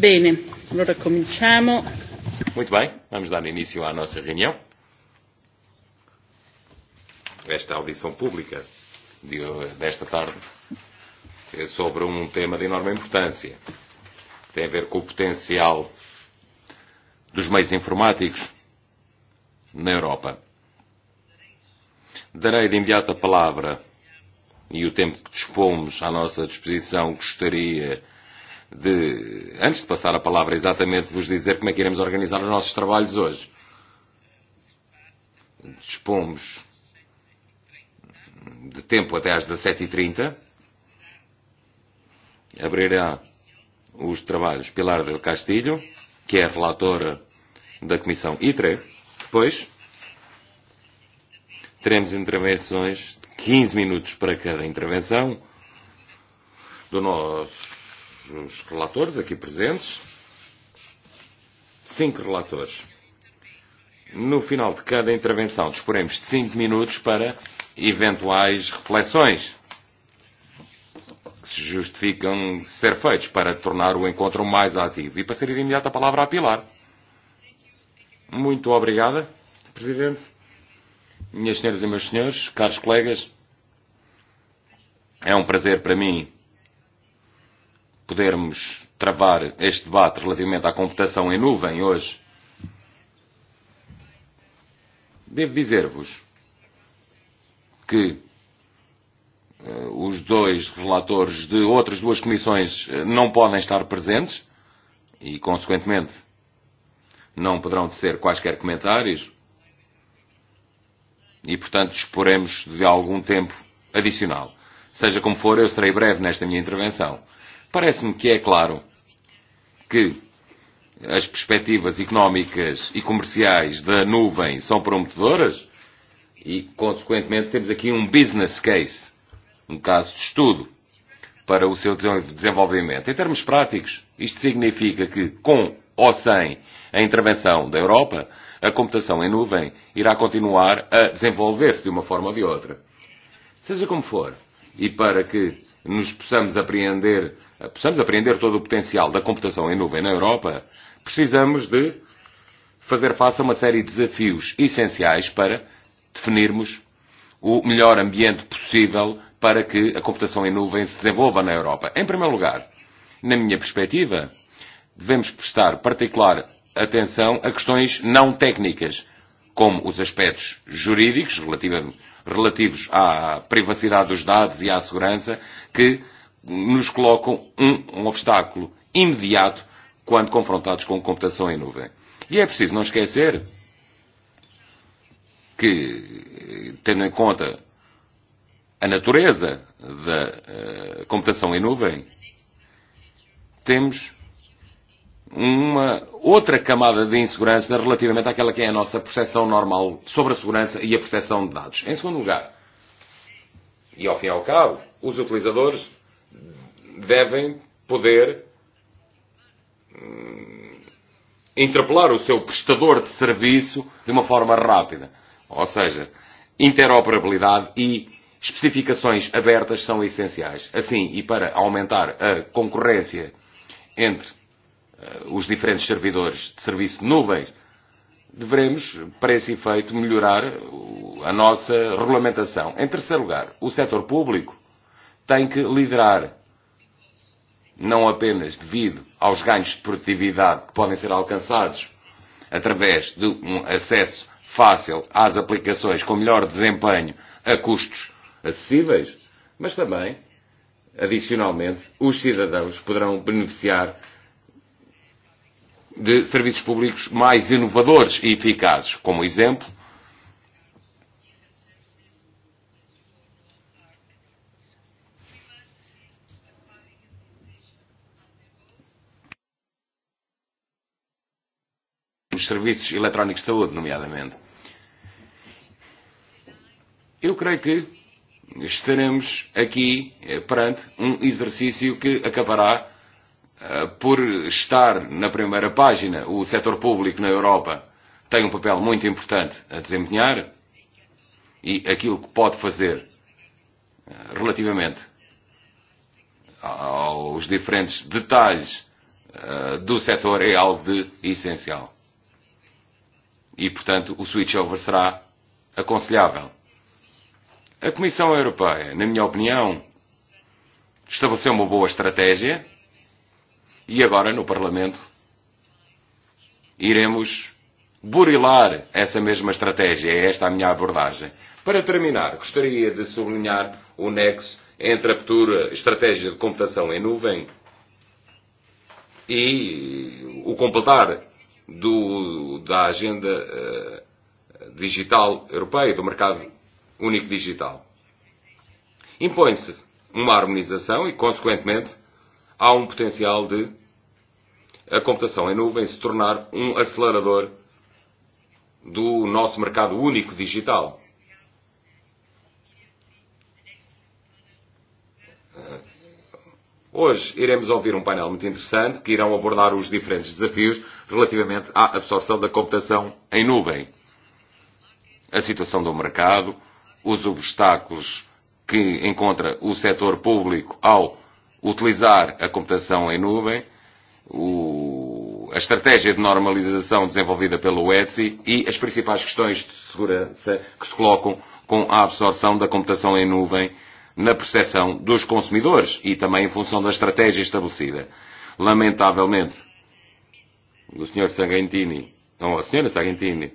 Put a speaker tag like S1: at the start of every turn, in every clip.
S1: Bene, allora cominciamo.
S2: Muito bem, vamos dar início à nossa reunião. Esta audição pública de, desta tarde é sobre um tema de enorme importância. Tem a ver com o potencial dos meios informáticos na Europa. Darei de imediato a palavra e o tempo que dispomos à nossa disposição gostaria de, antes de passar a palavra exatamente, vos dizer como é que iremos organizar os nossos trabalhos hoje. Dispomos de tempo até às 17h30. E Abrirá os trabalhos Pilar del Castilho, que é a relatora da Comissão ITRE. Depois, teremos intervenções de 15 minutos para cada intervenção do nosso os relatores aqui presentes. Cinco relatores. No final de cada intervenção, disporemos de cinco minutos para eventuais reflexões que se justificam ser feitos para tornar o encontro mais ativo. E passaria de imediato a palavra a Pilar. Muito obrigada, Presidente. Minhas senhoras e meus senhores, caros colegas, é um prazer para mim podermos travar este debate relativamente à computação em nuvem hoje, devo dizer-vos que eh, os dois relatores de outras duas comissões eh, não podem estar presentes e, consequentemente, não poderão ser quaisquer comentários e, portanto, disporemos de algum tempo adicional. Seja como for, eu serei breve nesta minha intervenção. Parece-me que é claro que as perspectivas económicas e comerciais da nuvem são prometedoras e, consequentemente, temos aqui um business case, um caso de estudo para o seu desenvolvimento. Em termos práticos, isto significa que, com ou sem a intervenção da Europa, a computação em nuvem irá continuar a desenvolver-se de uma forma ou de outra. Seja como for, e para que nos possamos apreender possamos apreender todo o potencial da computação em nuvem na Europa. Precisamos de fazer face a uma série de desafios essenciais para definirmos o melhor ambiente possível para que a computação em nuvem se desenvolva na Europa. Em primeiro lugar, na minha perspectiva, devemos prestar particular atenção a questões não técnicas, como os aspectos jurídicos relativos à privacidade dos dados e à segurança, que nos colocam um, um obstáculo imediato quando confrontados com computação em nuvem. E é preciso não esquecer que, tendo em conta a natureza da uh, computação em nuvem, temos uma outra camada de insegurança relativamente àquela que é a nossa percepção normal sobre a segurança e a proteção de dados. Em segundo lugar, e ao fim e ao cabo, os utilizadores devem poder hum, interpelar o seu prestador de serviço de uma forma rápida. Ou seja, interoperabilidade e especificações abertas são essenciais. Assim, e para aumentar a concorrência entre uh, os diferentes servidores de serviço no bem, devemos, para esse efeito, melhorar a nossa regulamentação. Em terceiro lugar, o setor público tem que liderar, não apenas devido aos ganhos de produtividade que podem ser alcançados através de um acesso fácil às aplicações com melhor desempenho a custos acessíveis, mas também, adicionalmente, os cidadãos poderão beneficiar de serviços públicos mais inovadores e eficazes, como exemplo, serviços eletrónicos de saúde, nomeadamente. Eu creio que estaremos aqui eh, perante um exercício que acabará eh, por estar na primeira página. O setor público na Europa tem um papel muito importante a desempenhar e aquilo que pode fazer eh, relativamente aos diferentes detalhes do setor é algo de essencial e, portanto, o switchover será aconselhável. A Comissão Europeia, na minha opinião, estabeleceu uma boa estratégia e agora no Parlamento iremos burilar essa mesma estratégia. É esta a minha abordagem. Para terminar, gostaria de sublinhar o nexo entre a futura estratégia de computação em nuvem e o completar do, da agenda eh, digital europeia, do mercado único digital. Impõe-se uma harmonização e, consequentemente, há um potencial de a computação em nuvem se tornar um acelerador do nosso mercado único digital. Hoje iremos ouvir um painel muito interessante que irão abordar os diferentes desafios relativamente à absorção da computação em nuvem. A situação do mercado, os obstáculos que encontra o setor público ao utilizar a computação em nuvem, o, a estratégia de normalização desenvolvida pelo ETSI e as principais questões de segurança que se colocam com a absorção da computação em nuvem na percepção dos consumidores e também em função da estratégia estabelecida. Lamentavelmente, o Sr. Sargentini, não, a Sra. Sargentini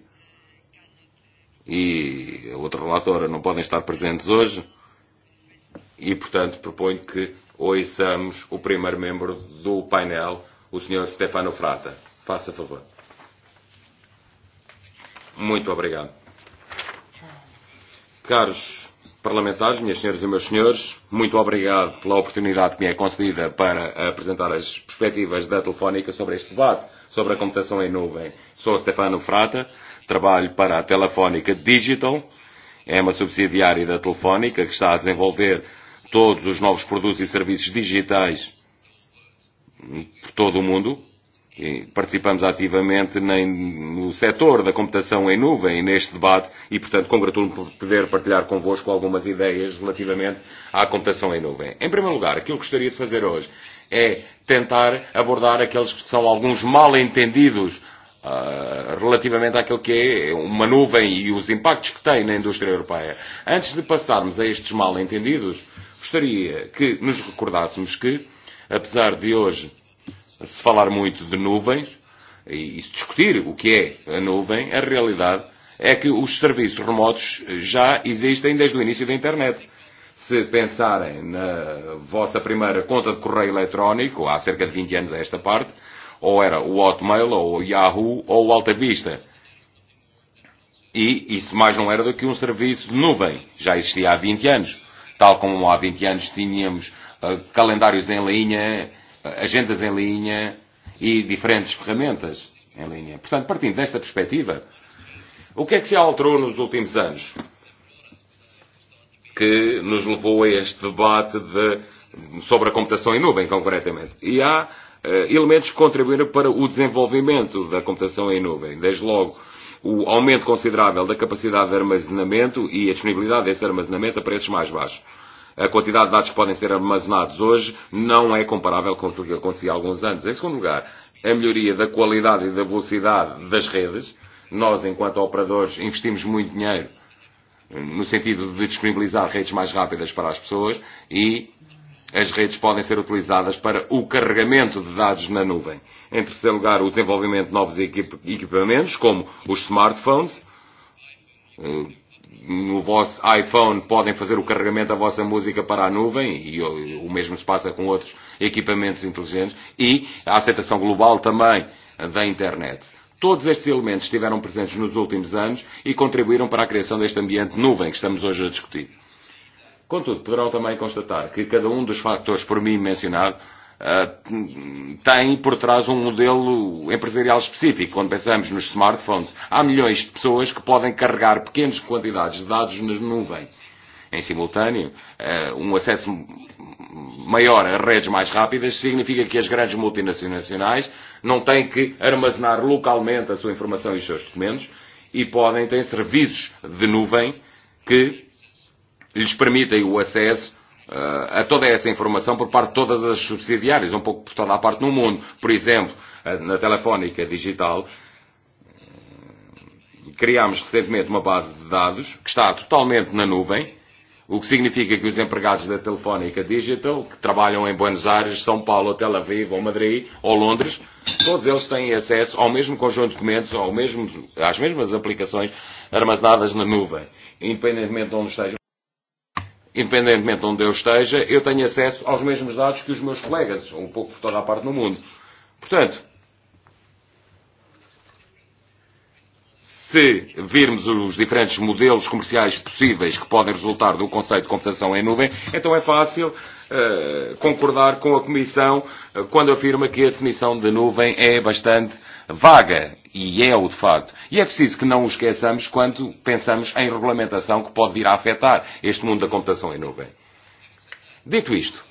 S2: e a outra relatora não podem estar presentes hoje e, portanto, proponho que ouçamos o primeiro membro do painel, o Sr. Stefano Frata. Faça favor. Muito obrigado. Caros parlamentares, minhas senhoras e meus senhores, muito obrigado pela oportunidade que me é concedida para eh, apresentar as perspectivas da Telefónica sobre este debate sobre a computação em nuvem. Sou Stefano Frata, trabalho para a Telefónica Digital, é uma subsidiária da Telefónica que está a desenvolver todos os novos produtos e serviços digitais por todo o mundo, E participamos ativamente no setor da computação em nuvem neste debate e, portanto, congratulo-me por poder partilhar convosco algumas ideias relativamente à computação em nuvem. Em primeiro lugar, aquilo que gostaria de fazer hoje é tentar abordar aqueles que são alguns mal entendidos uh, ah, relativamente àquilo que é uma nuvem e os impactos que tem na indústria europeia. Antes de passarmos a estes mal entendidos, gostaria que nos recordássemos que, apesar de hoje se falar muito de nuvens e, e se discutir o que é a nuvem, a realidade é que os serviços remotos já existem desde o início da internet. Se pensarem na vossa primeira conta de correio eletrónico, há cerca de 20 anos a esta parte, ou era o Hotmail, ou o Yahoo, ou o Alta Vista. E isso mais não era do que um serviço de nuvem. Já existia há 20 anos. Tal como há 20 anos tínhamos uh, calendários em linha, agendas em linha e diferentes ferramentas em linha. Portanto, partindo desta perspectiva, o que é que se alterou nos últimos anos que nos levou a este debate de, sobre a computação em nuvem, concretamente? E há uh, elementos que contribuíram para o desenvolvimento da computação em nuvem, desde logo o aumento considerável da capacidade de armazenamento e a disponibilidade desse armazenamento a preços mais baixos a quantidade de dados que podem ser armazenados hoje não é comparável com o que acontecia há alguns anos. Em segundo lugar, a melhoria da qualidade e da velocidade das redes. Nós, enquanto operadores, investimos muito dinheiro no sentido de disponibilizar redes mais rápidas para as pessoas e as redes podem ser utilizadas para o carregamento de dados na nuvem. Em terceiro lugar, o desenvolvimento de novos equipamentos, como os smartphones, eh, no vosso iPhone podem fazer o carregamento da vossa música para a nuvem, e o mesmo se passa com outros equipamentos inteligentes, e a aceitação global também da internet. Todos estes elementos estiveram presentes nos últimos anos e contribuíram para a criação deste ambiente nuvem que estamos hoje a discutir. Contudo, poderão também constatar que cada um dos fatores por mim mencionado Eh, tem por trás um modelo empresarial específico. Quando pensamos nos smartphones, há milhões de pessoas que podem carregar pequenas quantidades de dados nas nuvens. Em simultâneo, eh, um acesso maior a redes mais rápidas significa que as grandes multinacionais não têm que armazenar localmente a sua informação e os seus documentos e podem ter serviços de nuvem que lhes permitem o acesso a eh, eh, toda essa informação por parte de todas as subsidiárias, um pouco por toda a parte no mundo. Por exemplo, eh, na telefónica digital, criámos recentemente uma base de dados que está totalmente na nuvem, o que significa que os empregados da telefónica digital, que trabalham em Buenos Aires, São Paulo, Tel Aviv, ou Madrid, ou Londres, todos eles têm acesso ao mesmo conjunto de documentos, ao mesmo, às mesmas aplicações armazenadas na nuvem, independentemente de onde estejam independentemente de onde eu esteja, eu tenho acesso aos mesmos dados que os meus colegas, um pouco por toda a parte do mundo. Portanto, se virmos os diferentes modelos comerciais possíveis que podem resultar do conceito de computação em nuvem, então é fácil uh, concordar com a Comissão uh, quando afirma que a definição de nuvem é bastante vaga. E é o de facto. E é preciso que não o esqueçamos quando pensamos em regulamentação que pode vir a afetar este mundo da computação em nuvem. Dito isto,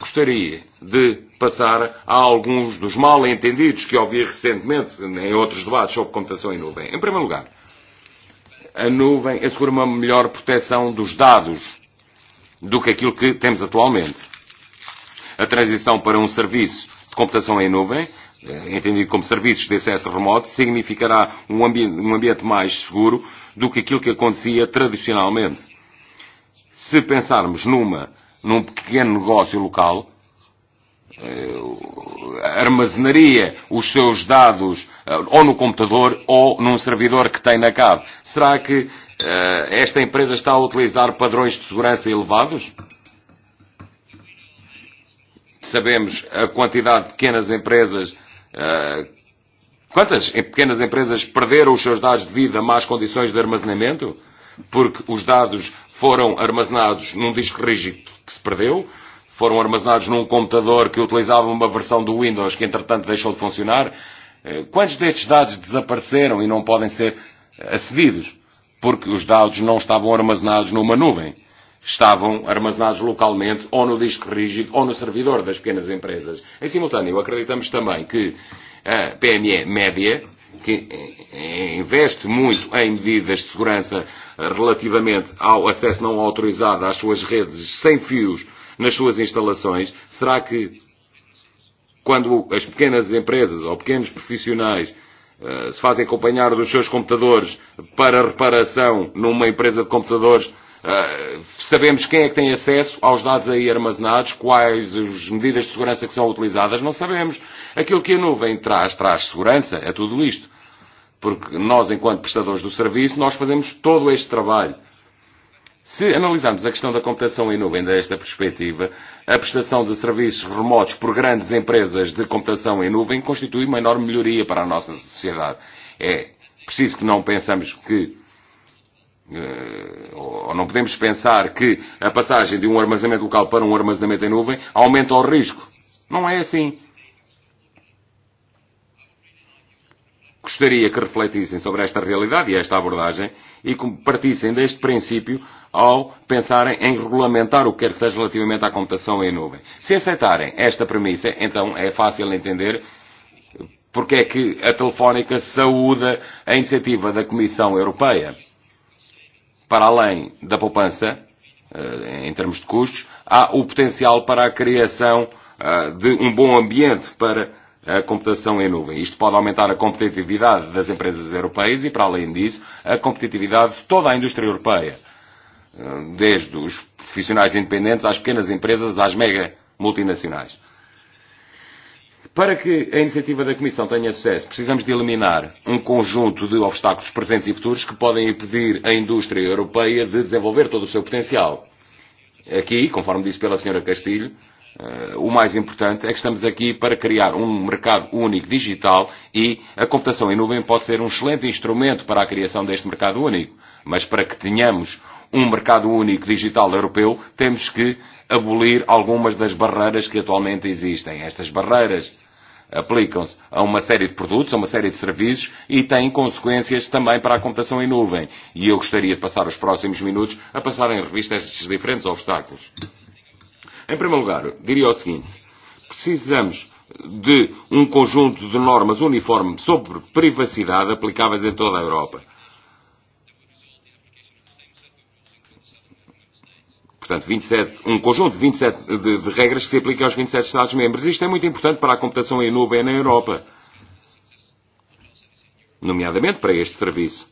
S2: gostaria de passar a alguns dos mal entendidos que ouvi recentemente em outros debates sobre computação em nuvem. Em primeiro lugar, a nuvem assegura uma melhor proteção dos dados do que aquilo que temos atualmente. A transição para um serviço de computação em nuvem, eh, entendido como serviços de acesso remoto, significará um ambi um ambiente mais seguro do que aquilo que acontecia tradicionalmente. Se pensarmos numa num pequeno negócio local, eh, armazenaria os seus dados eh, ou no computador ou num servidor que tem na cabo. Será que uh, esta empresa está a utilizar padrões de segurança elevados? Sabemos a quantidade de pequenas empresas. Uh, quantas pequenas empresas perderam os seus dados devido a más condições de armazenamento? Porque os dados foram armazenados num disco rígido que se perdeu, foram armazenados num computador que utilizava uma versão do Windows que entretanto deixou de funcionar. Eh, quantos destes dados desapareceram e não podem ser eh, acedidos? Porque os dados não estavam armazenados numa nuvem. Estavam armazenados localmente ou no disco rígido ou no servidor das pequenas empresas. Em simultâneo, acreditamos também que a PME média que eh, eh, investe muito em medidas de segurança relativamente ao acesso não autorizado às suas redes sem fios nas suas instalações, será que quando as pequenas empresas ou pequenos profissionais eh, se fazem acompanhar dos seus computadores para reparação numa empresa de computadores, Eh, sabemos quem é que tem acesso aos dados aí armazenados, quais as medidas de segurança que são utilizadas, não sabemos. Aquilo que a nuvem traz, traz segurança, é tudo isto. Porque nós, enquanto prestadores do serviço, nós fazemos todo este trabalho. Se analisarmos a questão da computação em nuvem desta perspectiva, a prestação de serviços remotos por grandes empresas de computação em nuvem constitui uma enorme melhoria para a nossa sociedade. É preciso que não pensamos que ou eh, não podemos pensar que a passagem de um armazenamento local para um armazenamento em nuvem aumenta o risco. Não é assim. Gostaria que refletissem sobre esta realidade e esta abordagem e que partissem deste princípio ao pensarem em regulamentar o que quer que seja relativamente à computação em nuvem. Se aceitarem esta premissa, então é fácil entender porque é que a Telefónica saúda a iniciativa da Comissão Europeia para além da poupança, em eh, termos de custos, há o potencial para a criação eh, de um bom ambiente para a computação em nuvem. Isto pode aumentar a competitividade das empresas europeias e, para além disso, a competitividade de toda a indústria europeia, eh, desde os profissionais independentes às pequenas empresas às mega multinacionais. Para que a iniciativa da Comissão tenha sucesso, precisamos de eliminar um conjunto de obstáculos presentes e futuros que podem impedir a indústria europeia de desenvolver todo o seu potencial. Aqui, conforme disse pela Sra. Castilho, eh, o mais importante é que estamos aqui para criar um mercado único digital e a computação em nuvem pode ser um excelente instrumento para a criação deste mercado único. Mas para que tenhamos um mercado único digital europeu, temos que abolir algumas das barreiras que atualmente existem. Estas barreiras aplicam-se a uma série de produtos, a uma série de serviços e têm consequências também para a computação em nuvem. E eu gostaria de passar os próximos minutos a passar em revista estes diferentes obstáculos. Em primeiro lugar, diria o seguinte: precisamos de um conjunto de normas uniforme sobre privacidade aplicáveis em toda a Europa portanto, 27, e um conjunto de, 27, e de, de regras que se aplica aos 27 e Estados-membros. Isto é muito importante para a computação em nuvem na Europa, nomeadamente para este serviço,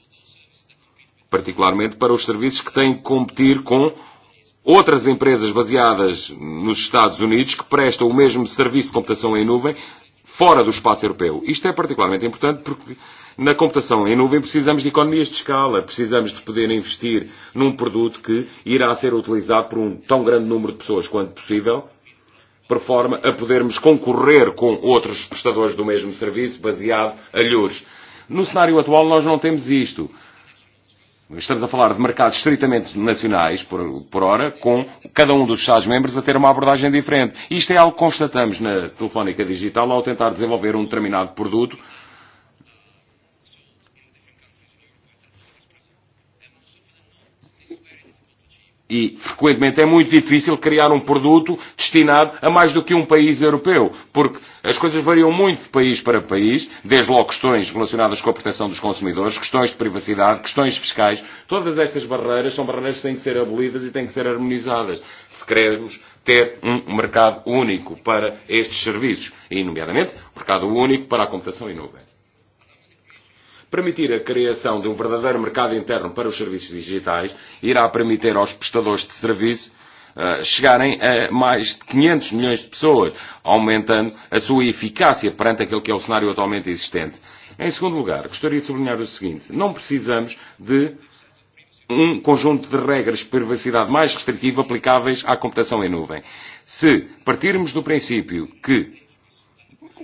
S2: particularmente para os serviços que têm que competir com outras empresas baseadas nos Estados Unidos que prestam o mesmo serviço de computação em nuvem fora do espaço europeu. Isto é particularmente importante porque na computação em nuvem precisamos de economias de escala, precisamos de poder investir num produto que irá ser utilizado por um tão grande número de pessoas quanto possível, por forma a eh, podermos concorrer com outros prestadores do mesmo eh, serviço baseado a lures. No cenário atual nós não temos isto. Estamos a falar de mercados estritamente nacionais, por, por hora, com cada um dos Estados-membros a ter uma abordagem diferente. Isto é algo que constatamos na telefónica digital ao tentar desenvolver um determinado produto E, frequentemente, é muito difícil criar um produto destinado a mais do que um país europeu, porque as coisas variam muito de país para país, desde logo questões relacionadas com a proteção dos consumidores, questões de privacidade, questões fiscais. Todas estas barreiras são barreiras que têm que ser abolidas e têm que ser harmonizadas, se queremos ter um mercado único para estes serviços, e, nomeadamente, um mercado único para a computação em nuvem. Permitir a criação de um verdadeiro mercado interno para os serviços digitais irá permitir aos prestadores de serviço eh, chegarem a mais de 500 milhões de pessoas, aumentando a sua eficácia perante aquele que é o cenário atualmente existente. Em segundo lugar, gostaria de sublinhar o seguinte: não precisamos de um conjunto de regras de privacidade mais restritivo aplicáveis à computação em nuvem. Se partirmos do princípio que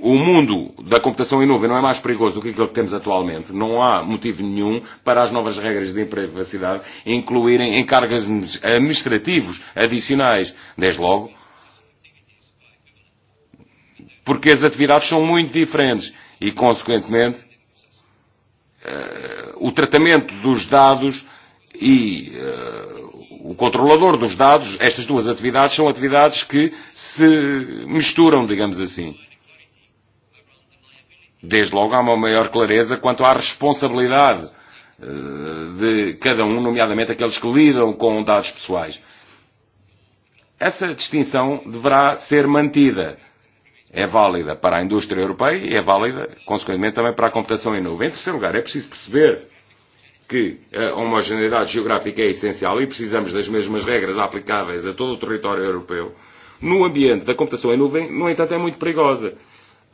S2: o mundo da computação em nuvem não é mais perigoso do que aquilo que temos atualmente, não há motivo nenhum para as novas regras de privacidade incluírem encargas administrativos adicionais, desde logo, porque as atividades são muito diferentes e, consequentemente, eh, o tratamento dos dados e eh, o controlador dos dados, estas duas atividades são atividades que se misturam, digamos assim. Desde logo há uma maior clareza quanto à responsabilidade eh, de cada um, nomeadamente aqueles que lidam com dados pessoais. Essa distinção deverá ser mantida. É válida para a indústria europeia e é válida, consequentemente, também para a computação em nuvem. Em terceiro lugar, é preciso perceber que a homogeneidade geográfica é essencial e precisamos das mesmas regras aplicáveis a todo o território europeu. No ambiente da computação em nuvem, no entanto, é muito perigosa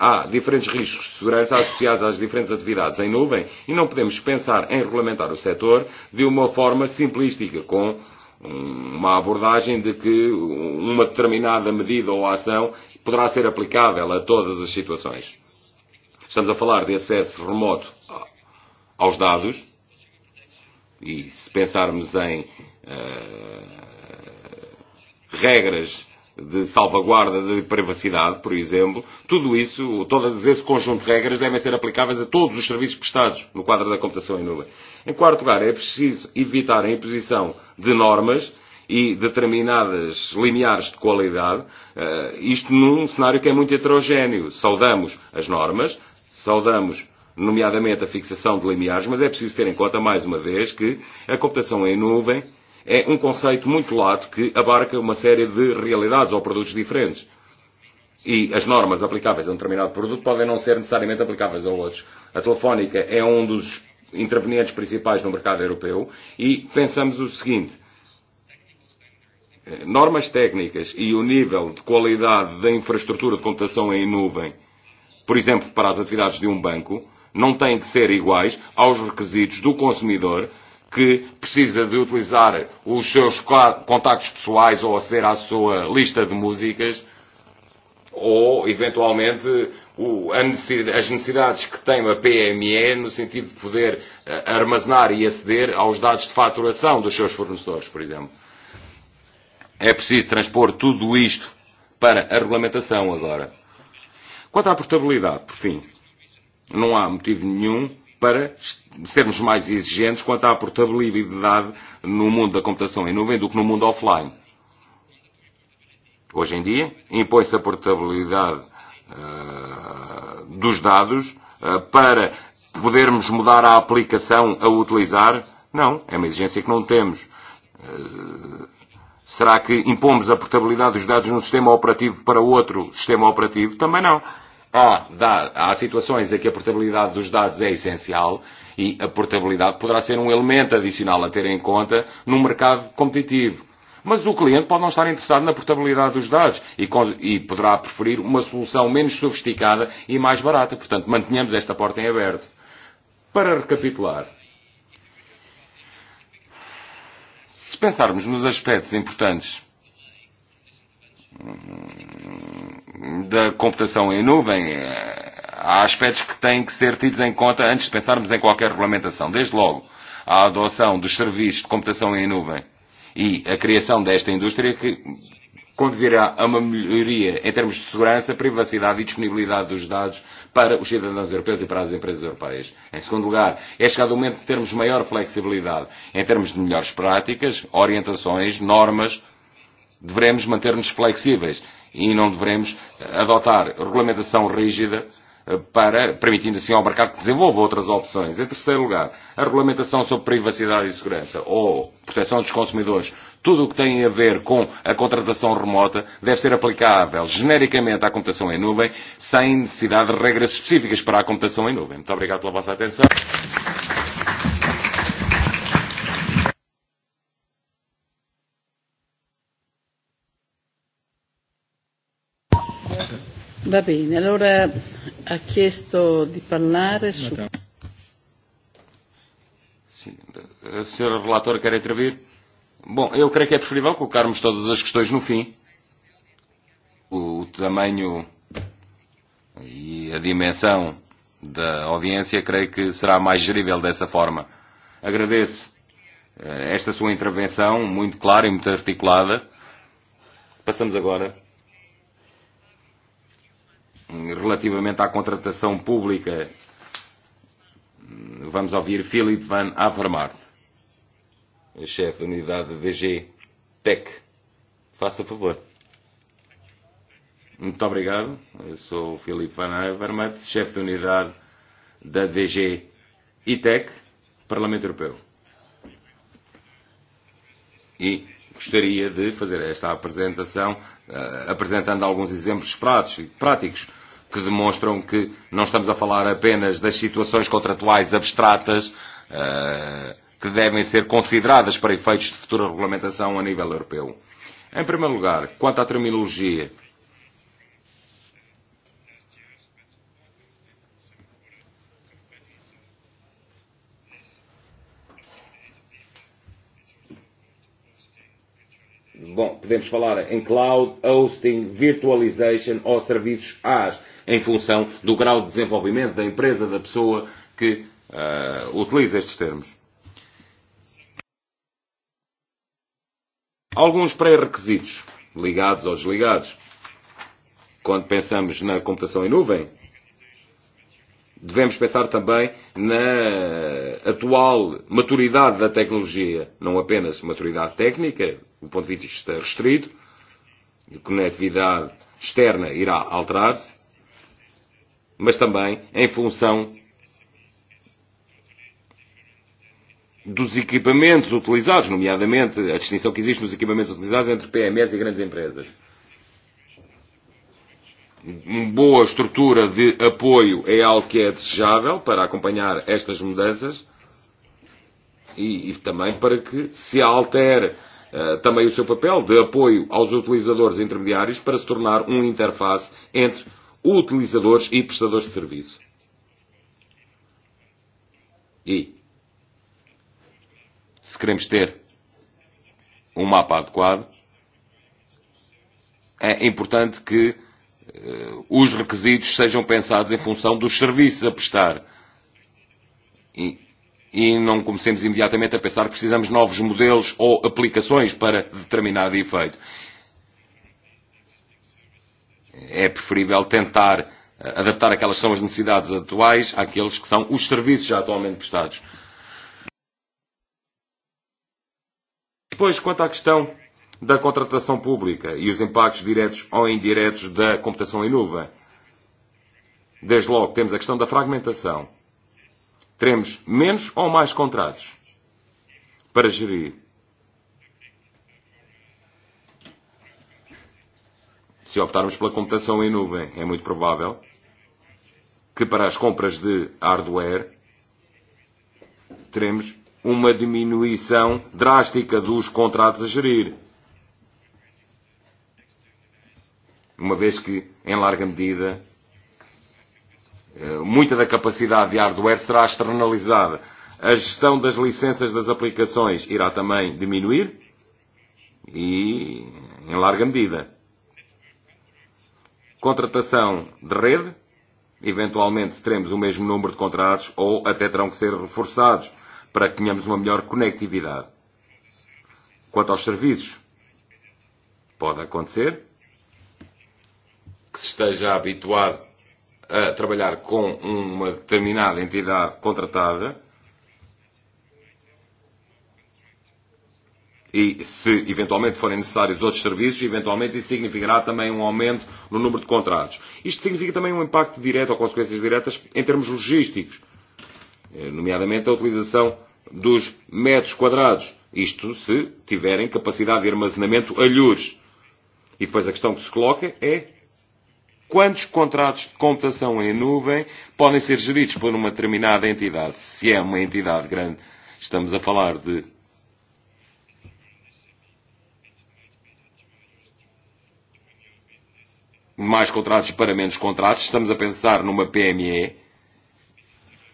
S2: Há diferentes riscos de segurança associados às diferentes atividades em nuvem e não podemos pensar em regulamentar o setor de uma forma simplística, com uma abordagem de que uma determinada medida ou ação poderá ser aplicável a todas as situações. Estamos a falar de acesso remoto aos dados e se pensarmos em uh, regras de salvaguarda de privacidade, por exemplo, tudo isso, todo esse conjunto de regras devem ser aplicáveis a todos os serviços prestados no quadro da computação em nuvem. Em quarto lugar, é preciso evitar a imposição de normas e determinadas lineares de qualidade, eh, isto num cenário que é muito heterogéneo. Saudamos as normas, saudamos nomeadamente a fixação de limiares, mas é preciso ter em conta, mais uma vez, que a computação em nuvem é um conceito muito lato que abarca uma série de realidades ou produtos diferentes. E as normas aplicáveis a um determinado produto podem não ser necessariamente aplicáveis a outros. A telefónica é um dos intervenientes principais no mercado europeu e pensamos o seguinte, normas técnicas e o nível de qualidade da infraestrutura de computação em nuvem, por exemplo, para as atividades de um banco, não têm que ser iguais aos requisitos do consumidor que precisa de utilizar os seus contactos pessoais ou aceder à sua lista de músicas ou, eventualmente, o, a necessidade, as necessidades que tem a PME no sentido de poder eh, armazenar e aceder aos dados de faturação dos seus fornecedores, por exemplo. É preciso transpor tudo isto para a regulamentação agora. Quanto à portabilidade, por fim, não há motivo nenhum para sermos mais exigentes quanto à portabilidade no mundo da computação e no em nuvem do que no mundo offline. Hoje em dia, impõe-se a portabilidade uh, dos dados uh, para podermos mudar a aplicação a utilizar. Não, é uma exigência que não temos. Uh, será que impomos a portabilidade dos dados de um sistema operativo para outro sistema operativo? Também não. Uh, há, ah, dá, há situações em que a portabilidade dos dados é essencial e a portabilidade poderá ser um elemento adicional a ter em conta num no mercado competitivo. Mas o cliente pode não estar interessado na portabilidade dos dados e, e poderá preferir uma solução menos sofisticada e mais barata. Portanto, mantenhamos esta porta em aberto. Para recapitular, se pensarmos nos aspectos importantes da computação em nuvem, eh, há aspectos que têm que ser tidos em conta antes de pensarmos em qualquer regulamentação. Desde logo, a adoção dos serviços de computação em nuvem e a criação desta indústria que conduzirá a uma melhoria em termos de segurança, privacidade e disponibilidade dos dados para os cidadãos europeus e para as empresas europeias. Em segundo lugar, é chegado o momento de termos maior flexibilidade em termos de melhores práticas, orientações, normas, Devemos manter-nos flexíveis e não devemos adotar regulamentação rígida eh, para, permitindo assim ao mercado que desenvolva outras opções. Em terceiro lugar, a regulamentação sobre privacidade e segurança ou proteção dos consumidores. Tudo o que tem a ver com a contratação remota deve ser aplicável genericamente à computação em nuvem, sem necessidade de regras específicas para a computação em nuvem. Muito obrigado pela vossa atenção.
S1: Va bene, allora ha chiesto di parlare su...
S2: Sim, eh, senhor relator quer intervir? Bom, eu creio que é preferível colocarmos todas as questões no fim. O, o tamanho e a dimensão da audiência creio que será mais gerível dessa forma. Agradeço eh, esta sua intervenção, muito clara e muito articulada. Passamos agora relativamente à contratação pública, vamos ouvir Philip Van Avermaet, chefe da unidade DG Tech. Faça favor. Muito obrigado. Eu sou o Philip Van Avermaet, chefe da unidade da DG ITEC, Parlamento Europeu. E gostaria de fazer esta apresentação uh, apresentando alguns exemplos práticos. práticos que demonstram que não estamos a falar apenas das situações contratuais abstratas uh, que devem ser consideradas para efeitos de futura regulamentação a nível europeu. Em primeiro lugar, quanto à terminologia, Bom, podemos falar em cloud, hosting, virtualization ou serviços AS em função do grau de desenvolvimento da empresa, da pessoa que uh, utiliza estes termos. Alguns pré-requisitos, ligados ou desligados. Quando pensamos na computação em nuvem, devemos pensar também na atual maturidade da tecnologia, não apenas maturidade técnica, o ponto de vista restrito, a conectividade externa irá alterar-se, mas também em função dos equipamentos utilizados, nomeadamente a distinção que existe nos equipamentos utilizados entre PMEs e grandes empresas. Uma boa estrutura de apoio é algo que é desejável para acompanhar estas mudanças e, e também para que se altere uh, também o seu papel de apoio aos utilizadores intermediários para se tornar uma interface entre utilizadores e prestadores de serviço. E se queremos ter um mapa adequado, é importante que uh, os requisitos sejam pensados em função dos serviços a prestar. E, e não comecemos imediatamente a pensar que precisamos de novos modelos ou aplicações para determinado efeito é preferível tentar eh, adaptar aquelas que são as necessidades atuais àqueles que são os serviços já atualmente prestados. Depois, quanto à questão da contratação pública e os impactos diretos ou indiretos da computação em nuvem. Desde logo, temos a questão da fragmentação. Teremos menos ou mais contratos para gerir. se optarmos pela computação em nuvem, é muito provável que para as compras de hardware teremos uma diminuição drástica dos contratos a gerir. Uma vez que, em larga medida, eh, muita da capacidade de hardware será externalizada. A gestão das licenças das aplicações irá também diminuir e, em larga medida, Contratação de rede, eventualmente teremos o mesmo número de contratos ou até terão que ser reforçados para que tenhamos uma melhor conectividade. Quanto aos serviços, pode acontecer que se esteja habituado a trabalhar com uma determinada entidade contratada e se eventualmente forem necessários outros serviços, eventualmente isso significará também um aumento no número de contratos. Isto significa também um impacto direto ou consequências diretas em termos logísticos, eh, nomeadamente a utilização dos metros quadrados, isto se tiverem capacidade de armazenamento a lures. E depois a questão que se coloca é quantos contratos de computação em nuvem podem ser geridos por uma determinada entidade. Se é uma entidade grande, estamos a falar de mais contratos para menos contratos. Estamos a pensar numa PME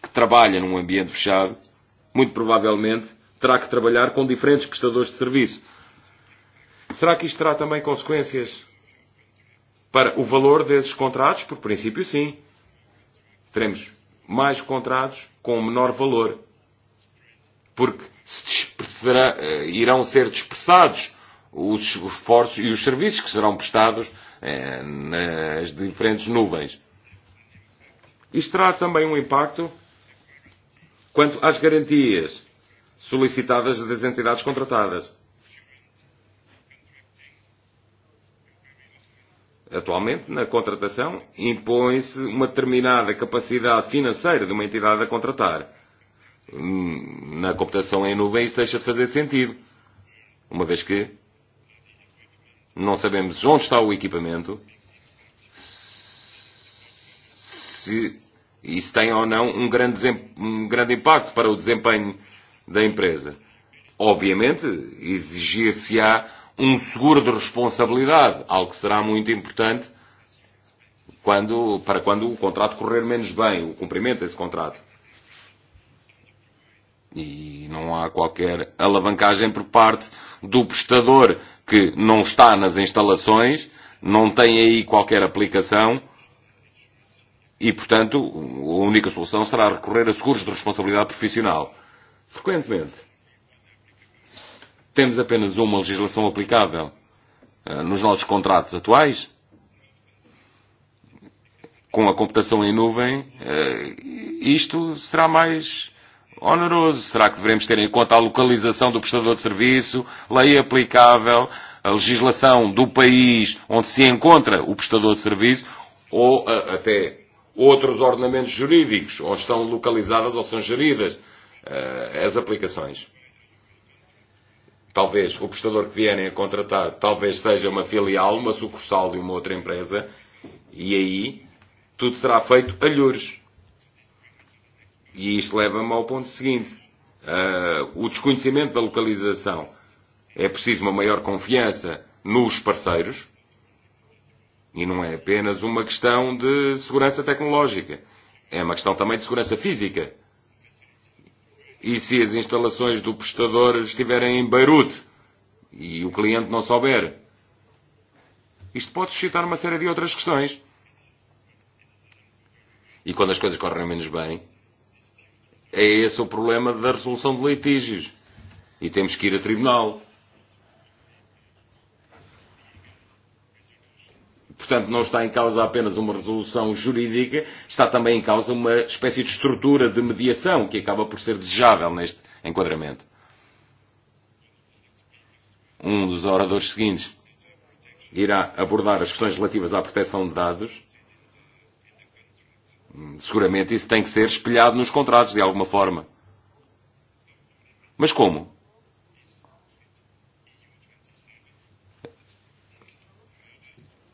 S2: que trabalha num ambiente fechado, muito provavelmente terá que trabalhar com diferentes prestadores de serviço. Será que isto terá também consequências para o valor desses contratos? Por princípio, sim. Teremos mais contratos com menor valor. Porque se eh, irão ser dispersados os esforços e os serviços que serão prestados é, nas diferentes nuvens. Isto terá também um impacto quanto às garantias solicitadas das entidades contratadas. Atualmente, na contratação, impõe-se uma determinada capacidade financeira de uma entidade a contratar. Na computação em nuvem, isso deixa de fazer sentido, uma vez que não sabemos onde está o equipamento, se isso tem ou não um grande, um grande impacto para o desempenho da empresa. Obviamente, exigir-se-á um seguro de responsabilidade, algo que será muito importante quando, para quando o contrato correr menos bem, o cumprimento desse contrato. E não há qualquer alavancagem por parte do prestador que não está nas instalações, não tem aí qualquer aplicação e, portanto, a única solução será recorrer a seguros de responsabilidade profissional. Frequentemente, temos apenas uma legislação aplicável eh, nos nossos contratos atuais, com a computação em nuvem, eh, e isto será mais oneroso? Será que devemos ter em conta a localização do prestador de serviço, lei aplicável, a legislação do país onde se encontra o prestador de serviço ou a, até outros ordenamentos jurídicos onde estão localizadas ou são geridas uh, as aplicações? Talvez o prestador que vierem a contratar talvez seja uma filial, uma sucursal de uma outra empresa e aí tudo será feito a lures. E isto leva-me ao ponto seguinte. Uh, o desconhecimento da localização. É preciso uma maior confiança nos parceiros e não é apenas uma questão de segurança tecnológica. É uma questão também de segurança física. E se as instalações do prestador estiverem em Beirute e o cliente não souber? Isto pode suscitar uma série de outras questões. E quando as coisas correm menos bem, É esse o problema da resolução de litígios. E temos que ir a tribunal. Portanto, não está em causa apenas uma resolução jurídica, está também em causa uma espécie de estrutura de mediação que acaba por ser desejável neste enquadramento. Um dos oradores seguintes irá abordar as questões relativas à proteção de dados seguramente isso tem que ser espelhado nos contratos de alguma forma. Mas como?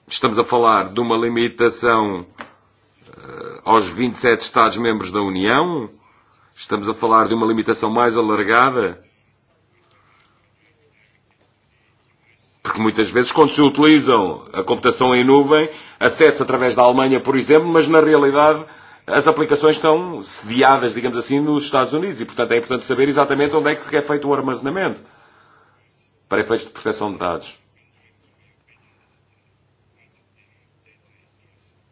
S2: Estamos a falar de uma limitação uh, aos 27 e Estados-membros da União? Estamos a falar de uma limitação mais alargada? que muitas vezes, quando se utilizam a computação em nuvem, acede-se através da Alemanha, por exemplo, mas na realidade as aplicações estão sediadas, digamos assim, nos Estados Unidos e, portanto, é importante saber exatamente onde é que se quer feito o armazenamento para efeitos de proteção de dados.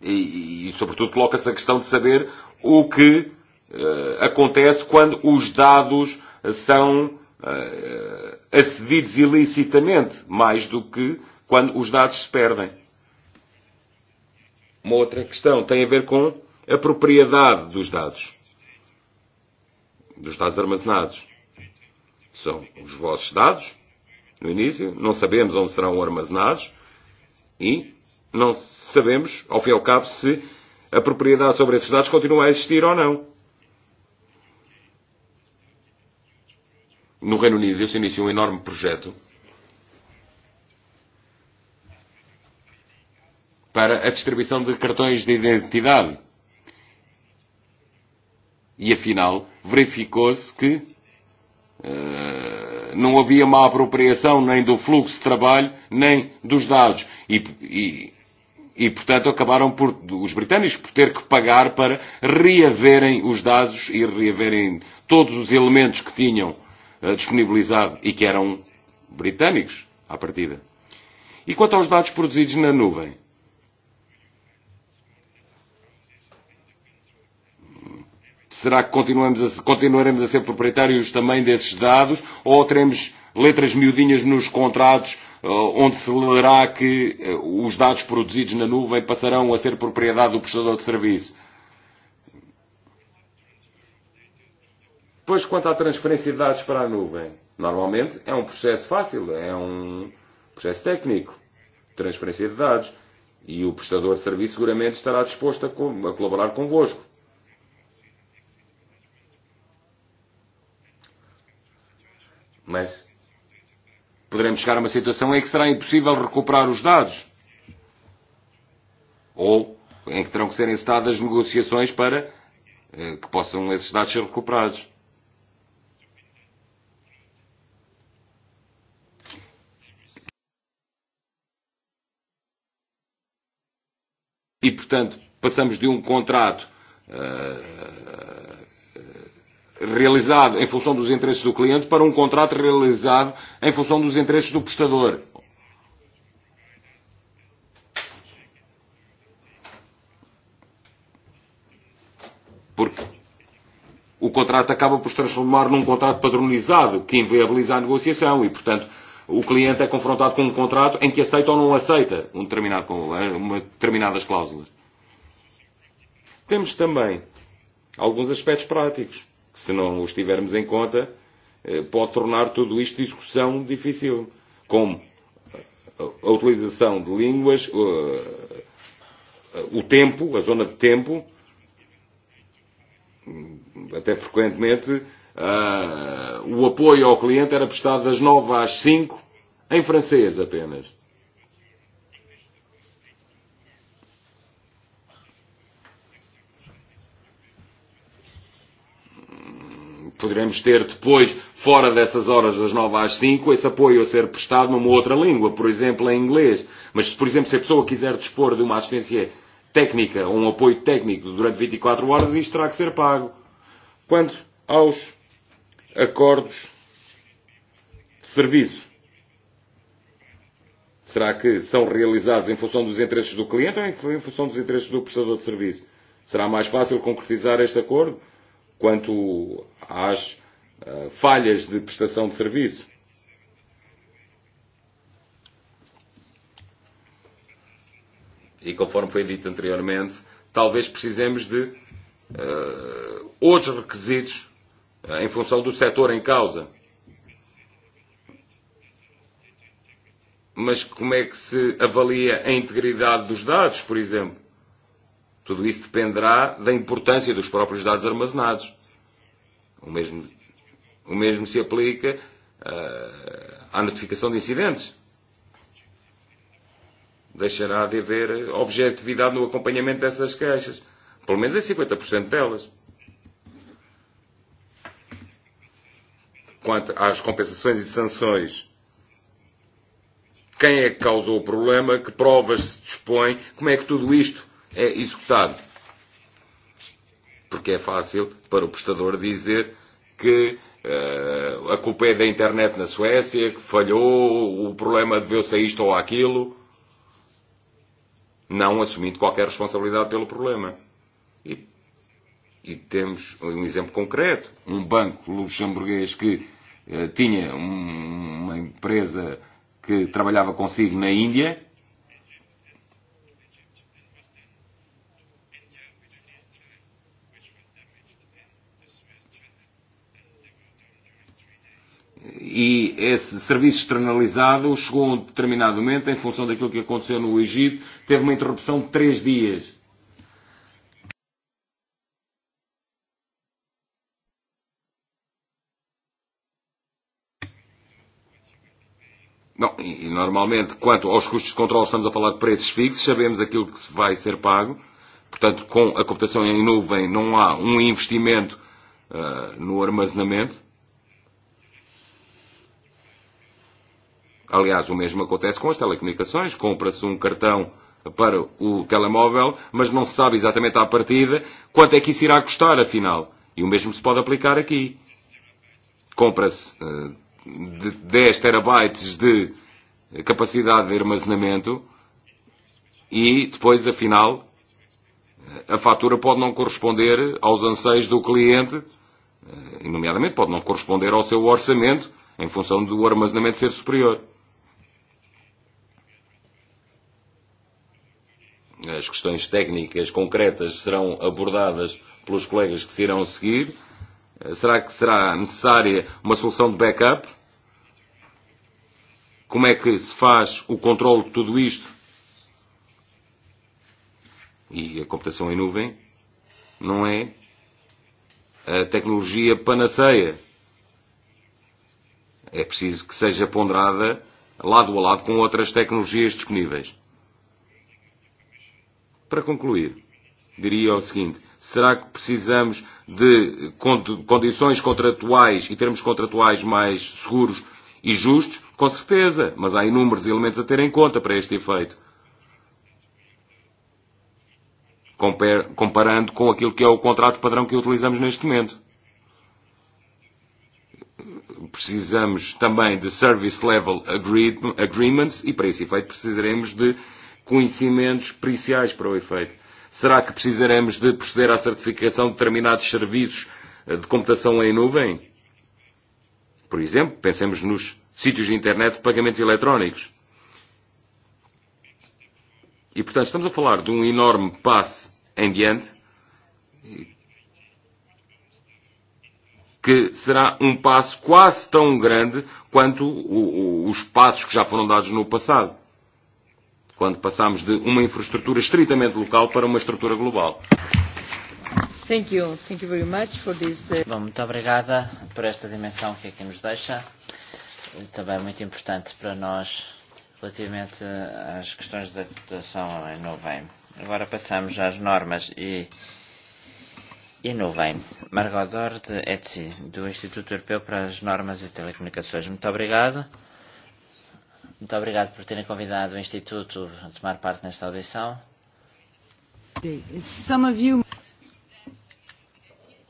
S2: E, e, e sobretudo, coloca-se a questão de saber o que uh, acontece quando os dados são uh, acedidos eh, ilicitamente, mais do que quando os dados se perdem. Uma outra questão tem a ver com a propriedade dos dados, dos dados armazenados. São os vossos dados, no início, não sabemos onde serão armazenados e não sabemos, ao fim e ao cabo, se a propriedade sobre esses dados continua a existir ou não. No Reino Unido deu-se início a um enorme projeto para a distribuição de cartões de identidade. E afinal, verificou-se que uh, não havia uma apropriação nem do fluxo de trabalho, nem dos dados. E, e, e portanto, acabaram por, os britânicos por ter que pagar para reaverem os dados e reaverem todos os elementos que tinham uh, Eh, disponibilizado e que eram britânicos, à partida. E quanto aos dados produzidos na nuvem? Será que continuamos a, continuaremos a ser proprietários também desses dados ou teremos letras miudinhas nos contratos eh, onde se lerá que eh, os dados produzidos na nuvem passarão a ser propriedade do prestador de serviço? Depois, quanto à transferência de dados para a nuvem, normalmente é um processo fácil, é um processo técnico. Transferência de dados. E o prestador de serviço seguramente estará disposto a, co a colaborar convosco. Mas poderemos chegar a uma situação em que será impossível recuperar os dados. Ou em que terão que ser encetadas negociações para eh, que possam esses dados ser recuperados. e, portanto, passamos de um contrato eh, eh, realizado em função dos interesses do cliente para um contrato realizado em função dos interesses do prestador. Porque o contrato acaba por se transformar num contrato padronizado que inviabiliza a negociação e, portanto, o cliente é confrontado com um contrato em que aceita ou não aceita um determinado, uma, determinadas cláusulas. Temos também alguns aspectos práticos, que se não os tivermos em conta, eh, pode tornar tudo isto discussão difícil, como a utilização de línguas, eh, o tempo, a zona de tempo, até frequentemente uh, o apoio ao cliente era prestado das 9 às 5, em francês apenas. Poderemos ter depois, fora dessas horas das 9 às 5, esse apoio a ser prestado numa outra língua, por exemplo, em inglês. Mas, por exemplo, se a pessoa quiser dispor de uma assistência técnica ou um apoio técnico durante 24 e horas, isto terá que ser pago. Quanto aos acordos de serviço. Será que são realizados em função dos interesses do cliente ou em função dos interesses do prestador de serviço? Será mais fácil concretizar este acordo quanto às uh, falhas de prestação de serviço? E conforme foi dito anteriormente, talvez precisemos de uh, outros requisitos em função do setor em causa. Mas como é que se avalia a integridade dos dados, por exemplo? Tudo isso dependerá da importância dos próprios dados armazenados. O mesmo, o mesmo se aplica uh, à notificação de incidentes. Deixará de haver objetividade no acompanhamento dessas queixas. Pelo menos em 50% delas. quanto às compensações e sanções. Quem é que causou o problema? Que provas se dispõe? Como é que tudo isto é executado? Porque é fácil para o prestador dizer que uh, a culpa é da internet na Suécia, que falhou, o problema deveu-se a isto ou àquilo, não assumindo qualquer responsabilidade pelo problema. E, e temos um exemplo concreto, um banco luxemburguês que Eh, tinha uma empresa que trabalhava consigo na Índia. E esse serviço externalizado chegou a um determinado momento, em função daquilo que aconteceu no Egito, teve uma interrupção de três dias Não, e, e normalmente, quanto aos custos de controle, estamos a falar de preços fixos, sabemos aquilo que vai ser pago. Portanto, com a computação em nuvem não há um investimento uh, no, eh, no armazenamento. Aliás, o mesmo acontece com as telecomunicações. Compra-se um cartão para o telemóvel, mas não se sabe exatamente à partida quanto é que isso irá custar, afinal. E o mesmo se pode aplicar aqui. Compra-se uh, de 10 terabytes de capacidade de armazenamento e depois, afinal, a fatura pode não corresponder aos anseios do cliente, eh, e nomeadamente pode não corresponder ao seu orçamento em função do armazenamento ser superior. As questões técnicas concretas serão abordadas pelos colegas que se irão seguir Será que será necessária uma solução de backup? Como é que se faz o controle de tudo isto? E a computação em nuvem não é a tecnologia panaceia. É preciso que seja ponderada lado a lado com outras tecnologias disponíveis. Para concluir, diria o seguinte: Será que precisamos de condições contratuais e termos contratuais mais seguros e justos? Com certeza, mas há inúmeros elementos a ter em conta para este efeito. Comparando com aquilo que é o contrato padrão que utilizamos neste momento. Precisamos também de Service Level Agreements e, para esse efeito, precisaremos de conhecimentos periciais para o efeito. Será que precisaremos de proceder à certificação de determinados serviços de computação em nuvem? Por exemplo, pensemos nos sítios de internet de pagamentos eletrónicos. E, portanto, estamos a falar de um enorme passo em diante que será um passo quase tão grande quanto o, o, os passos que já foram dados no passado quando passamos de uma infraestrutura estritamente local para uma estrutura global.
S1: Thank you. Thank you very much for this. Uh,
S3: Bom, muito obrigada por esta dimensão que aqui nos deixa. E também é muito importante para nós relativamente às questões da adaptação em nuvem. Agora passamos às normas e e nuvem. Margot Dord, de ETSI, do Instituto Europeu para as Normas e Telecomunicações. Muito obrigado. Muito obrigado jako por terem convidado o Instituto a tomar parte nesta audição.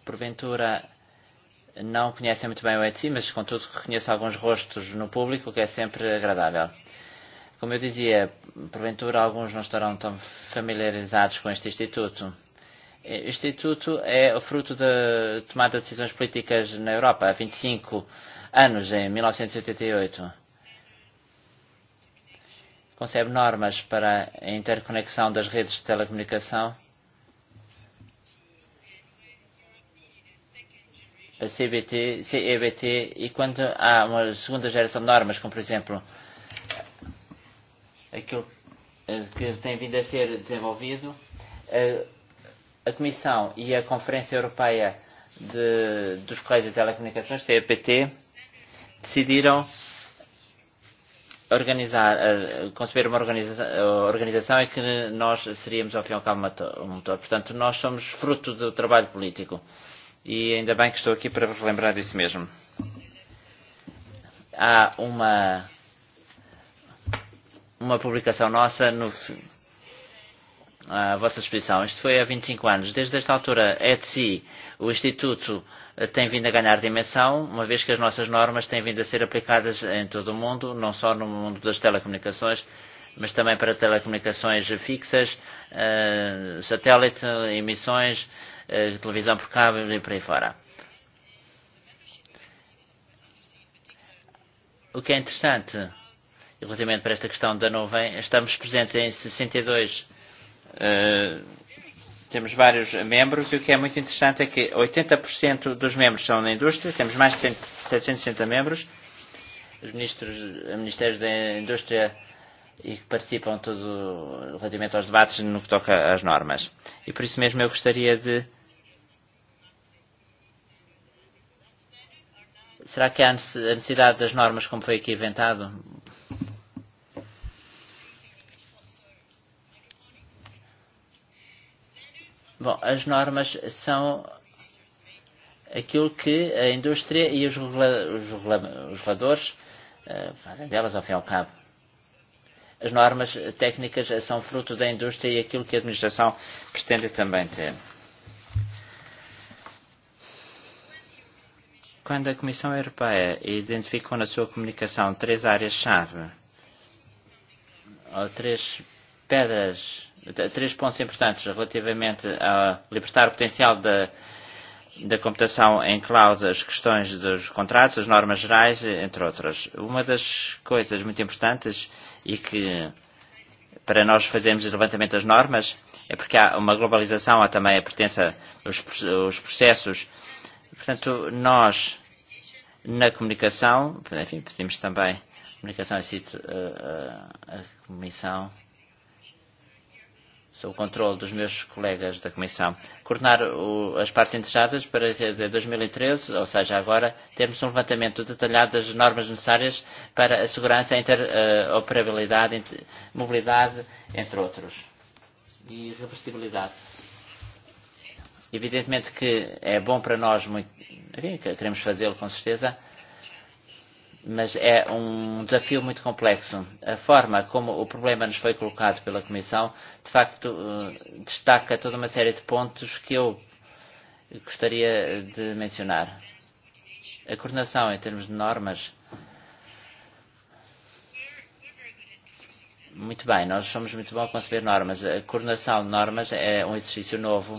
S3: Porventura não conhecem muito bem o Etsy, mas contudo reconheço alguns rostos no público, o que é sempre agradável. Como eu dizia, porventura alguns não estarão tão familiarizados com este Instituto. O e, Instituto é o fruto da tomada de decisões políticas na Europa há 25 e anos, em 1988 concebe normas para a interconexão das redes de telecomunicação. A CBT, CEBT e quando há uma segunda geração de normas, como por exemplo aquilo eh, que tem vindo a ser desenvolvido, a, eh, a Comissão e a Conferência Europeia de, dos Colégios de Telecomunicações, CEPT, decidiram organizar, uh, conceber uma organiza, organização é que nós seríamos ao fim e ao cabo um motor. Portanto, nós somos fruto do trabalho político. E ainda bem que estou aqui para relembrar lembrar disso mesmo. Há uma, uma publicação nossa no, à vossa exposição. Isto foi há 25 e anos. Desde esta altura, ETSI, o Instituto tem vindo a ganhar dimensão, uma vez que as nossas normas têm vindo a ser aplicadas em todo o mundo, não só no mundo das telecomunicações, mas também para telecomunicações fixas, uh, satélite, emissões, uh, televisão por cabo e por aí fora. O que é interessante, e relativamente para esta questão da nuvem, estamos presentes em 62 uh, e temos vários membros e o que é muito interessante é que 80% dos membros são na indústria, temos mais de 760 e membros, os ministros, ministérios da indústria e que participam todo relativamente aos debates no que toca às normas. E por isso mesmo eu gostaria de Será que há necessidade das normas como foi aqui inventado? Bom, as normas são aquilo que a indústria e os, regula os, regula os reguladores uh, fazem delas ao fim e ao cabo. As normas técnicas são fruto da indústria e aquilo que a administração pretende também ter. Quando a Comissão Europeia identificou na sua comunicação três áreas-chave, ou três pedras, três pontos importantes relativamente a libertar o potencial da, da computação em cloud, as questões dos contratos, as normas gerais, entre outras. Uma das coisas muito importantes e que para nós fazermos o levantamento das normas é porque há uma globalização, há também a pertença, aos, aos processos. Portanto, nós, na comunicação, enfim, pedimos também comunicação, eu cito a, eh, a, eh, a comissão, sob o controle dos meus colegas da Comissão, coordenar o, as partes interessadas para que de 2013, e ou seja, agora, termos um levantamento detalhado das normas necessárias para a segurança, a interoperabilidade, inter, mobilidade, entre outros, e reversibilidade. Evidentemente que é bom para nós, muito, enfim, queremos fazê-lo com certeza, mas é um desafio muito complexo. A forma como o problema nos foi colocado pela Comissão, de facto, uh, destaca toda uma série de pontos que eu gostaria de mencionar. A coordenação em termos de normas. Muito bem, nós somos muito bons a conceber normas. A coordenação de normas é um exercício novo,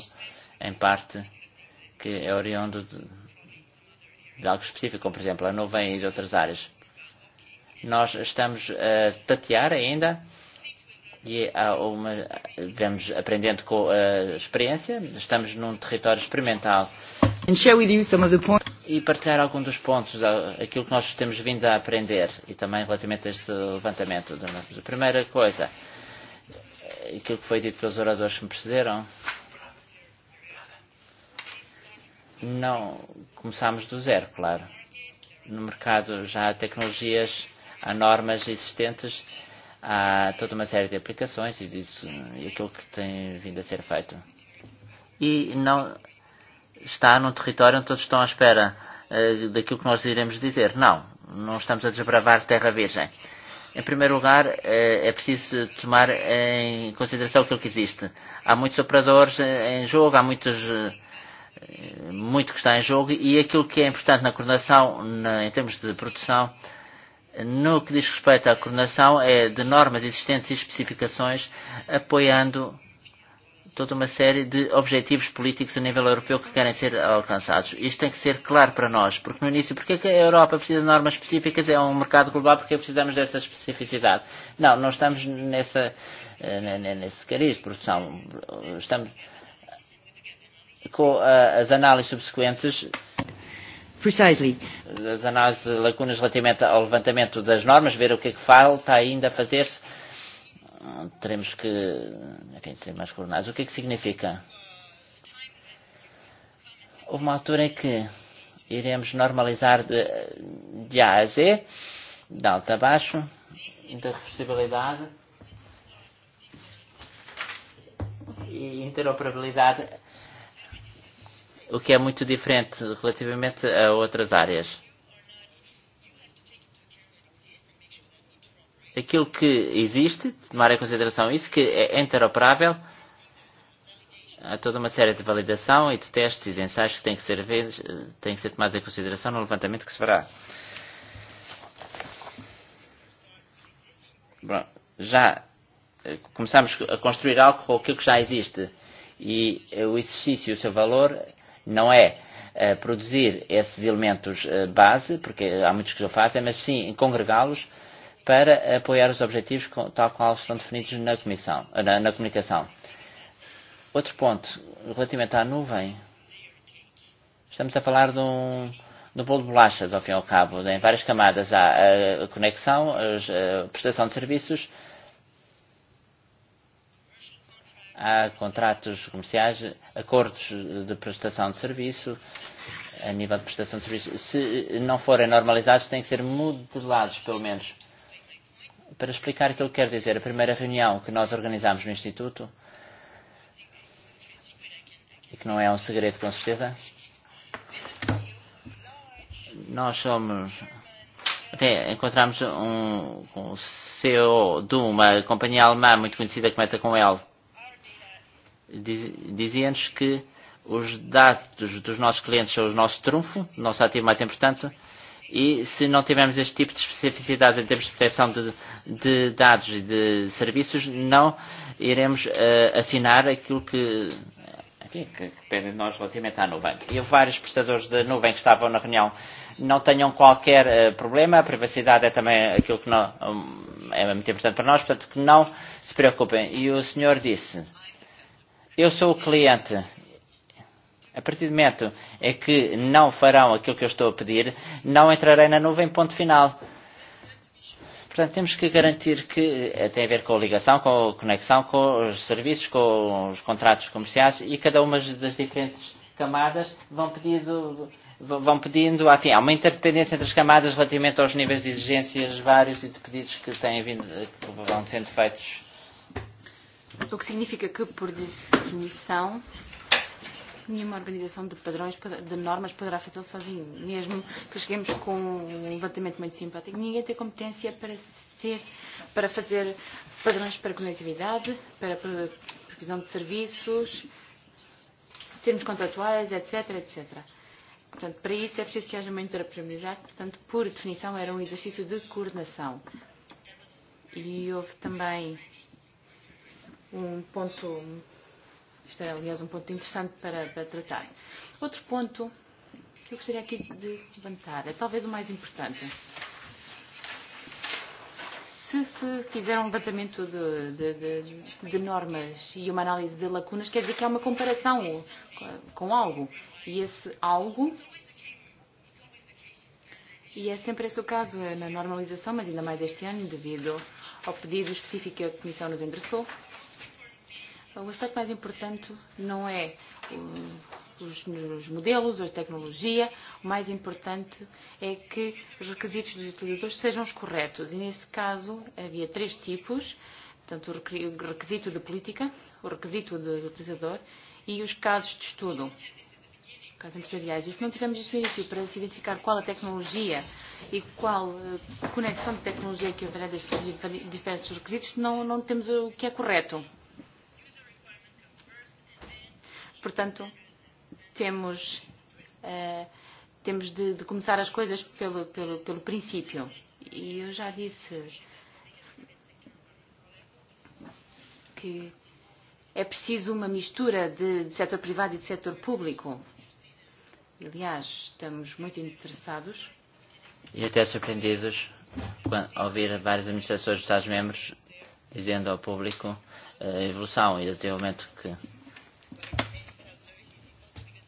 S3: em parte, que é oriundo de de algo específico, como por exemplo a nuvem e de outras áreas. Nós estamos a eh, tatear ainda e há uma, vamos aprendendo com a eh, experiência, estamos num território experimental.
S2: And share with you some of the points.
S3: E partilhar alguns dos pontos, aquilo que nós temos vindo a aprender e também relativamente a este levantamento. A primeira coisa, aquilo que foi dito pelos oradores que me precederam, não começámos do zero, claro. No mercado já há tecnologias, há normas existentes, há toda uma série de aplicações e disso e aquilo que tem vindo a ser feito. E não está num território onde todos estão à espera uh, daquilo que nós iremos dizer. Não, não estamos a desbravar terra virgem. Em primeiro lugar, eh, é preciso tomar em consideração aquilo que existe. Há muitos operadores eh, em jogo, há muitos muito que está em jogo e aquilo que é importante na coordenação, na, em termos de produção, no que diz respeito à coordenação, é de normas existentes e especificações apoiando toda uma série de objetivos políticos a nível europeu que querem ser alcançados. Isto tem que ser claro para nós, porque no início, porque é que a Europa precisa de normas específicas? É um mercado global, porque precisamos dessa especificidade? Não, não estamos nessa, eh, nesse cariz de produção. Estamos, com as análises subsequentes Precisely. As análises de lacunas relativamente ao levantamento das normas, ver o que é que falta ainda a fazer-se. Teremos que, enfim, ser mais coordenados. O que é que significa? Houve uma altura em que iremos normalizar de, de A a Z, de alta a baixo, da reversibilidade e interoperabilidade o que é muito diferente relativamente a outras áreas. Aquilo que existe, tomar em consideração isso, que é interoperável, há toda uma série de validação e de testes e de ensaios que têm que ser, têm que ser tomados em consideração no levantamento que se fará. Bom, já eh, começamos a construir algo com aquilo que já existe e eh, o exercício e o seu valor não é eh, produzir esses elementos eh, base, porque há muitos que o fazem, mas sim congregá-los para apoiar os objetivos tal qual foram definidos na, comissão, eh, na, na comunicação. Outro ponto, relativamente à nuvem, estamos a falar de um, de um bolo de bolachas, ao fim e ao cabo, em várias camadas. Há a conexão, a prestação de serviços, há contratos comerciais, acordos de prestação de serviço, a nível de prestação de serviço. Se não forem normalizados, têm que ser modelados, pelo menos. Para explicar o que eu quero dizer, a primeira reunião que nós organizámos no Instituto, e que não é um segredo com certeza, nós somos Até encontramos um, um CEO e de uma companhia alemã muito conhecida, começa com L, dizia-nos que os dados dos nossos clientes são o nosso trunfo, o nosso ativo mais importante, e se não tivermos este tipo de especificidade em termos de proteção de, de dados e de serviços, não iremos uh, assinar aquilo que, enfim, que depende de nós relativamente à nuvem. E vários prestadores da nuvem que estavam na reunião não tenham qualquer uh, problema, a privacidade é também aquilo que não, um, é muito importante para nós, portanto que não se preocupem. E o senhor disse eu sou o cliente, a partir do momento é que não farão aquilo que eu estou a pedir, não entrarei na nuvem, ponto final. Portanto, temos que garantir que eh, tem a ver com a ligação, com a conexão, com os serviços, com os contratos comerciais e cada uma das diferentes camadas vão pedindo, vão pedindo enfim, há uma interdependência entre as camadas relativamente aos níveis de exigências vários e de pedidos que, têm vindo, que vão sendo feitos
S1: O que significa que, por definição, nenhuma organização de padrões, de normas poderá fazê-lo sozinho. Mesmo que cheguemos com um levantamento muito simpático, ninguém tem competência para ser, para fazer padrões para conectividade, para previsão de serviços, termos contratuais, etc, etc. Portanto, para isso é preciso que haja uma interoperabilidade, portanto, por definição, era um exercício de coordenação. E houve também um ponto, isto é aliás um ponto interessante para, para tratar. Outro ponto que eu gostaria aqui de levantar é talvez o mais importante. Se se fizer um levantamento de, de, de, de normas e uma análise de lacunas, quer dizer que há uma comparação com algo. E esse algo E é sempre esse o caso na normalização, mas ainda mais este ano, devido ao pedido específico que a Comissão nos endereçou O aspecto mais importante não é eh, os, os modelos, a tecnologia, o mais importante é que os requisitos dos utilizadores sejam os corretos. E nesse caso havia três tipos, portanto o requisito de política, o requisito do utilizador e os casos de estudo casos empresariais. Isto não tivemos isso no início para se identificar qual a tecnologia e qual a eh, conexão de tecnologia que haverá destes diversos requisitos, não, não temos o que é correto. Portanto, temos, eh, temos de, de começar as coisas pelo, pelo, pelo princípio. E eu já disse que é preciso uma mistura de, de setor privado e de setor público. Aliás, estamos muito interessados.
S3: E até surpreendidos quando ouvir várias administrações dos Estados-membros dizendo ao público eh, a evolução e até o momento que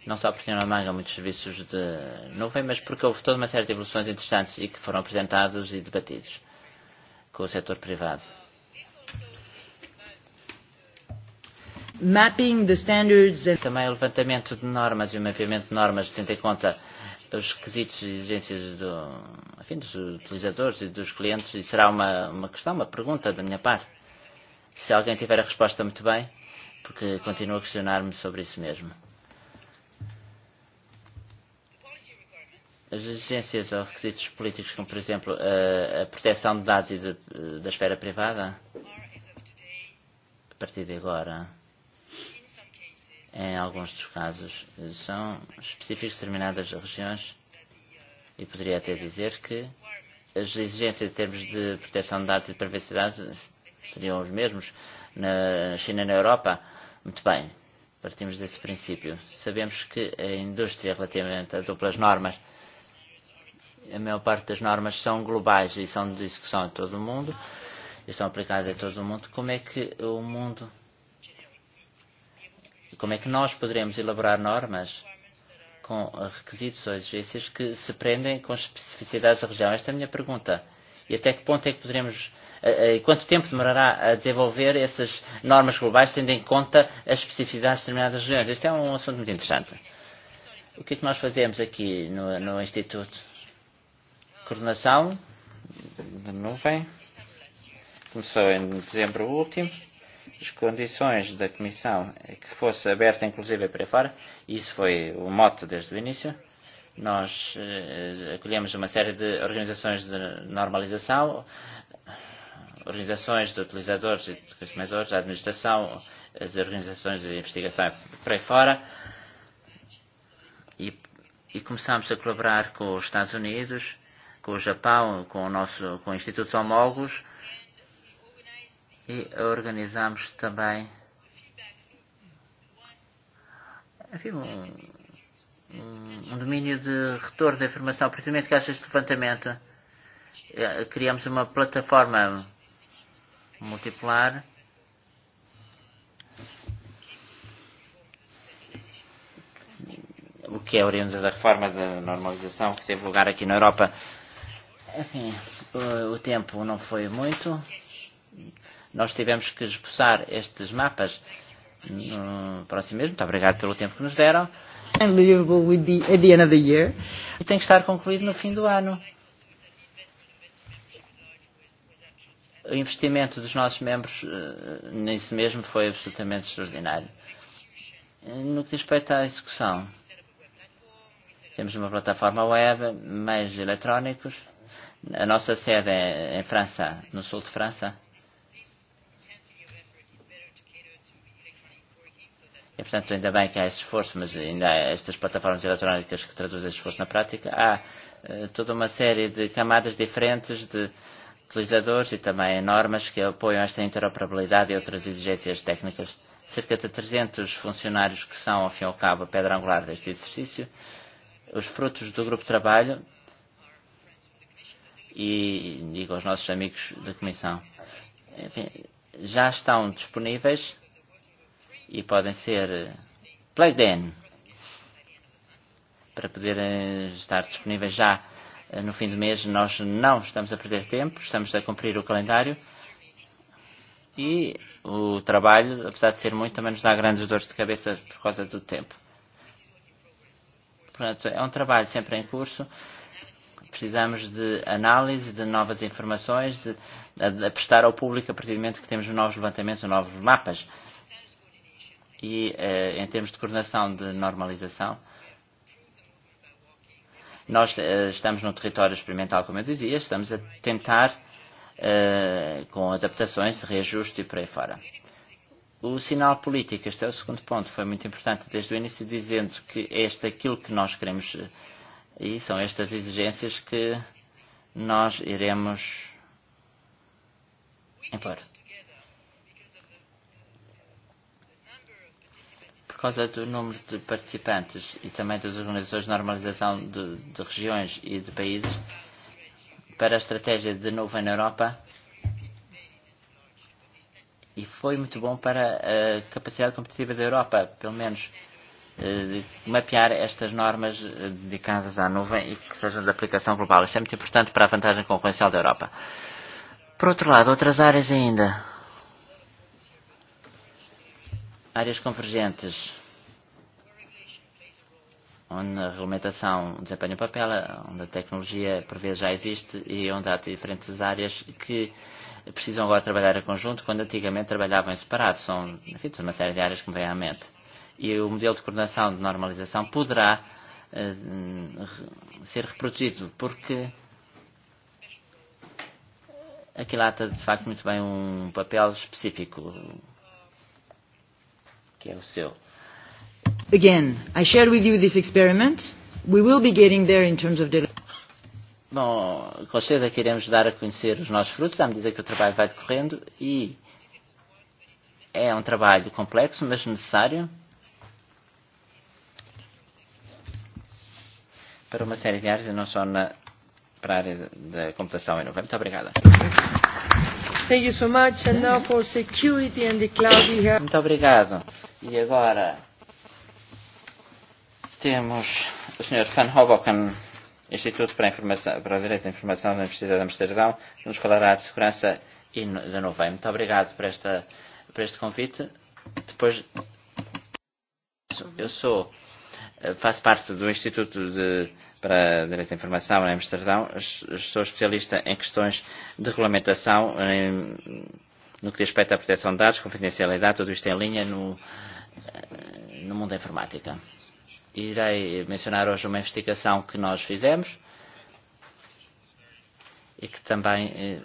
S3: não só porque tinha na manga muitos serviços de nuvem, mas porque houve toda uma série de evoluções interessantes e que foram apresentados e debatidos com o setor privado. Mapping the standards and... Também o levantamento de normas e o mapeamento de normas tendo em conta os requisitos e exigências do, enfim, dos utilizadores e dos clientes e será uma, uma questão, uma pergunta da minha parte. Se alguém tiver a resposta muito bem, porque continuo a questionar-me sobre isso mesmo. As agências ou requisitos políticos, como por exemplo a proteção de dados e de, da esfera privada, a partir de agora, em alguns dos casos, são específicos de determinadas regiões e poderia até dizer que as exigências em termos de proteção de dados e de privacidade seriam os mesmos na China e na Europa. Muito bem, partimos desse princípio. Sabemos que a indústria relativamente a duplas normas a maior parte das normas são globais e são de execução em todo o mundo e são aplicadas em todo o mundo, como é que o mundo como é que nós poderemos elaborar normas com requisitos ou exigências que se prendem com especificidades da região? Esta é a minha pergunta. E até que ponto é que poderemos E quanto tempo demorará a desenvolver essas normas globais tendo em conta as especificidades de determinadas regiões? Este é um assunto muito interessante. O que é que nós fazemos aqui no, no Instituto? coordenação da nuvem começou em dezembro último. As condições da comissão é que fosse aberta inclusive para fora, isso foi o mote desde o início. Nós eh, acolhemos uma série de organizações de normalização, organizações de utilizadores e de consumidores, a administração, as organizações de investigação para fora. E, e começámos a colaborar com os Estados Unidos, com o Japão, com, o nosso, com o Instituto Homólogos e organizamos também enfim, um, um, um domínio de retorno da informação, precisamente que este levantamento. Eh, criamos uma plataforma multipolar o que é oriunda da reforma da normalização que teve lugar aqui na Europa Enfim, eh, o o tempo não foi muito. Nós tivemos que esboçar estes mapas no próximo mês. Muito obrigado pelo tempo que nos deram. E tem que estar concluído no fim do ano. O investimento dos nossos membros eh, nisso mesmo foi absolutamente extraordinário. Eh, no que diz respeito à execução, temos uma plataforma web, meios eletrónicos, a nossa sede é em euh, França, no sul de França. E, portanto, ainda bem que há esse esforço, mas ainda há estas plataformas eletrónicas que traduzem esse esforço na prática. Há eh, toda uma série de camadas diferentes de utilizadores e também normas que apoiam esta interoperabilidade e outras exigências técnicas. Cerca de 300 funcionários que são, ao fim e ao cabo, a pedra angular deste exercício. Os frutos do grupo de trabalho e digo aos nossos amigos da Comissão, enfim, já estão disponíveis e podem ser plugged in para poderem estar disponíveis já eh, no fim do mês. Nós não estamos a perder tempo, estamos a cumprir o calendário e o trabalho, apesar de ser muito, também nos dá grandes dores de cabeça por causa do tempo. Portanto, é um trabalho sempre em curso precisamos de análise, de novas informações, de, de, de prestar ao público a partir do momento que temos novos levantamentos, novos mapas. E uh, em termos de coordenação de normalização, nós uh, estamos num território experimental, como eu dizia, estamos a tentar, uh, com adaptações, reajustes e por aí fora. O sinal político, este é o segundo ponto, foi muito importante desde o início, dizendo que este é aquilo que nós queremos. uh, E são estas exigências que nós iremos impor. Por causa do número de participantes e também das organizações de normalização de, de regiões e de países, para a estratégia de novo na Europa, e foi muito bom para a capacidade competitiva da Europa, pelo menos mapear estas normas dedicadas à nuvem e que sejam de aplicação global. Isso é muito importante para a vantagem concorrencial da Europa. Por outro lado, outras áreas ainda. Áreas convergentes, onde a regulamentação desempenha um papel, onde a tecnologia por vezes já existe e onde há diferentes áreas que precisam agora trabalhar em conjunto, quando antigamente trabalhavam em separado. São, enfim, uma série de áreas que me vem à mente e o um modelo de coordenação de normalização poderá uh, ser reproduzido, porque aqui lata de facto muito bem um papel específico que é o seu. Again, I share with you this experiment. We will be getting there in terms of the... Bom, com certeza que iremos dar a conhecer os nossos frutos à medida que o trabalho vai decorrendo e é um trabalho complexo, mas necessário. pero unas iniciales no son eh, para área de computação en 90. Obrigada. Thank you so much. And now for security and the cloud we have... Muito obrigado. E agora temos o Sr. Van Hoboken, Instituto para, Informação, para o Direito de Informação da Universidade de Amsterdão, que nos falará de segurança e no, da nuvem. Muito obrigado por, esta, por este convite. Depois, eu sou Faço parte do Instituto de, para Direito à Informação em Amsterdão. Sou especialista em questões de regulamentação em, no que diz respeito à proteção de dados, confidencialidade, tudo isto em linha no, no mundo da informática. Irei mencionar hoje uma investigação que nós fizemos e que também eh,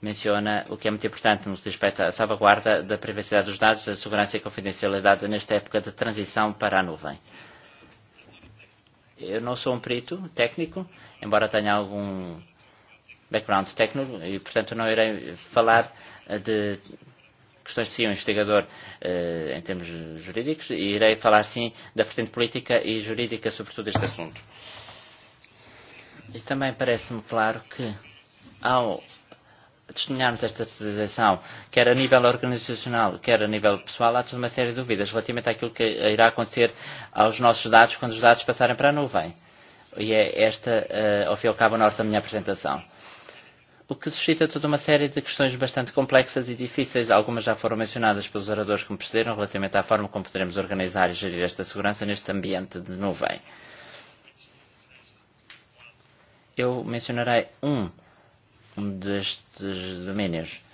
S3: menciona o que é muito importante no que diz respeito à salvaguarda da privacidade dos dados, da segurança e confidencialidade nesta época de transição para a nuvem. Eu não sou um perito técnico, embora tenha algum background técnico e, portanto, não irei falar eh, de questões de si um investigador uh, em termos jurídicos e irei falar, sim, da vertente política e jurídica sobre todo este assunto. E também parece-me claro que, ao testemunharmos esta desatização, quer a nível organizacional, quer a nível pessoal, há toda uma série de dúvidas relativamente àquilo que irá acontecer aos nossos dados quando os dados passarem para a nuvem. E é esta, uh, ao fim e ao cabo, a norte da minha apresentação. O que suscita toda uma série de questões bastante complexas e difíceis. Algumas já foram mencionadas pelos oradores que me precederam relativamente à forma como poderemos organizar e gerir esta segurança neste ambiente de nuvem. Mm, Eu mencionarei um Um destes domínios.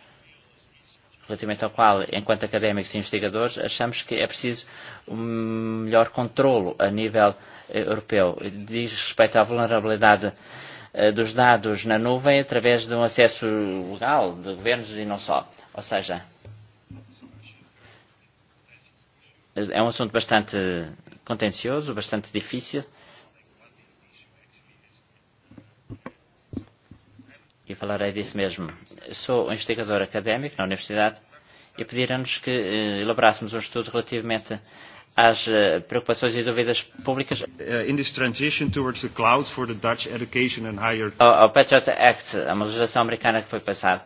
S3: Relativamente ao qual, enquanto académicos e investigadores, achamos que é preciso um melhor controlo a nível eh, europeu. E diz respeito à vulnerabilidade eh, dos dados na nuvem através de um acesso legal de governos e não só. Ou seja, é um assunto bastante contencioso, bastante difícil e falarei disso mesmo. Sou um investigador académico na Universidade e pediram-nos que uh, elaborássemos um estudo relativamente às uh, preocupações e dúvidas públicas Uh, in this transition towards the cloud for the Dutch education and higher O, o Patriot Act, a uma legislação americana que foi passada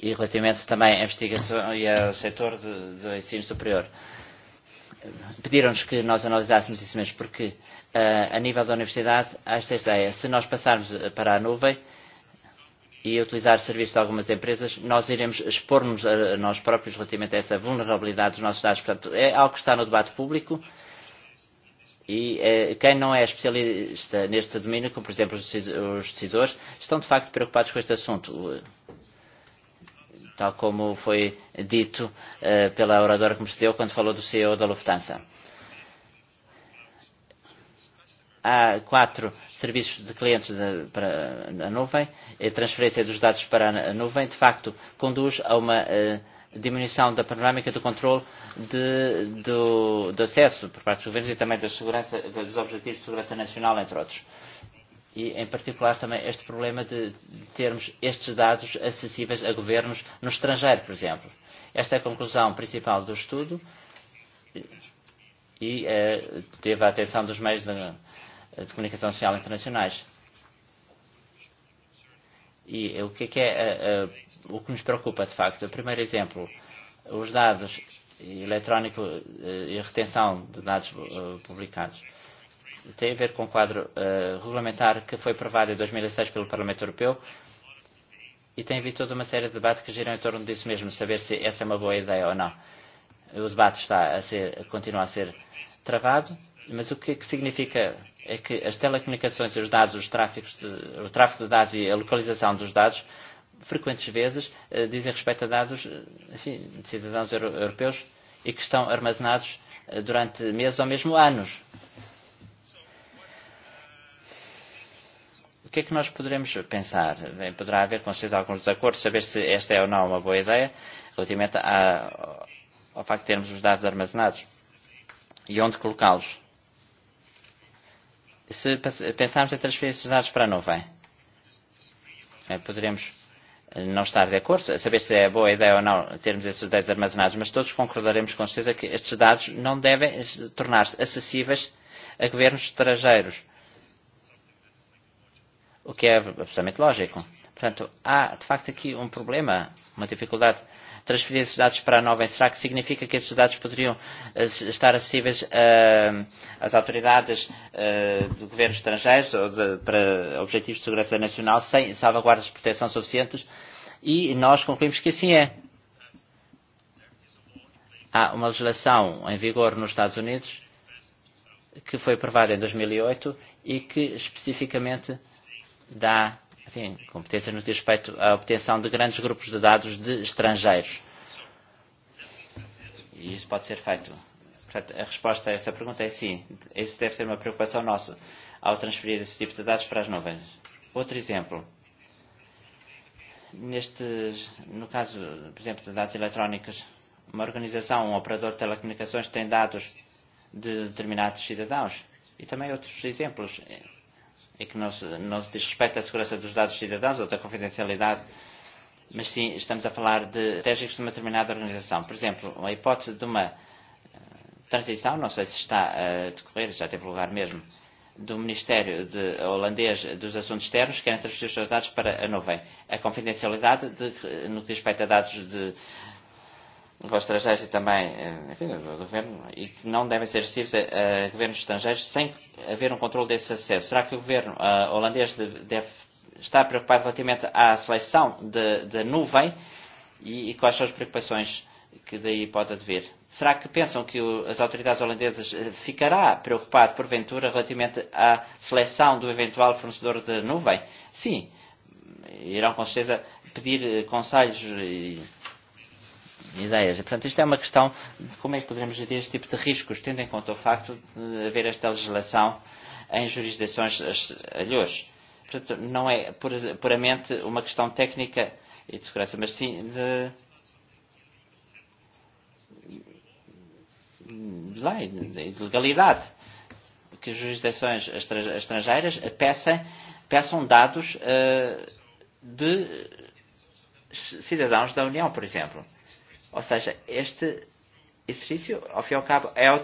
S3: e relativamente também à investigação e ao setor do ensino superior. Pediram-nos que nós analisássemos isso mesmo, porque uh, a nível da universidade há esta ideia. Se nós passarmos para a nuvem, uh, e utilizar serviços de algumas empresas, nós iremos expor-nos a eh, nós próprios relativamente a essa vulnerabilidade dos nossos dados. Portanto, é algo que está no debate público e eh, quem não é especialista neste domínio, como por exemplo os decisores, estão de facto preocupados com este assunto. Tal como foi dito eh, pela oradora que me cedeu quando falou do CEO da Lufthansa há quatro serviços de clientes de, para a nuvem, a e transferência dos dados para a nuvem, de facto, conduz a uma uh, diminuição da panorâmica do controle de, do, do acesso por parte dos governos e também da segurança, dos objetivos de segurança nacional, entre outros. E, em particular, também este problema de termos estes dados acessíveis a governos no estrangeiro, por exemplo. Esta é a conclusão principal do estudo e uh, teve a atenção dos meios de, Eh, de comunicação social internacionais. E eh, o que é, que é eh, o que nos preocupa, de facto? O primeiro exemplo, os dados eletrónico e a retenção de dados publicados tem a ver com o quadro uh, regulamentar que foi aprovado em 2006 e pelo Parlamento Europeu e tem havido toda uma série de debates que giram em torno disso mesmo, saber se essa é uma boa ideia ou não. O debate está a ser, continua a ser travado, mas o que, que significa é que as telecomunicações e os dados, os tráficos de, o tráfico de dados e a localização dos dados, frequentes vezes, uh, dizem respeito a dados eh, enfim, de cidadãos euro europeus e que estão armazenados uh, durante meses ou mesmo anos. O que é que nós poderemos pensar? Bem, poderá haver, com certeza, alguns desacordos, saber se esta é ou não uma boa ideia, relativamente à, ao facto de termos os dados armazenados e onde colocá-los Eh, no, se pensarmos em transferir de dados para a nuvem, poderíamos não estar de acordo, saber se é boa ideia ou não termos esses dados armazenados, mas todos concordaremos com certeza que estes dados não devem tornar-se acessíveis a governos estrangeiros. O que é absolutamente lógico. Portanto, há de facto aqui um problema, eh, uma dificuldade transferir esses dados para a nuvem, será que significa que esses dados poderiam uh, estar acessíveis uh, às autoridades uh, de governos estrangeiros ou de, para objetivos de segurança nacional sem salvaguardas de proteção suficientes? E nós concluímos que assim é. Há uma legislação em vigor nos Estados Unidos que foi aprovada em 2008 e, e que especificamente dá enfim, competências no que diz respeito à obtenção de grandes grupos de dados de estrangeiros. E isso pode ser feito. Portanto, a resposta a essa pergunta é sim. Isso deve ser uma preocupação nossa ao transferir esse tipo de dados para as nuvens. Outro exemplo. Neste, no caso, por exemplo, de dados eletrónicos, uma organização, um operador de telecomunicações tem dados de determinados cidadãos e também outros exemplos e que nos, nos diz respeito à segurança dos dados cidadãos ou da confidencialidade, mas sim estamos a falar de estratégicos de uma determinada organização. Por exemplo, a hipótese de uma eh, transição, não sei se está a decorrer, já teve lugar mesmo, do Ministério de, holandês dos Assuntos Externos, que querem transferir os seus dados para a nuvem. A confidencialidade de, no que diz respeito a dados de aos estrangeiros e também, eh, enfim, do governo, e que não devem ser acessíveis a, a governos estrangeiros sem haver um controle desse acesso. Será que o governo uh, holandês deve, deve estar preocupado relativamente à seleção da nuvem e, e quais são as preocupações que daí pode haver? Será que pensam que o, as autoridades holandesas eh, ficará preocupado, porventura, relativamente à seleção do eventual fornecedor de nuvem? Sim, irão com certeza pedir conselhos e ideias. E, portanto, isto é uma questão de como é que poderemos gerir este tipo de riscos, tendo em conta o facto de haver esta legislação em jurisdições alheios. Portanto, não é puramente uma questão técnica e de segurança, mas sim de de lei, de legalidade, que as jurisdições estrangeiras peçam, peçam dados uh, de cidadãos da União, por exemplo. Ou seja, este exercício, ao fim e ao cabo, é,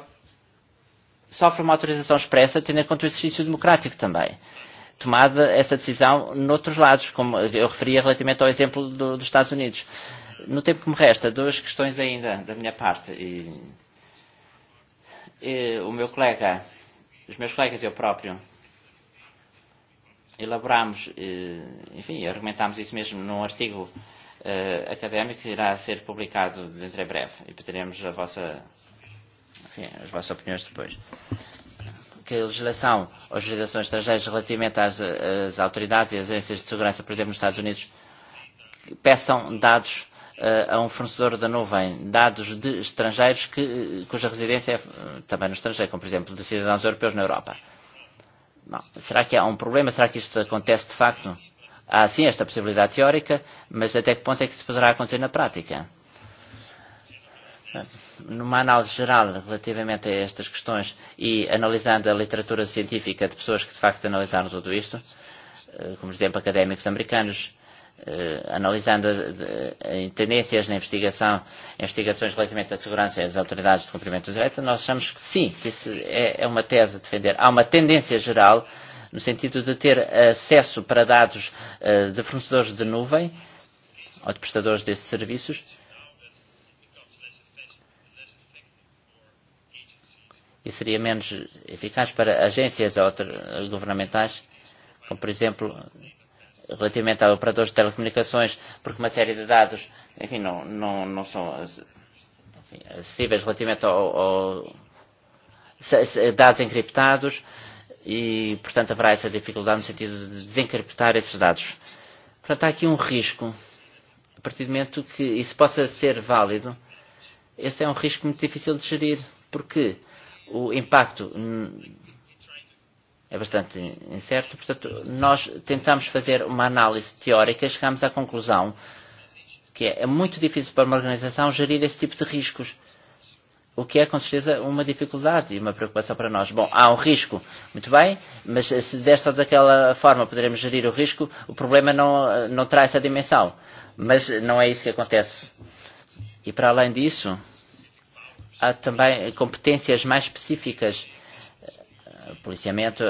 S3: sofre uma autorização expressa, tendo em conta o exercício democrático também. Tomada essa decisão noutros lados, como eu referia relativamente ao exemplo do, dos Estados Unidos. No tempo que me resta, duas questões ainda da minha parte. E, e, o meu colega, os meus colegas e eu próprio, elaborámos, eh, enfim, argumentámos isso mesmo num artigo uh, uh, académico irá ser publicado dentro de breve e pediremos a vossa, enfim, as vossas opiniões depois. Que a legislação ou legislações estrangeiras relativamente às, às autoridades e às agências de segurança, por exemplo, nos Estados Unidos, peçam dados uh, a um fornecedor da nuvem, dados de estrangeiros que, eh, cuja residência é também no estrangeiro, como por exemplo de cidadãos europeus na Europa. Não. Será que há um problema? Será que isto acontece de facto? Há sim esta possibilidade teórica, mas até que ponto é que se poderá acontecer na prática? Numa análise geral relativamente a estas questões e analisando a literatura científica de pessoas que de facto analisaram tudo isto, como por exemplo académicos americanos, analisando tendências na investigação, investigações relativamente à segurança e às autoridades de cumprimento do direito, nós achamos que sim, que isso é uma tese a defender. Há uma tendência geral uh, no sentido de ter acesso para dados eh, de fornecedores de nuvem ou de prestadores desses serviços. E seria menos eficaz para agências ou eh, governamentais, como por exemplo relativamente a operadores de telecomunicações, porque uma série de dados, enfim, não, não, não são enfim, acessíveis relativamente ao, ao dados encriptados, uh, e, portanto, haverá essa dificuldade no sentido de desencriptar esses dados. Portanto, há aqui um risco. A partir do momento que isso possa ser válido, esse é um risco muito difícil de gerir, porque o impacto é bastante incerto. Portanto, nós tentamos fazer uma análise teórica e chegamos à conclusão que é muito difícil para uma organização gerir esse tipo de riscos o que é com certeza uma dificuldade e uma preocupação para nós. Bom, há um risco, muito bem, mas eh, se desta ou daquela forma poderemos gerir o risco, o problema não, eh, não traz essa dimensão. Mas não é isso que acontece. E para além disso, há também competências mais específicas eh, policiamento,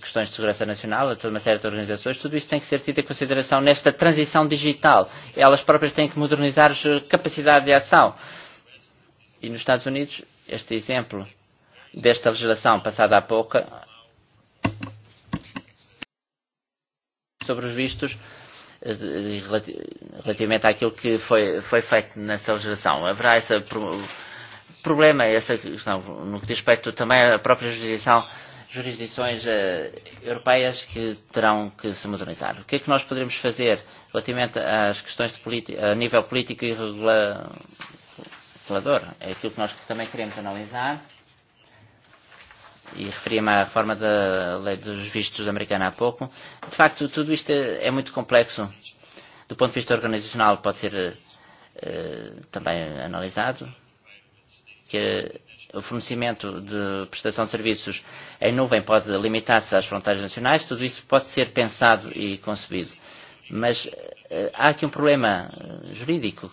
S3: questões de segurança nacional, toda uma série de organizações, tudo isso tem que ser tido em consideração nesta transição digital. Elas próprias têm que modernizar a capacidade de ação. E nos Estados Unidos, este exemplo desta legislação passada há pouco sobre os vistos eh, relativamente àquilo que foi, foi feito nessa legislação. Haverá esse problema, essa questão, no que diz respeito também à própria jurisdição, jurisdições uh, europeias que terão que se modernizar. O que é que nós poderemos fazer relativamente às questões de a nível político e regula Salvador, é aquilo que nós também queremos analisar e referia me à reforma da lei dos vistos americana há pouco. De facto, tudo isto é, é muito complexo. Do ponto de vista organizacional, pode ser eh, também analisado que o fornecimento de prestação de serviços em nuvem pode limitar-se às fronteiras nacionais. Tudo isso pode ser pensado e concebido. Mas eh, há aqui um problema eh, jurídico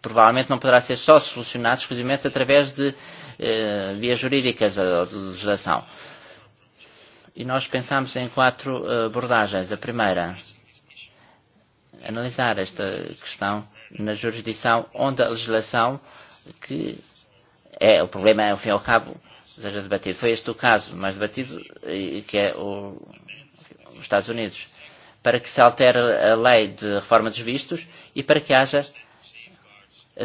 S3: provavelmente não poderá ser só solucionado exclusivamente através de eh, vias jurídicas eh, ou de legislação. E nós pensamos em quatro eh, abordagens. A primeira, analisar esta questão na jurisdição onde a legislação que é, o problema ao fim e ao cabo, seja debatido. Foi este o caso mais debatido, e, e que é o, os Estados Unidos, para que se altere a lei de reforma dos vistos e para que haja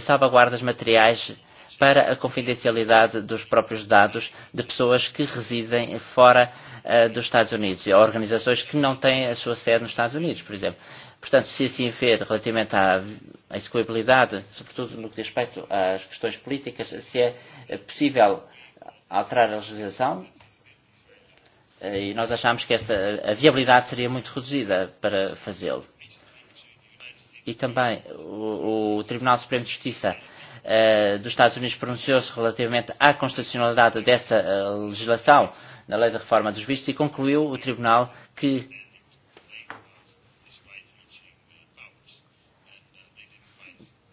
S3: salvaguardas materiais para a confidencialidade dos próprios dados de pessoas que residem fora uh, dos Estados Unidos, e organizações que não têm a sua sede nos Estados Unidos, por exemplo. Portanto, se assim ver relativamente à, à execuibilidade, sobretudo no que diz respeito às questões políticas, se é possível alterar a legislação, eh, e nós achamos que esta, a viabilidade seria muito reduzida para fazê-lo e também o, o Tribunal Supremo de Justiça eh, dos Estados Unidos pronunciou-se relativamente à constitucionalidade dessa eh, legislação na lei da reforma dos vistos e concluiu o Tribunal que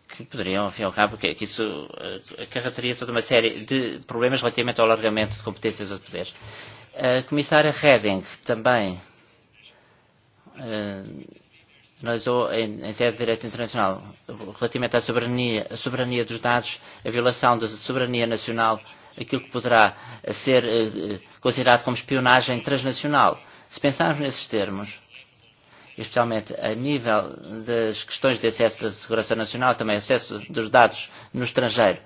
S3: que poderiam, eh, ao fim e ao cabo, que, que isso acarretaria toda uma série de problemas relativamente ao alargamento de competências ou poderes. Eh, a comissária Reding também uh, eh, analisou em em sede de direito internacional relativamente à soberania, soberania dos dados, a violação da soberania nacional, aquilo que poderá ser eh, considerado como espionagem transnacional. Se pensarmos nesses termos, especialmente a nível das questões de acesso da segurança nacional, também acesso dos dados no estrangeiro,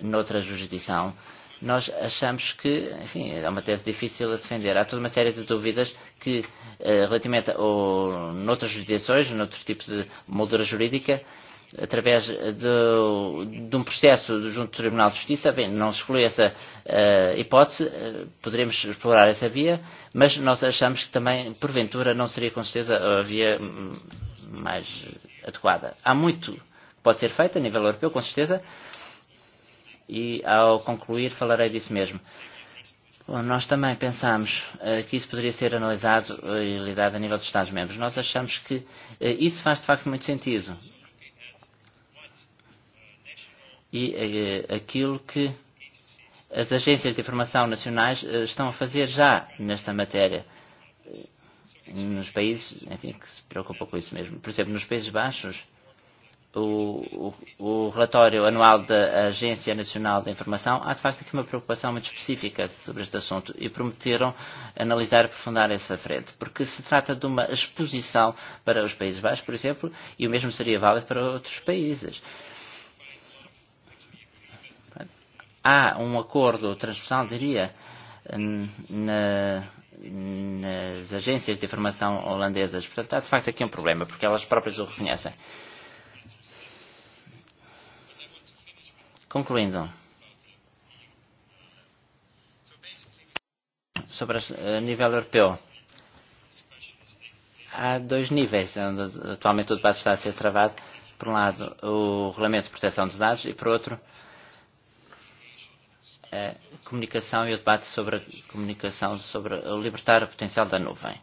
S3: noutra jurisdição, nós achamos que, enfim, é uma tese difícil a defender. Há toda uma série de dúvidas que, eh, relativamente ou noutras jurisdições, noutros tipos de moldura jurídica, através de, de um processo junto do Tribunal de Justiça, bem, não se exclui essa uh, hipótese, uh, poderemos explorar essa via, mas nós achamos que também, porventura, não seria com certeza a via mais adequada. Há muito que pode ser feito a nível europeu, com certeza, e ao concluir falarei disso mesmo. Nós também pensamos eh, que isso poderia ser analisado eh, e lidado a nível dos Estados-membros. Nós achamos que eh, isso faz de facto muito sentido. E aquilo que as agências de informação nacionais estão a fazer já nesta matéria nos países enfim, que se preocupam com isso mesmo. Por exemplo, nos Países Baixos, o, o o relatório anual da Agência Nacional de Informação, há de facto aqui uma preocupação muito específica sobre este assunto e prometeram analisar e aprofundar essa frente, porque se trata de uma exposição para os Países Baixos, por exemplo, e o mesmo seria válido para outros países. Há um acordo transversal, diria, na, nas agências de informação holandesas. Portanto, há de facto aqui um problema, porque elas próprias o reconhecem. Uh, concluindo. Sobre o eh, nível europeu. Há dois níveis onde atualmente o debate está a ser travado. Por um lado, o Regulamento de Proteção de Dados e, por outro, a comunicação e o debate sobre a comunicação, sobre libertar o potencial da nuvem.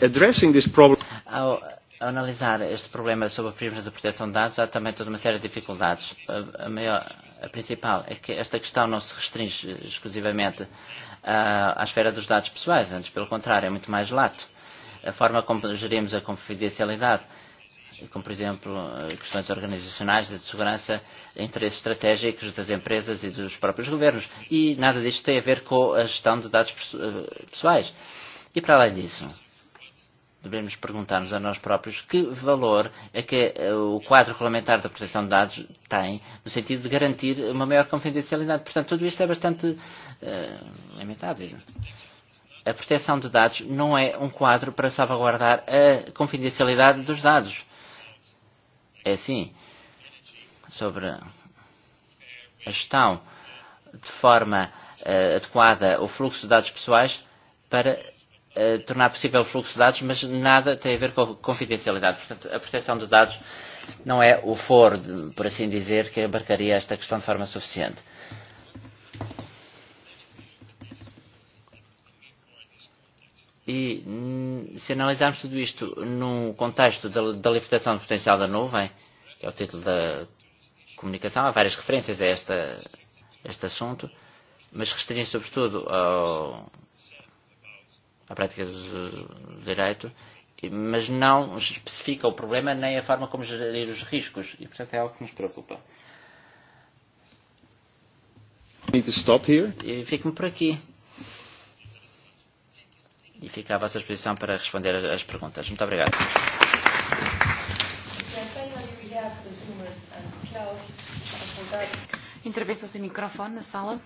S2: Addressing this problem...
S3: Ao analisar este problema sobre os primas da proteção de dados, há também toda uma série de dificuldades. A, maior, a principal é que esta questão não se restringe exclusivamente à, ah, à esfera dos dados pessoais, antes, pelo contrário, é muito mais lato. A forma como gerimos a confidencialidade, como, por exemplo, questões organizacionais, de segurança, interesses estratégicos das empresas e dos próprios governos. E nada disto tem a ver com a gestão de dados eh, pessoais. E para além disso, devemos perguntar-nos a nós próprios que valor é que eh, o quadro regulamentar da proteção de dados tem no sentido de garantir uma maior confidencialidade. Portanto, tudo isto é bastante uh, limitado. A proteção de dados não é um quadro para salvaguardar a confidencialidade dos dados. É assim, sobre a gestão de forma uh, adequada o fluxo de dados pessoais para eh, tornar possível o fluxo de dados, mas nada tem a ver com a confidencialidade. Portanto, a proteção dos dados não é o foro, por assim dizer, que abarcaria esta questão de forma suficiente. E se analisarmos tudo isto num contexto da, da libertação do potencial da nuvem, que é o título da comunicação, há várias referências a esta, este assunto, mas restringe sobretudo ao a prática do direito, mas não especifica o problema nem a forma como gerir os riscos. E, portanto, é algo que nos preocupa.
S2: Need to stop here.
S3: E fico-me por aqui. E fico à vossa disposição para responder às perguntas. Muito obrigado. Intervenção sem microfone na sala.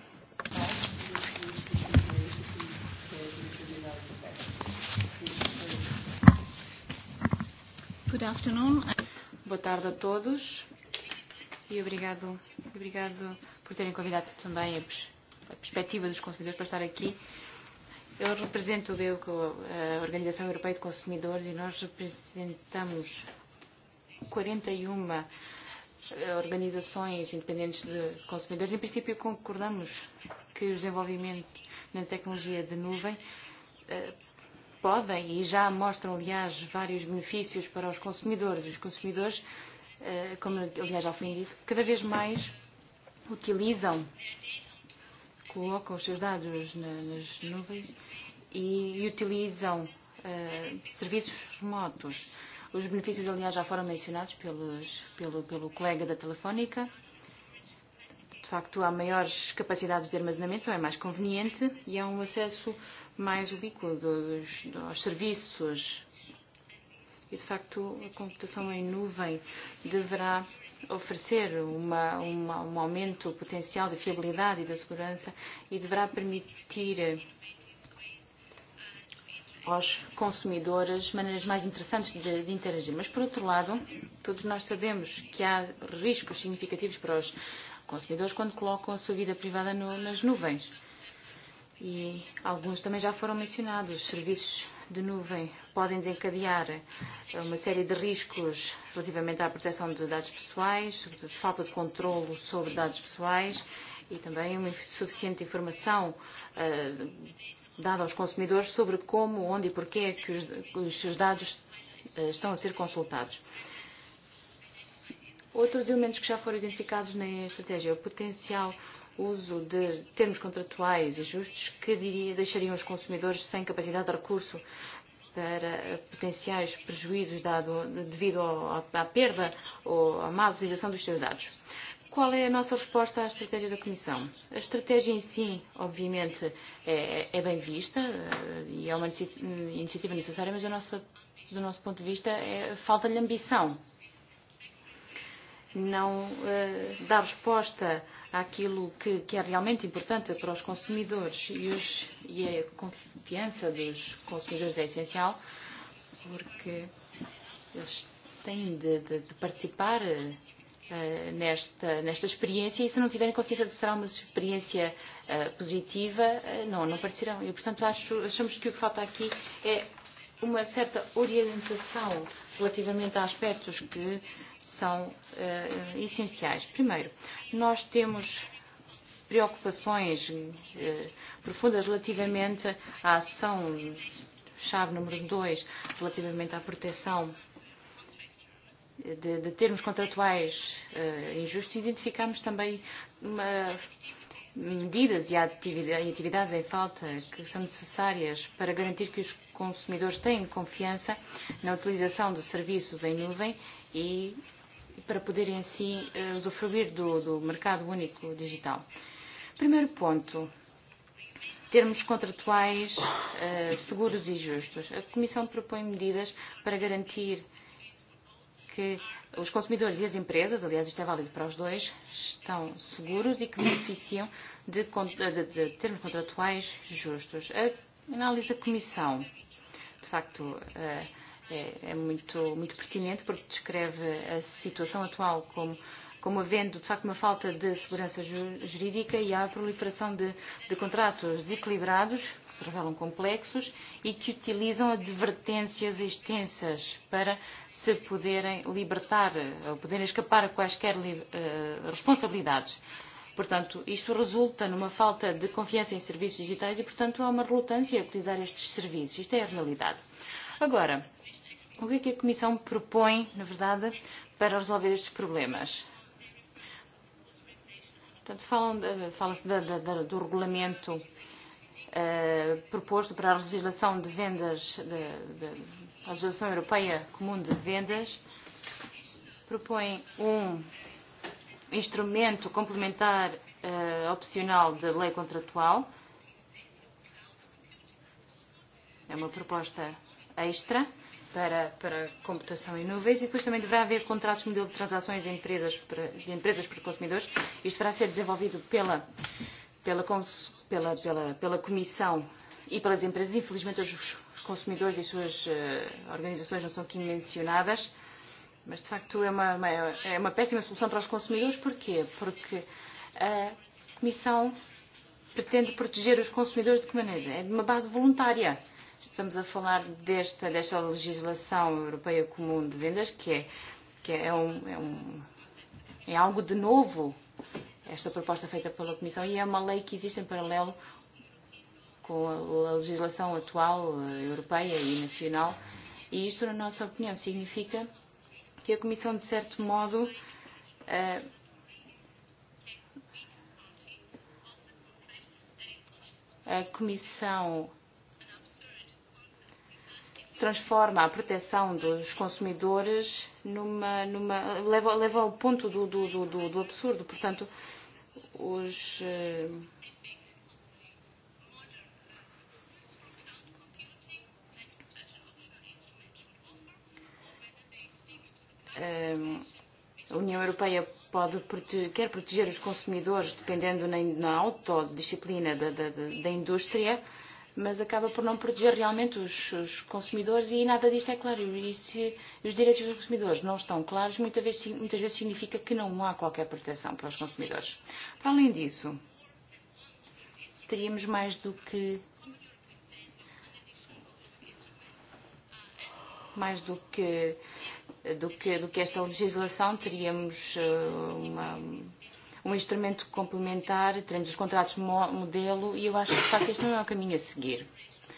S1: Good afternoon. Boa tarde a todos e obrigado, obrigado por terem convidado também a, pers a perspectiva dos consumidores para estar aqui. Eu represento eu, a Organização Europeia de Consumidores e nós representamos 41 e eh, organizações independentes de consumidores. Em princípio, concordamos que o desenvolvimento na tecnologia de nuvem eh, podem e já mostram, aliás, vários benefícios para os consumidores. Os consumidores, eh, como aliás já foi dito, cada vez mais utilizam, colocam os seus dados nas nuvens e, e utilizam eh, serviços remotos. Os benefícios, aliás, já foram mencionados pelos, pelo, pelo colega da Telefónica. De facto, há maiores capacidades de armazenamento, é mais conveniente e há um acesso uh, mais ubíquo dos, dos serviços. E, de facto, a computação em nuvem deverá oferecer uma, uma, um aumento potencial de fiabilidade e da segurança e deverá permitir eh, aos consumidores maneiras mais interessantes de, de interagir. Mas, por outro lado, todos nós sabemos que há riscos significativos para os consumidores quando colocam a sua vida privada no, nas nuvens e alguns também já foram mencionados. Os serviços de nuvem podem desencadear eh, uma série de riscos relativamente à proteção de dados pessoais, de falta de controlo sobre dados pessoais e também uma suficiente informação uh, dada aos consumidores sobre como, onde e porquê que os, os seus dados uh, estão a ser consultados. Outros elementos que já foram identificados na estratégia é o potencial uso de termos contratuais e justos que diria, deixariam os consumidores sem capacidade de recurso para potenciais prejuízos dado, devido ao, à perda ou à má utilização dos seus dados. Qual é a nossa resposta à estratégia da Comissão? A estratégia em si, obviamente, é, é bem vista eh, e é uma iniciativa necessária, mas a nossa, do nosso ponto de vista, é, falta-lhe ambição não uh, eh, dá resposta àquilo que, que é realmente importante para os consumidores e, os, e a confiança dos consumidores é essencial porque eles têm de, de, de participar uh, nesta, nesta experiência e se não tiverem confiança de que será uma experiência uh, positiva, uh, não, não participarão. E, portanto, acho, achamos que o que falta aqui é uma certa orientação relativamente a aspectos que são uh, essenciais. Primeiro, nós temos preocupações uh, profundas relativamente à ação chave número 2, relativamente à proteção eh, de, de termos contratuais uh, injustos, identificamos também uma medidas e, e atividades em falta que são necessárias para garantir que os consumidores tenham confiança na utilização de serviços em nuvem e para poderem assim eh, usufruir do, do mercado único digital. Primeiro ponto, termos contratuais uh, seguros e justos. A Comissão propõe medidas para garantir que os consumidores e as empresas, aliás, isto é válido para os dois, estão seguros e que beneficiam de, de, de termos contratuais justos. A análise da Comissão, de facto, eh, é, é muito, muito pertinente porque descreve a situação atual como como havendo de facto uma falta de segurança jurídica e há a proliferação de, de contratos desequilibrados, que se revelam complexos e que utilizam advertências extensas para se poderem libertar ou poderem escapar a quaisquer uh, responsabilidades. Portanto, isto resulta numa falta de confiança em serviços digitais e, portanto, há uma relutância a utilizar estes serviços. Isto é a realidade. Agora, o que é que a Comissão propõe, na verdade, para resolver estes problemas? Portanto, falam de, fala de, de, de, do regulamento eh, proposto para a legislação de vendas, de, de, a legislação europeia comum de vendas, propõe um instrumento complementar eh, opcional da lei contratual. É uma proposta extra para, para computação em nuvens e depois também deverá haver contratos de modelo de transações entre empresas para, de empresas para consumidores. Isto deverá ser desenvolvido pela, pela, pela, pela, pela Comissão e pelas empresas. Infelizmente, os consumidores e suas uh, organizações não são aqui mencionadas, mas de facto é uma, uma, é uma péssima solução para os consumidores. Porquê? Porque a Comissão pretende proteger os consumidores de que maneira? É de uma base voluntária Estamos a falar desta, desta legislação europeia comum de vendas, que é, que é, um, é, um, é algo de novo, esta proposta feita pela Comissão, e é uma lei que existe em paralelo com a legislação atual eh, europeia e nacional. E isto, na nossa opinião, significa que a Comissão, de certo modo, eh, a Comissão transforma a proteção dos consumidores numa, numa leva, leva ao ponto do, do, do, do absurdo. Portanto, os um, a União Europeia pode proteger, quer proteger os consumidores dependendo na, na autodisciplina da, da, da indústria, mas acaba por não proteger realmente os, os consumidores e nada disto é claro. E se os direitos dos consumidores não estão claros, muitas vezes, muitas vezes significa que não há qualquer proteção para os consumidores. Para além disso, teríamos mais do que mais do que do que, do que esta legislação teríamos uh, uma um instrumento complementar, e teremos os contratos modelo e eu acho que de facto este não é o caminho a seguir.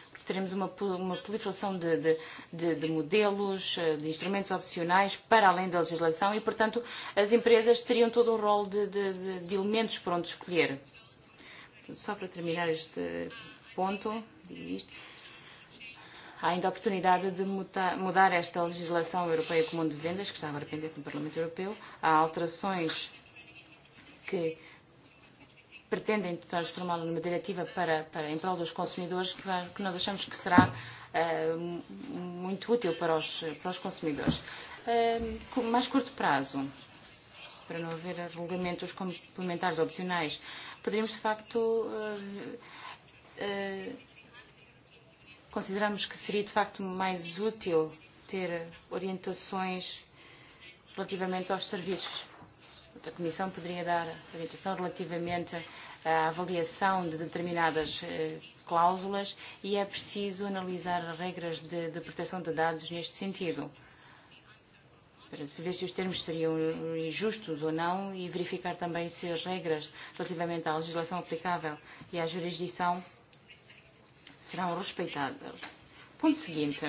S1: Porque teremos uma, uma proliferação de, de, de, de modelos, eh, de instrumentos opcionais para além da legislação e, portanto, as empresas teriam todo o um rol de, de, de, de elementos para onde escolher. Só para terminar este ponto, digo isto há ainda a oportunidade de mutar, mudar esta legislação europeia comum de vendas, que está agora pendente no Parlamento Europeu. Há alterações que pretendem transformá-lo numa diretiva para, para em prol dos consumidores, que, vai, que nós achamos que será uh, muito útil para os, para os consumidores. Uh, mais curto prazo, para não haver regulamentos complementares opcionais, poderíamos de facto. Uh, uh, consideramos que seria de facto mais útil ter orientações relativamente aos serviços a Comissão poderia dar orientação relativamente à avaliação de determinadas cláusulas e é preciso analisar as regras de, de proteção de dados neste sentido para se ver se os termos seriam injustos ou não e verificar também se as regras relativamente à legislação aplicável e à jurisdição serão respeitadas. Ponto seguinte,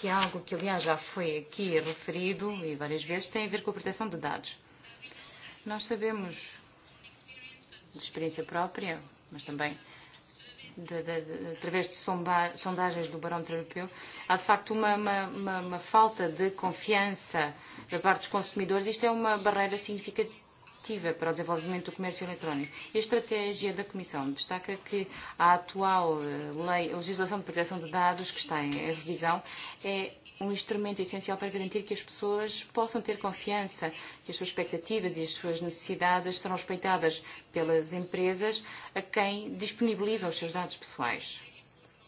S1: que é algo que aliás já foi aqui referido e várias vezes, tem a ver com a proteção de dados. Nós sabemos de experiência própria, mas também de, de, de, através de sonda, sondagens do Barómetro Europeu, há de facto uma, uma, uma, uma falta de confiança da parte dos consumidores. Isto é uma barreira significativa perspectiva para o Desenvolvimento do Comércio Eletrónico. E a estratégia da Comissão destaca que a atual eh, lei, a legislação de proteção de dados que está em revisão é um instrumento essencial para garantir que as pessoas possam ter confiança que as suas expectativas e as suas necessidades serão respeitadas pelas empresas a quem disponibilizam os seus dados pessoais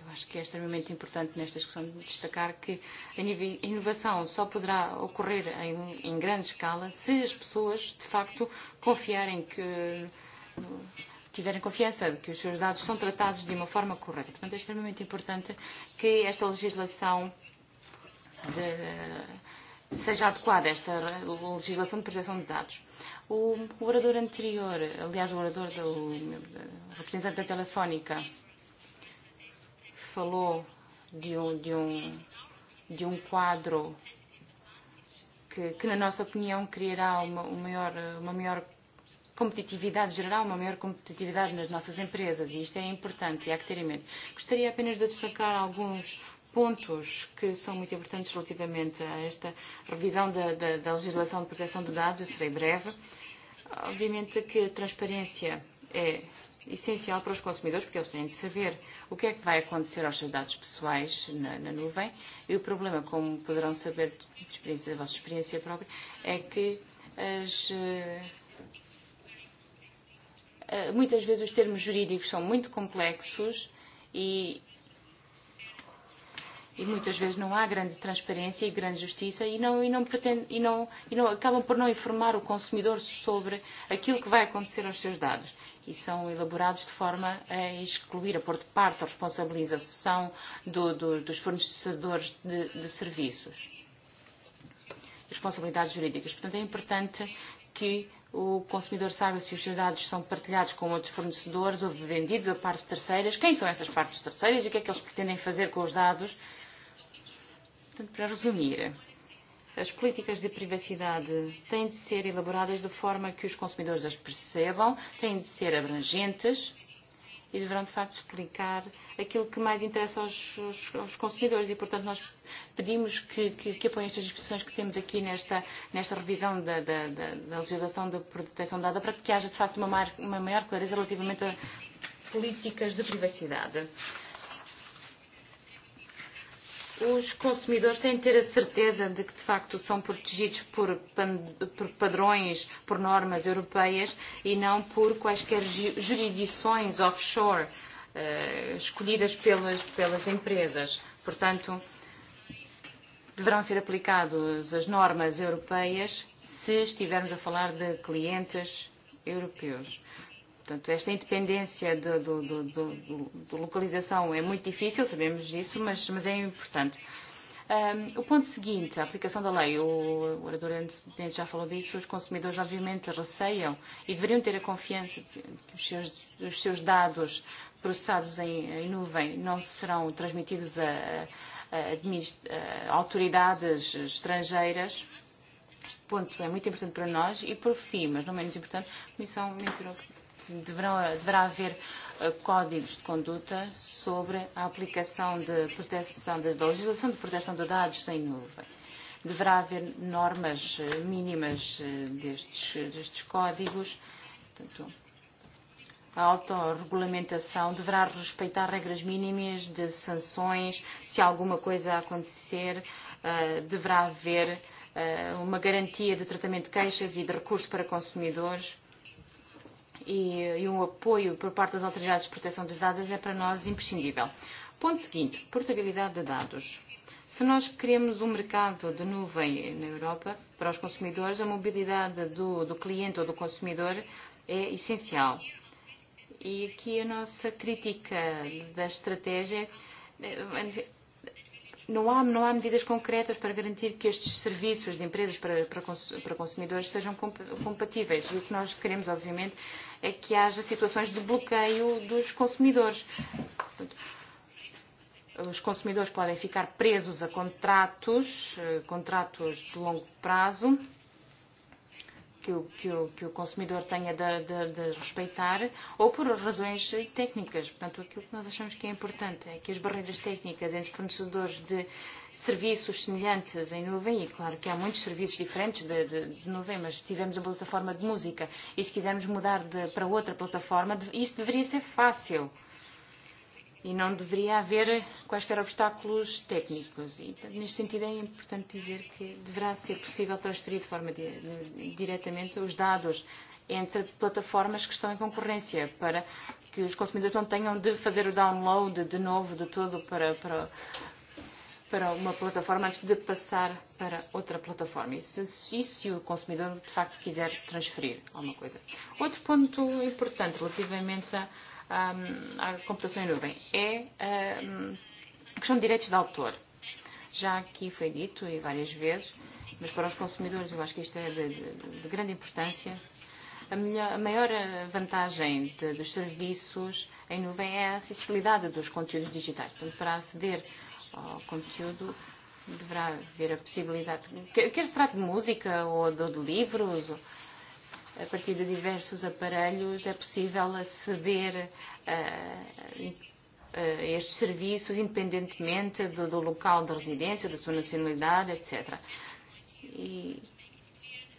S1: eu acho que é extremamente importante nesta discussão destacar que a inovação só poderá ocorrer em, em grande escala se as pessoas, de facto, confiarem que tiverem confiança de que os seus dados são tratados de uma forma correta. Portanto, é extremamente importante que esta legislação de, de, seja adequada, esta legislação de proteção de dados. O orador anterior, aliás, o orador do representante da Telefónica, falou de um, de um, de um quadro que, que, na nossa opinião, criará uma, uma, maior, uma maior competitividade, geral, uma maior competitividade nas nossas empresas e isto é importante e há que ter em mente. Gostaria apenas de destacar alguns pontos que são muito importantes relativamente a esta revisão da, da, da legislação de proteção de dados, eu serei breve. Obviamente que a transparência é essencial para os consumidores, porque eles têm de saber o que é que vai acontecer aos seus dados pessoais na, na nuvem. E o problema, como poderão saber de experiência, da vossa experiência própria, é que as, uh, muitas vezes os termos jurídicos são muito complexos e, e muitas vezes não há grande transparência e grande justiça e não e não pretende, e não e não acabam por não informar o consumidor sobre aquilo que vai acontecer aos seus dados e são elaborados de forma a excluir, a pôr de parte a responsabilização do, do, dos fornecedores de, de serviços. Responsabilidades jurídicas. Portanto, é importante que o consumidor saiba se os seus dados são partilhados com outros fornecedores ou vendidos a partes terceiras, quem são essas partes terceiras e o que é que eles pretendem fazer com os dados. Portanto, para resumir, As políticas de privacidade têm de ser elaboradas de forma que os consumidores as percebam, têm de ser abrangentes e deverão, de facto, explicar aquilo que mais interessa aos, aos, aos consumidores. E, portanto, nós pedimos que, que, que apoiem estas discussões que temos aqui nesta, nesta revisão da, da, da, da legislação de proteção de dada para que haja, de facto, uma, mar, uma maior clareza relativamente a políticas de privacidade os consumidores têm de ter a certeza de que, de facto, são protegidos por, por padrões, por normas europeias e não por quaisquer jurisdições offshore uh, escolhidas pelas, pelas empresas. Portanto, deverão ser aplicadas as normas europeias se estivermos a falar de clientes europeus. Portanto, esta independência do, do, do, do, do localização é muito difícil, sabemos disso, mas, mas é importante. Um, o ponto seguinte, a aplicação da lei, o orador antecedente já falou disso, os consumidores obviamente receiam e deveriam ter a confiança que os seus, os seus dados processados em, em nuvem não serão transmitidos a, a, a, a autoridades estrangeiras. Este ponto é muito importante para nós e, por fim, mas não menos importante, a Comissão mencionou que deverão, deverá haver eh, códigos de conduta sobre a aplicação de proteção da legislação de proteção de dados em nuvem. Deverá haver normas eh, mínimas eh, destes, destes códigos. Portanto, a autorregulamentação deverá respeitar regras mínimas de sanções. Se alguma coisa acontecer, uh, deverá haver uh, uma garantia de tratamento de queixas e de recursos para consumidores e, e um apoio por parte das autoridades de proteção dos dados é para nós imprescindível. Ponto seguinte, portabilidade de dados. Se nós queremos um mercado de nuvem na Europa para os consumidores, a mobilidade do, do cliente ou do consumidor é essencial. E aqui a nossa crítica da estratégia não há, não há medidas concretas para garantir que estes serviços de empresas para, para, para consumidores sejam comp, compatíveis. E o que nós queremos, obviamente, é que haja situações de bloqueio dos consumidores. Portanto, os consumidores podem ficar presos a contratos, eh, contratos de longo prazo, que, o, que, o, que o consumidor tenha de, de, de respeitar, ou por razões técnicas. Portanto, aquilo que nós achamos que é importante é que as barreiras técnicas entre fornecedores de serviços semelhantes em nuvem, e claro que há muitos serviços diferentes de, de, de nuvem, mas se tivermos uma plataforma de música e se quisermos mudar de, para outra plataforma, isso deveria ser fácil e não deveria haver quaisquer obstáculos técnicos. E, neste sentido, é importante dizer que deverá ser possível transferir de forma di diretamente os dados entre plataformas que estão em concorrência para que os consumidores não tenham de fazer o download de novo de tudo para, para, para uma plataforma antes de passar para outra plataforma. E se, e se o consumidor, de facto, quiser transferir alguma coisa. Outro ponto importante relativamente a um, a computação em nuvem. É a questão de direitos de autor. Já aqui foi dito, e várias vezes, mas para os consumidores eu acho que isto é de, de, de grande importância. A, melhor, a maior eh, vantagem de, dos serviços em nuvem é a acessibilidade dos conteúdos digitais. Portanto, para aceder ao conteúdo deverá haver a possibilidade, quer, quer se trate de música eh, ou de, de livros, ou, a partir de diversos aparelhos, é possível aceder a, eh, eh, a estes serviços independentemente do, do local de residência, da sua nacionalidade, etc. E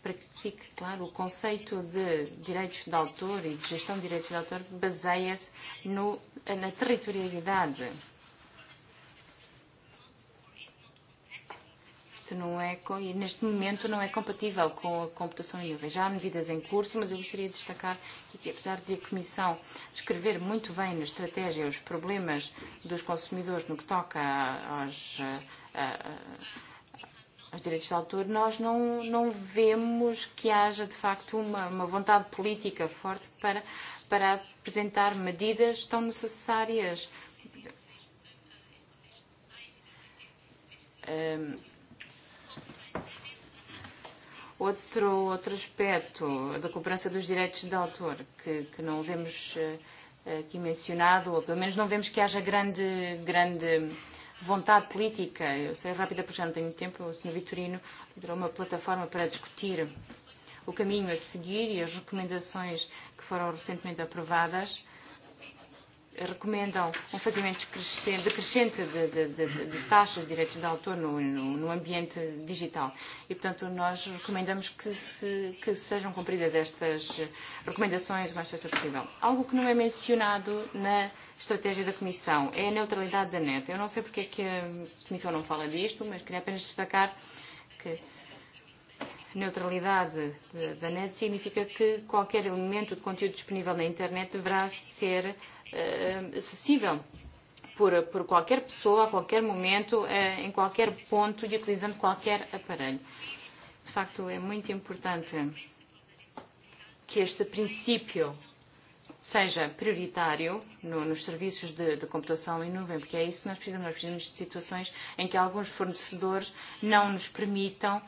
S1: para que fique claro, o conceito de direitos de autor e de gestão de direitos de autor baseia-se no, na territorialidade isto não é, neste momento não é compatível com a computação em nuvem. Já há medidas em curso, mas eu gostaria de destacar que, apesar de a Comissão descrever muito bem na estratégia os problemas dos consumidores no que toca aos, aos direitos de autor, nós não, não vemos que haja, de facto, uma, uma vontade política forte para, para apresentar medidas tão necessárias. Um, Outro, outro aspecto, da cobrança dos direitos de autor, que, que não vemos eh, aqui mencionado, ou pelo menos não vemos que haja grande, grande vontade política. Eu sei rápida porque já não tenho tempo, o Sr. Vitorino liderou uma plataforma para discutir o caminho a seguir e as recomendações que foram recentemente aprovadas recomendam um fazimento crescente, decrescente de, de, de, de taxas de direitos de autor no, no, no ambiente digital. E, portanto, nós recomendamos que, se, que sejam cumpridas estas recomendações o mais depressa possível. Algo que não é mencionado na estratégia da Comissão é a neutralidade da net. Eu não sei porque é que a Comissão não fala disto, mas queria apenas destacar que neutralidade da net significa que qualquer elemento de conteúdo disponível na internet deverá ser uh, acessível por, por qualquer pessoa, a qualquer momento, uh, em qualquer ponto e utilizando qualquer aparelho. De facto, é muito importante que este princípio seja prioritário no, nos serviços de, de computação em nuvem, porque é isso que nós precisamos. Nós precisamos de situações em que alguns fornecedores não nos permitam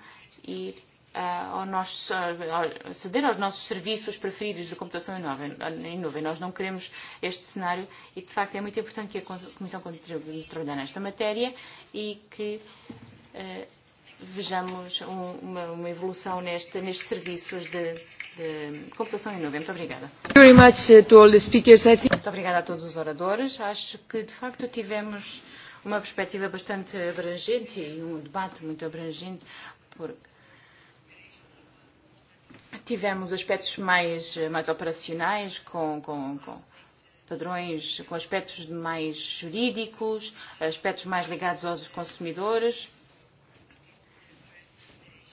S1: ir uh, ao nosso, uh, ceder aos nossos serviços preferidos de computação em nuvem. em nuvem. Nós não queremos este cenário e, de facto, é muito importante que a Comissão continue a trabalhar nesta matéria e que uh, vejamos um, uma, uma evolução neste, nestes serviços de, de computação em nuvem. Muito obrigada. Muito obrigada a todos os oradores. Acho que, de facto, tivemos uma perspectiva bastante abrangente e um debate muito abrangente porque Tivemos aspectos mais, mais operacionais, com, com, com padrões, com aspectos mais jurídicos, aspectos mais ligados aos consumidores,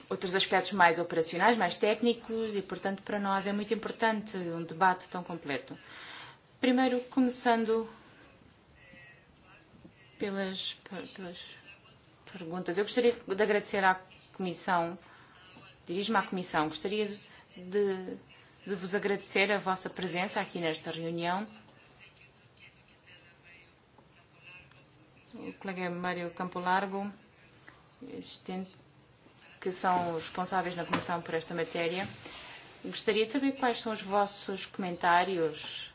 S1: outros aspectos mais operacionais, mais técnicos, e, portanto, para nós é muito importante um debate tão completo. Primeiro, começando pelas, pelas perguntas. Eu gostaria de agradecer à Comissão, dirijo-me à Comissão, gostaria de de, de vos agradecer a vossa presença aqui nesta reunião. O colega Mário Campolargo, assistente, que são os responsáveis na Comissão por esta matéria. Gostaria de saber quais são os vossos comentários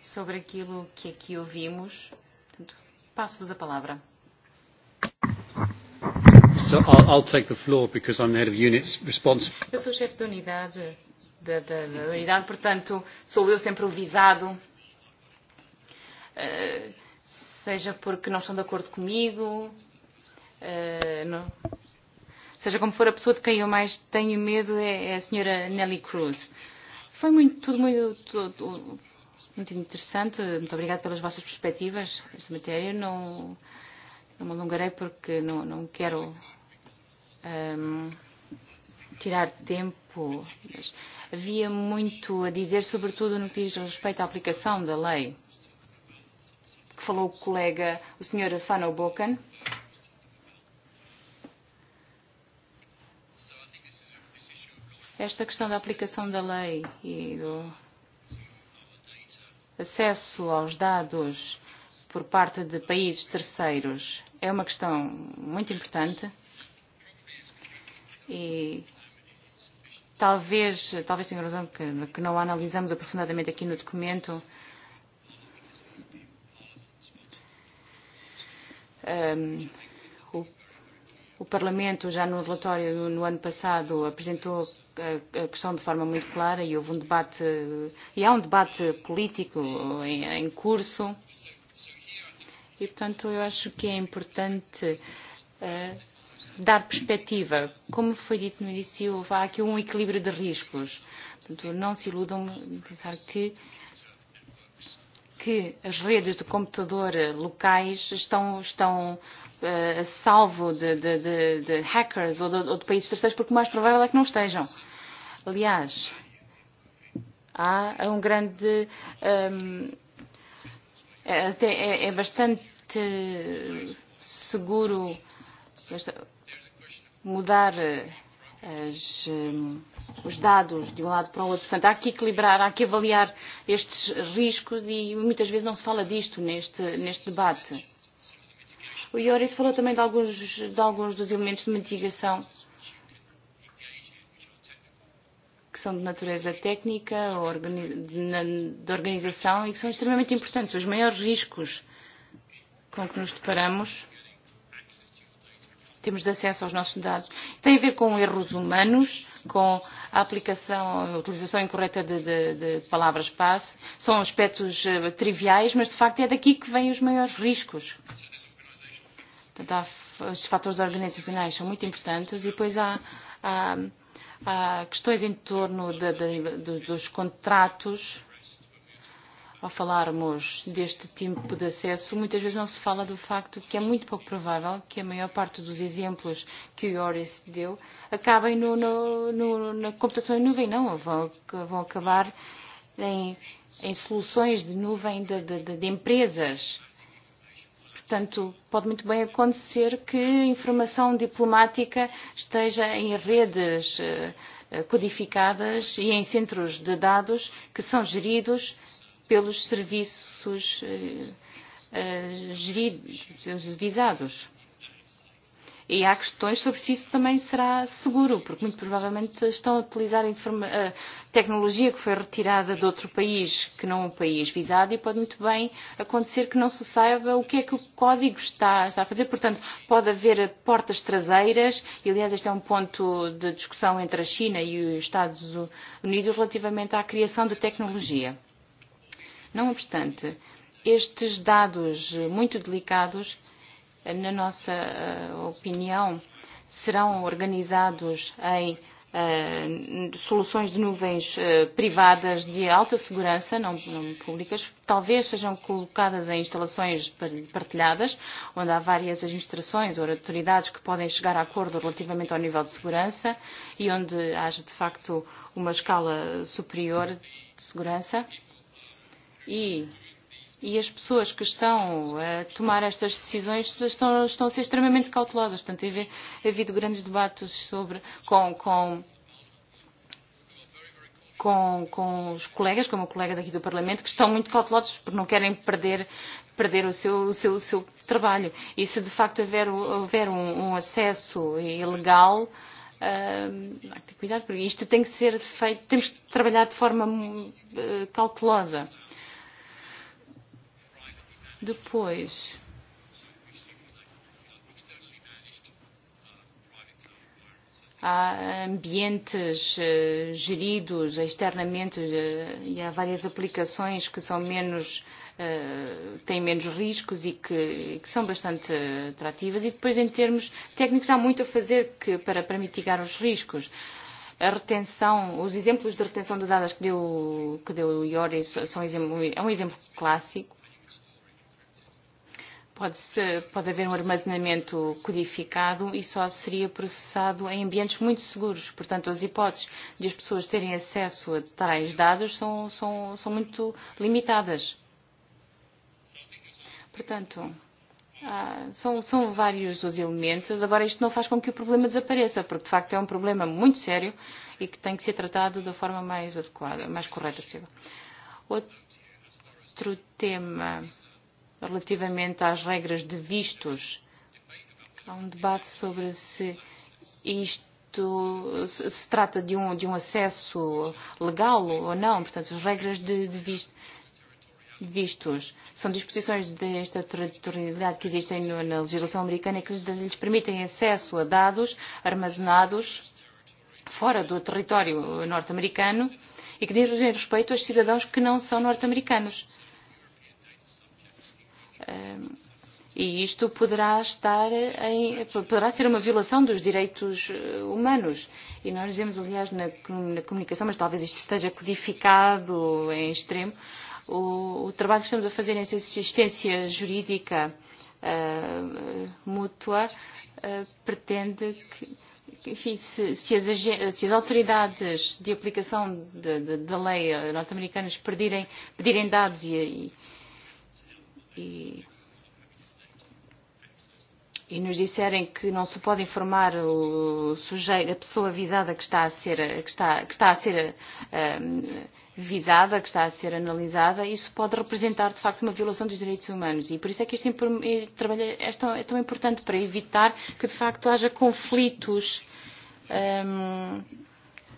S1: sobre aquilo que aqui ouvimos. Passo-vos a palavra. So I'll, I'll take the floor because I'm the head of units responsible. Eu sou chefe de unidade, da, da, da unidade, portanto sou eu sempre o visado. Uh, seja porque não estão de acordo comigo, uh, não. seja como for, a pessoa de quem eu mais tenho medo é, é a senhora Nelly Cruz. Foi muito, tudo muito, tudo, muito interessante. Muito obrigada pelas vossas perspectivas nesta matéria. Não, não me alongarei porque não, não quero um, tirar tempo. Mas Havia muito a dizer, sobretudo no que diz respeito à aplicação da lei, que falou o colega, o senhor Fano Bocan. Esta questão da aplicação da lei e do acesso aos dados por parte de países terceiros é uma questão muito importante E talvez, talvez tenha razão que, que não analisamos aprofundadamente aqui no documento. Um, o, o Parlamento já no relatório no, no ano passado apresentou a, a questão de forma muito clara e houve um debate e há um debate político em, em curso e portanto eu acho que é importante uh, dar perspectiva. Como foi dito no início, há aqui um equilíbrio de riscos. Portanto, não se iludam em pensar que que as redes de computador locais estão, estão uh, a salvo de, de, de, de hackers ou de, ou de países terceiros, porque o mais provável é que não estejam. Aliás, há um grande. Um, é, é, é bastante seguro mudar as, eh, os dados de um lado para o outro. Portanto, há que equilibrar, há que avaliar estes riscos e muitas vezes não se fala disto neste, neste debate. O Ioris falou também de alguns, de alguns dos elementos de mitigação que são de natureza técnica, de organização e que são extremamente importantes. Os maiores riscos com que nos deparamos temos de acesso aos nossos dados. Tem a ver com erros humanos, com a aplicação, a utilização incorreta de, de, de palavras-passe. São aspectos uh, triviais, mas de facto é daqui que vêm os maiores riscos. Portanto, há, os fatores organizacionais são muito importantes e depois há, há, há questões em torno de, de, de, dos contratos ao falarmos deste tipo de acesso, muitas vezes não se fala do facto que é muito pouco provável que a maior parte dos exemplos que o Ioris deu acabem no, no, no, na computação em nuvem, não, vão, vão acabar em, em soluções de nuvem de, de, de, de empresas. Portanto, pode muito bem acontecer que a informação diplomática esteja em redes eh, eh, codificadas e em centros de dados que são geridos pelos serviços eh, eh, visados. E há questões sobre se isso também será seguro, porque muito provavelmente estão a utilizar a tecnologia que foi retirada de outro país, que não é um país visado, e pode muito bem acontecer que não se saiba o que é que o código está, está a fazer. Portanto, pode haver portas traseiras, e aliás este é um ponto de discussão entre a China e os Estados Unidos relativamente à criação de tecnologia. Não obstante, estes dados muito delicados, na nossa eh, opinião, serão organizados em eh, soluções de nuvens eh, privadas de alta segurança, não públicas, talvez sejam colocadas em instalações partilhadas, onde há várias administrações ou autoridades que podem chegar a acordo relativamente ao nível de segurança e onde haja de facto uma escala superior de segurança e, e as pessoas que estão a tomar estas decisões estão, estão a ser extremamente cautelosas. Portanto, tem havido grandes debates sobre, com, com, com, com os colegas, como o colega daqui do Parlamento, que estão muito cautelosos porque não querem perder, perder o, seu, o, seu, o seu trabalho. E se de facto houver, houver um, um acesso ilegal, uh, tem que cuidar, porque isto tem que ser feito, temos que trabalhar de forma uh, cautelosa. Depois, há ambientes eh, geridos externamente eh, e há várias aplicações que são menos eh, têm menos riscos e que, e que são bastante atrativas e depois em termos técnicos há muito a fazer que, para, para mitigar os riscos a retenção, os exemplos de retenção de dados que deu, que deu o Iori são, é um exemplo clássico Pode, pode haver um armazenamento codificado e só seria processado em ambientes muito seguros. Portanto, as hipóteses de as pessoas terem acesso a tais dados são, são, são muito limitadas. Portanto, ah, são, são vários os elementos. Agora, isto não faz com que o problema desapareça, porque de facto é um problema muito sério e que tem que ser tratado da forma mais adequada, mais correta possível. Outro tema relativamente às regras de vistos. Há um debate sobre se isto se trata de um, de um acesso legal ou não. Portanto, as regras de, de visto vistos. São disposições desta territorialidade que existem no, na legislação americana e que lhes permitem acesso a dados armazenados fora do território norte-americano e que dizem respeito aos cidadãos que não são norte-americanos. Ehm, e isto poderá estar em, poderá ser uma violação dos direitos eh, humanos. E nós dizemos, aliás, na, na comunicação, mas talvez isto esteja codificado em extremo, o, o trabalho que estamos a fazer nessa assistência jurídica uh, mútua uh, pretende que, enfim, se, se, as, se as autoridades de aplicação da lei norte-americanas pedirem dados e, e e, e nos disserem que não se pode informar o sujeito, a pessoa visada que está a ser, que está, que está a ser um, visada, que está a ser analisada, isso pode representar de facto uma violação dos direitos humanos e por isso é que este e trabalho é tão, é tão importante para evitar que de facto haja conflitos um,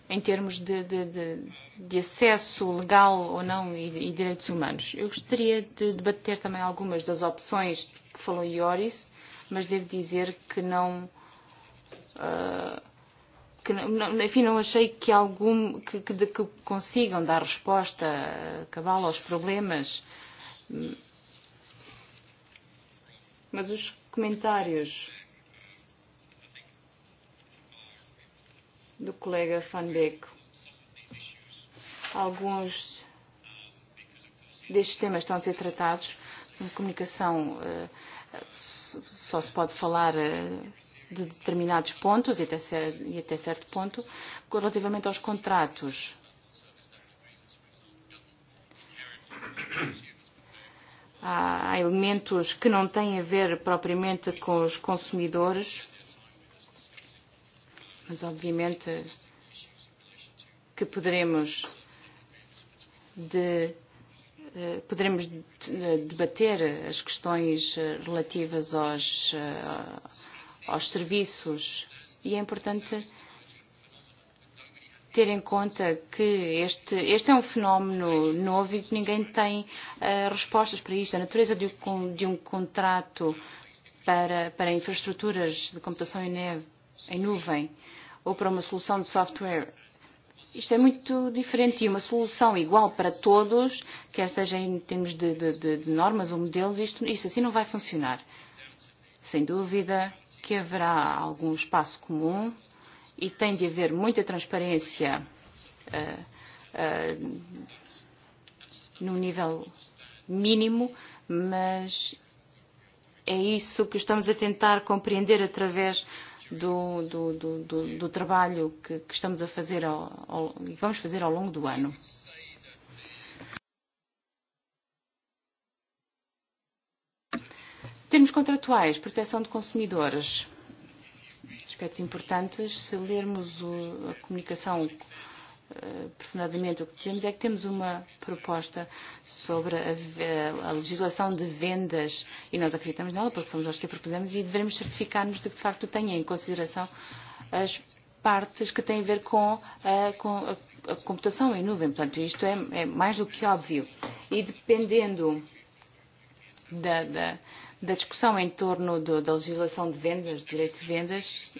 S1: em termos de, de, de, de acesso legal ou não e, e direitos humanos. Eu gostaria de debater também algumas das opções que falou Ioris, mas devo dizer que não. Uh, que enfim, não achei que algum que, que, de, que consigam dar resposta cabal aos problemas. Mas os comentários do colega Van Beek. Alguns destes temas estão a ser tratados Na comunicação eh, só se pode falar eh, de determinados pontos e, e até certo ponto relativamente aos contratos. Há elementos que não têm a ver propriamente com os consumidores Mas, obviamente, que poderemos de eh, poderemos eh, debater as questões eh, relativas aos, aos serviços e é importante ter em conta que este, este é um fenómeno novo e que ninguém tem uh, respostas para isto. A natureza de um, de um contrato para, para infraestruturas de computação em, neve, em nuvem uh, ou para uma solução de software. Isto é muito diferente e uma solução igual para todos, quer seja em termos de, de, de, de normas ou modelos, isto, isto assim não vai funcionar. Sem dúvida que haverá algum espaço comum e tem de haver muita transparência uh, uh, no nível mínimo, mas é isso que estamos a tentar compreender através do, do, do, do, do trabalho que, que estamos a fazer e vamos fazer ao longo do ano. Termos contratuais, proteção de consumidores. Aspectos importantes, se lermos o, a comunicação aprofundadamente o que temos é que temos uma proposta sobre a, a legislação de vendas e nós acreditamos nela porque fomos nós que a propusemos e devemos certificar-nos de que de facto tenha em consideração as partes que têm a ver com a, com a, a computação em nuvem. Portanto, isto é, é mais do que óbvio. E dependendo da, da, da discussão em torno do, da legislação de vendas, de direito de vendas,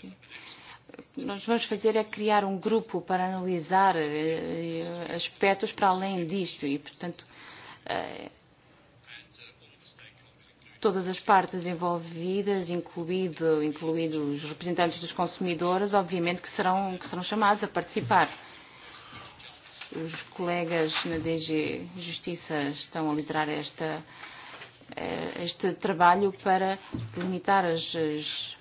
S1: nós vamos fazer é criar um grupo para analisar eh, eh, aspectos para além disto e, portanto, eh, todas as partes envolvidas, incluído, incluído os representantes dos consumidores, obviamente que serão, que serão chamados a participar. Os colegas na DG Justiça estão a liderar esta, este trabalho para limitar as, as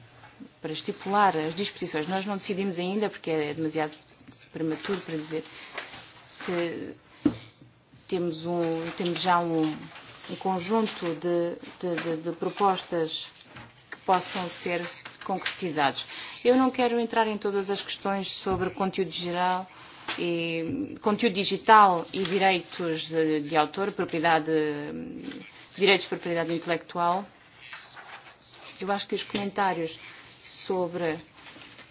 S1: para estipular as disposições. Nós não decidimos ainda, porque é demasiado prematuro para dizer se temos, um, temos já um, um conjunto de, de, de, de propostas que possam ser concretizados. Eu não quero entrar em todas as questões sobre conteúdo geral e conteúdo digital e direitos de, de autor, propriedade, direitos de propriedade intelectual. Eu acho que os comentários sobre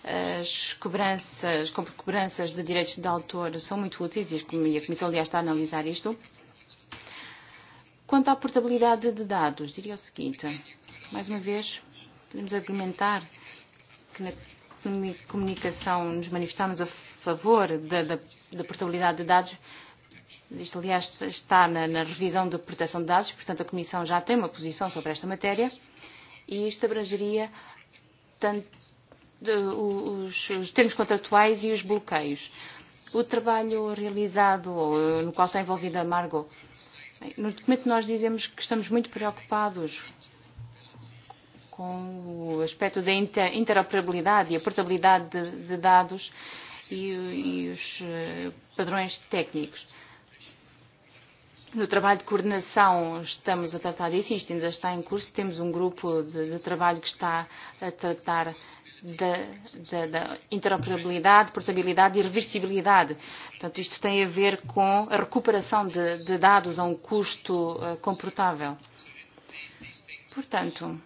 S1: eh, as cobranças, cobranças de direitos de autor são muito úteis e, e a Comissão, aliás, está a analisar isto. Quanto à portabilidade de dados, diria o seguinte, mais uma vez, podemos argumentar que na comunicação nos manifestamos a favor da, da, da portabilidade de dados. Isto, aliás, está na, na revisão da proteção de dados, portanto, a Comissão já tem uma posição sobre esta matéria e isto abrangeria tanto e, os, os termos contratuais e os bloqueios. O trabalho realizado, no qual está envolvida a Margot, no documento nós dizemos que estamos muito preocupados com o aspecto da interoperabilidade e a portabilidade de, de dados e, e os eh, padrões técnicos no trabalho de coordenação estamos a tratar disso, e isto ainda está em curso, temos um grupo de, de trabalho que está a tratar da, da, da interoperabilidade, portabilidade e reversibilidade. Portanto, isto tem a ver com a recuperação de, de dados a um custo uh, comportável. Portanto,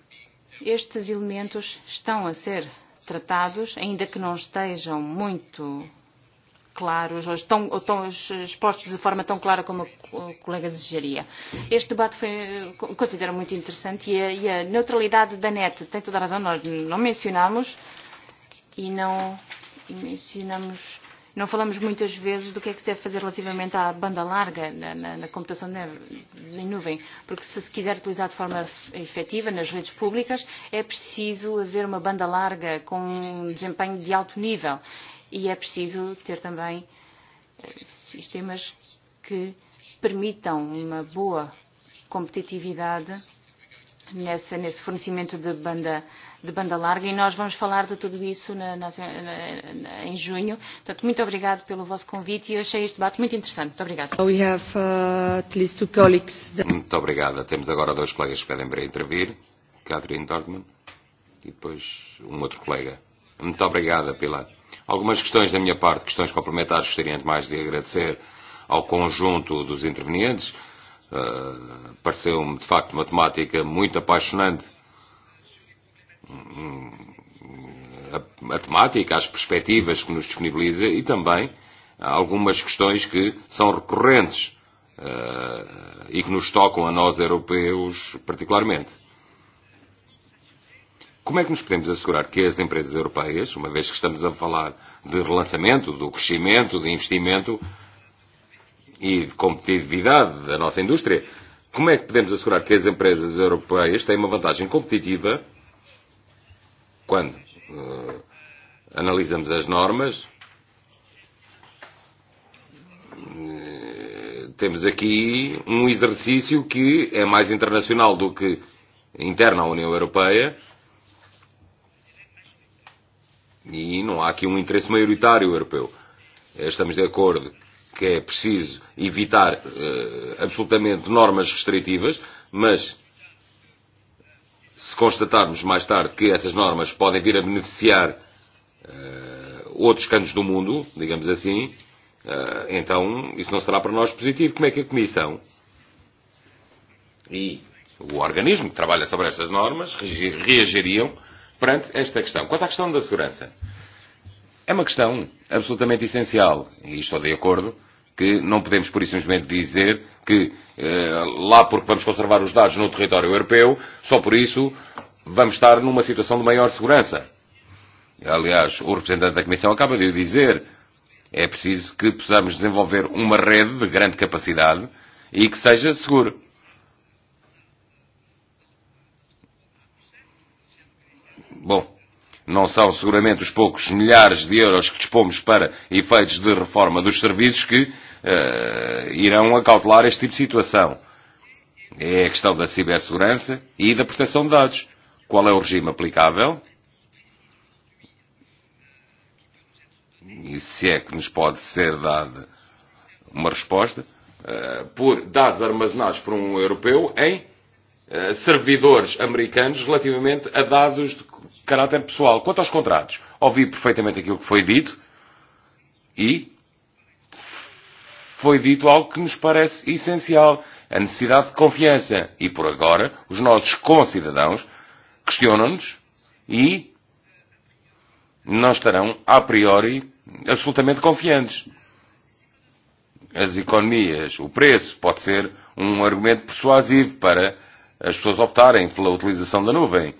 S1: estes elementos estão a ser tratados, ainda que não estejam muito claros, ou tão, ou tão expostos de forma tão clara como a colega desejaria. Este debate foi, considero muito interessante e a, e a neutralidade da net tem toda a razão, nós não mencionamos e não mencionamos não falamos muitas vezes do que é que se deve fazer relativamente à banda larga na, na, na computação em nuvem, porque se se quiser utilizar de forma efetiva nas redes públicas, é preciso haver uma banda larga com um desempenho de alto nível e é preciso ter também eh, sistemas que permitam uma boa competitividade nesse, nesse fornecimento de banda, de banda larga e nós vamos falar de tudo isso na, na, na, em junho. Portanto, muito obrigado pelo vosso convite e eu achei este debate muito interessante. Muito obrigado. We have, uh, at least two colleagues
S2: that... Muito obrigada. Temos agora dois colegas que pedem para intervir. Catherine Dortmund e depois um outro colega. Muito obrigada, Pilar. Algumas questões da minha parte, questões complementares, gostaria antes mais de agradecer ao conjunto dos intervenientes. Uh, Pareceu-me, de facto, uma temática muito apaixonante. A, a temática, as perspectivas que nos disponibiliza e também algumas questões que são recorrentes uh, e que nos tocam a nós europeus particularmente Como é que nos podemos assegurar que as empresas europeias, uma vez que estamos a falar de relançamento, do crescimento, de investimento e de competitividade da nossa indústria, como é que podemos assegurar que as empresas europeias têm uma vantagem competitiva quando uh, analisamos as normas? Eh, temos aqui um exercício que é mais internacional do que interno à União Europeia E não há aqui um interesse maioritário europeu. Eh, estamos de acordo que é preciso evitar uh, absolutamente normas restritivas, mas se constatarmos mais tarde que essas normas podem vir a beneficiar uh, outros cantos do mundo, digamos assim, uh, então isso não será para nós positivo. Como é que a Comissão e o organismo que trabalha sobre estas normas reagiriam uh, perante esta questão. Quanto à questão da segurança, é uma questão absolutamente essencial, e estou de acordo, que não podemos, por isso, e simplesmente dizer que eh, lá porque vamos conservar os dados no território europeu, só por isso vamos estar numa situação de maior segurança. Aliás, o representante da Comissão acaba de o dizer. É preciso que possamos desenvolver uma rede de grande capacidade e que seja seguro. Bom, não são seguramente os poucos milhares de euros que dispomos para efeitos de reforma dos serviços que uh, irão acautelar este tipo de situação. É a questão da cibersegurança e da proteção de dados. Qual é o regime aplicável? E se é que nos pode ser dada uma resposta? Uh, por dados armazenados por um europeu em Eh, servidores americanos relativamente a dados de caráter pessoal. Quanto aos contratos, ouvi perfeitamente aquilo que foi dito e foi dito algo que nos parece essencial, a necessidade de confiança. E por agora, os nossos concidadãos questionam-nos e não estarão, a priori, absolutamente confiantes. As economias, o preço pode ser um argumento persuasivo para as pessoas optarem pela utilização da nuvem.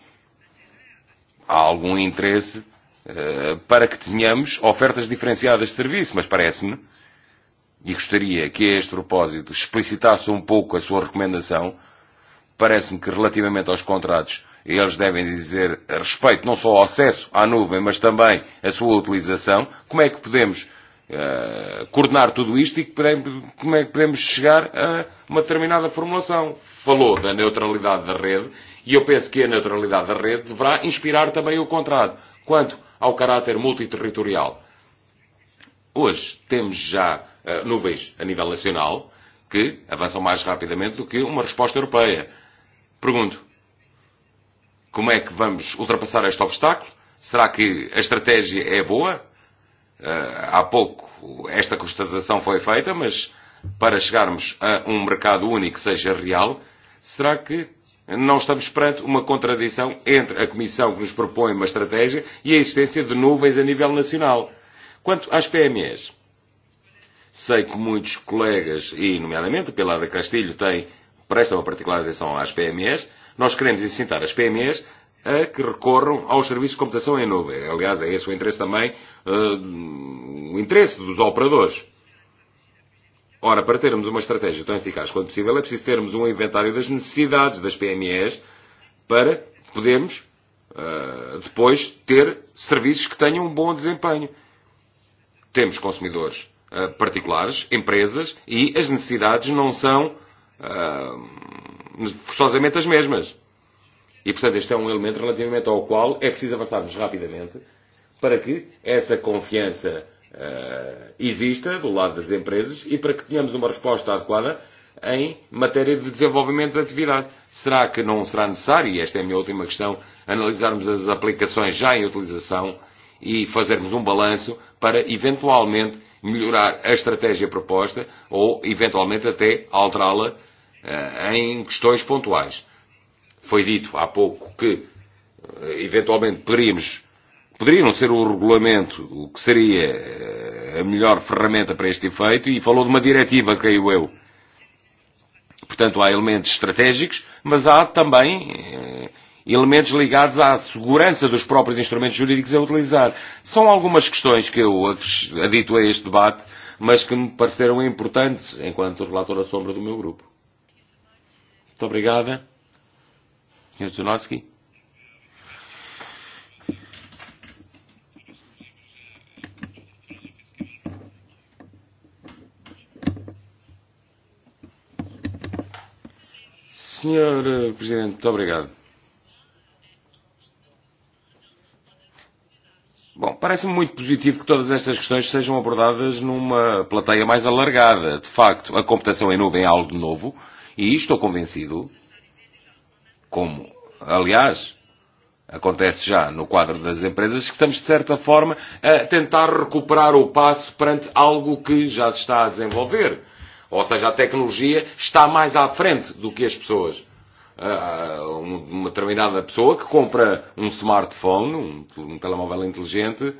S2: Há algum interesse eh, para que tenhamos ofertas diferenciadas de serviço, mas parece-me, e gostaria que a este propósito explicitasse um pouco a sua recomendação, parece-me que relativamente aos contratos eles devem dizer a respeito não só ao acesso à nuvem, mas também à sua utilização. Como é que podemos uh, coordenar tudo isto e que podemos, como é que podemos chegar a uma determinada formulação? falou da neutralidade da rede e eu penso que a neutralidade da rede deverá inspirar também o contrato quanto ao caráter multiterritorial. Hoje temos já uh, nuvens a nível nacional que avançam mais rapidamente do que uma resposta europeia. Pergunto, como é que vamos ultrapassar este obstáculo? Será que a estratégia é boa? Uh, há pouco esta constatação foi feita, mas para chegarmos a um mercado único que seja real, será que não estamos perante uma contradição entre a Comissão que nos propõe uma estratégia e a existência de nuvens a nível nacional? Quanto às PMEs, sei que muitos colegas, e nomeadamente Pilar da Castilho, têm, prestam a particular atenção às PMEs. Nós queremos incitar as PMEs a que recorram aos serviços de computação em nuvem. Aliás, é esse o interesse também, uh, o interesse dos operadores. Ora, para termos uma estratégia tão eficaz quanto possível, é preciso termos um inventário das necessidades das PMEs para podermos uh, depois ter serviços que tenham um bom desempenho. Temos consumidores uh, particulares, empresas, e as necessidades não são uh, forçosamente as mesmas. E, portanto, este é um elemento relativamente ao qual é preciso avançarmos rapidamente para que essa confiança uh, exista do lado das empresas e para que tenhamos uma resposta adequada em matéria de desenvolvimento da de atividade. Será que não será necessário, e esta é a minha última questão, analisarmos as aplicações já em utilização e fazermos um balanço para eventualmente melhorar a estratégia proposta ou eventualmente até alterá-la uh, em questões pontuais. Foi dito há pouco que uh, eventualmente poderíamos poderia não ser o regulamento o que seria eh, a melhor ferramenta para este efeito e falou de uma diretiva, creio eu. Portanto, há elementos estratégicos, mas há também eh, elementos ligados à segurança dos próprios instrumentos jurídicos a utilizar. São algumas questões que eu adito a este debate, mas que me pareceram importantes enquanto relator à sombra do meu grupo. Muito obrigada. Sr. Zunowski. Senhor Presidente, muito obrigado. Bom, parece-me muito positivo que todas estas questões sejam abordadas numa plateia mais alargada. De facto, a computação em nuvem é algo novo e estou convencido, como, aliás, acontece já no quadro das empresas, que estamos, de certa forma, a tentar recuperar o passo perante algo que já se está a desenvolver Ou seja, a tecnologia está mais à frente do que as pessoas. Ah, um, uma determinada pessoa que compra um smartphone, um, um telemóvel inteligente,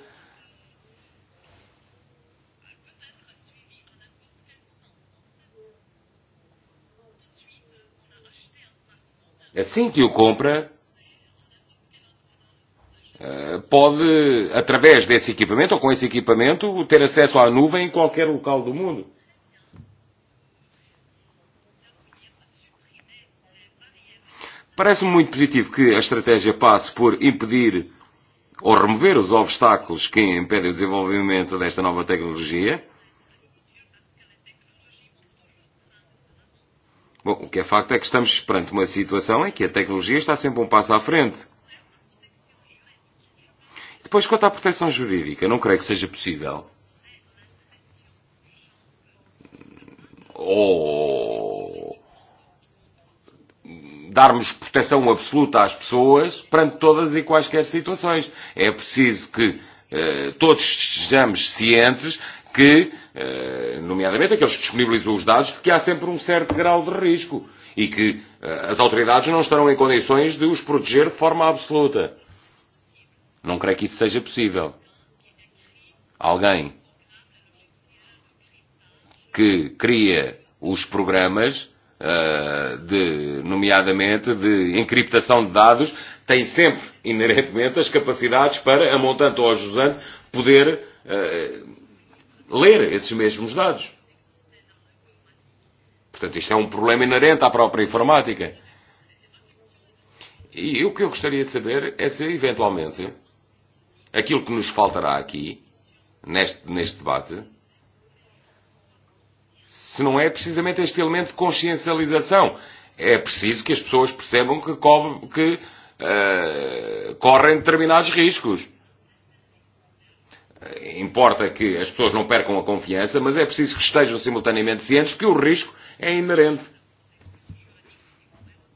S2: assim que o compra, ah, pode, através desse equipamento ou com esse equipamento, ter acesso à nuvem em qualquer local do mundo. Parece-me muito positivo que a estratégia passe por impedir ou remover os obstáculos que impedem o desenvolvimento desta nova tecnologia. Bom, o que é facto é que estamos perante uma situação em que a tecnologia está sempre um passo à frente. Depois, quanto à proteção jurídica, não creio que seja possível. Ou darmos proteção absoluta às pessoas perante todas e quaisquer situações. É preciso que eh, todos estejamos cientes que, eh, nomeadamente aqueles que disponibilizam os dados, que há sempre um certo grau de risco e que eh, as autoridades não estarão em condições de os proteger de forma absoluta. Não creio que isso seja possível. Alguém que cria os programas Eh, de, nomeadamente de encriptação de dados, tem sempre, inerentemente, as capacidades para a montante ou a jusante poder uh, ler esses mesmos dados. Portanto, isto é um problema inerente à própria informática. E o que eu gostaria de saber é se, eventualmente, aquilo que nos faltará aqui, neste, neste debate, se não é precisamente este elemento de consciencialização. É preciso que as pessoas percebam que, co que uh, correm determinados riscos. Eh, importa que as pessoas não percam a confiança, mas é preciso que estejam simultaneamente cientes que o risco é inerente.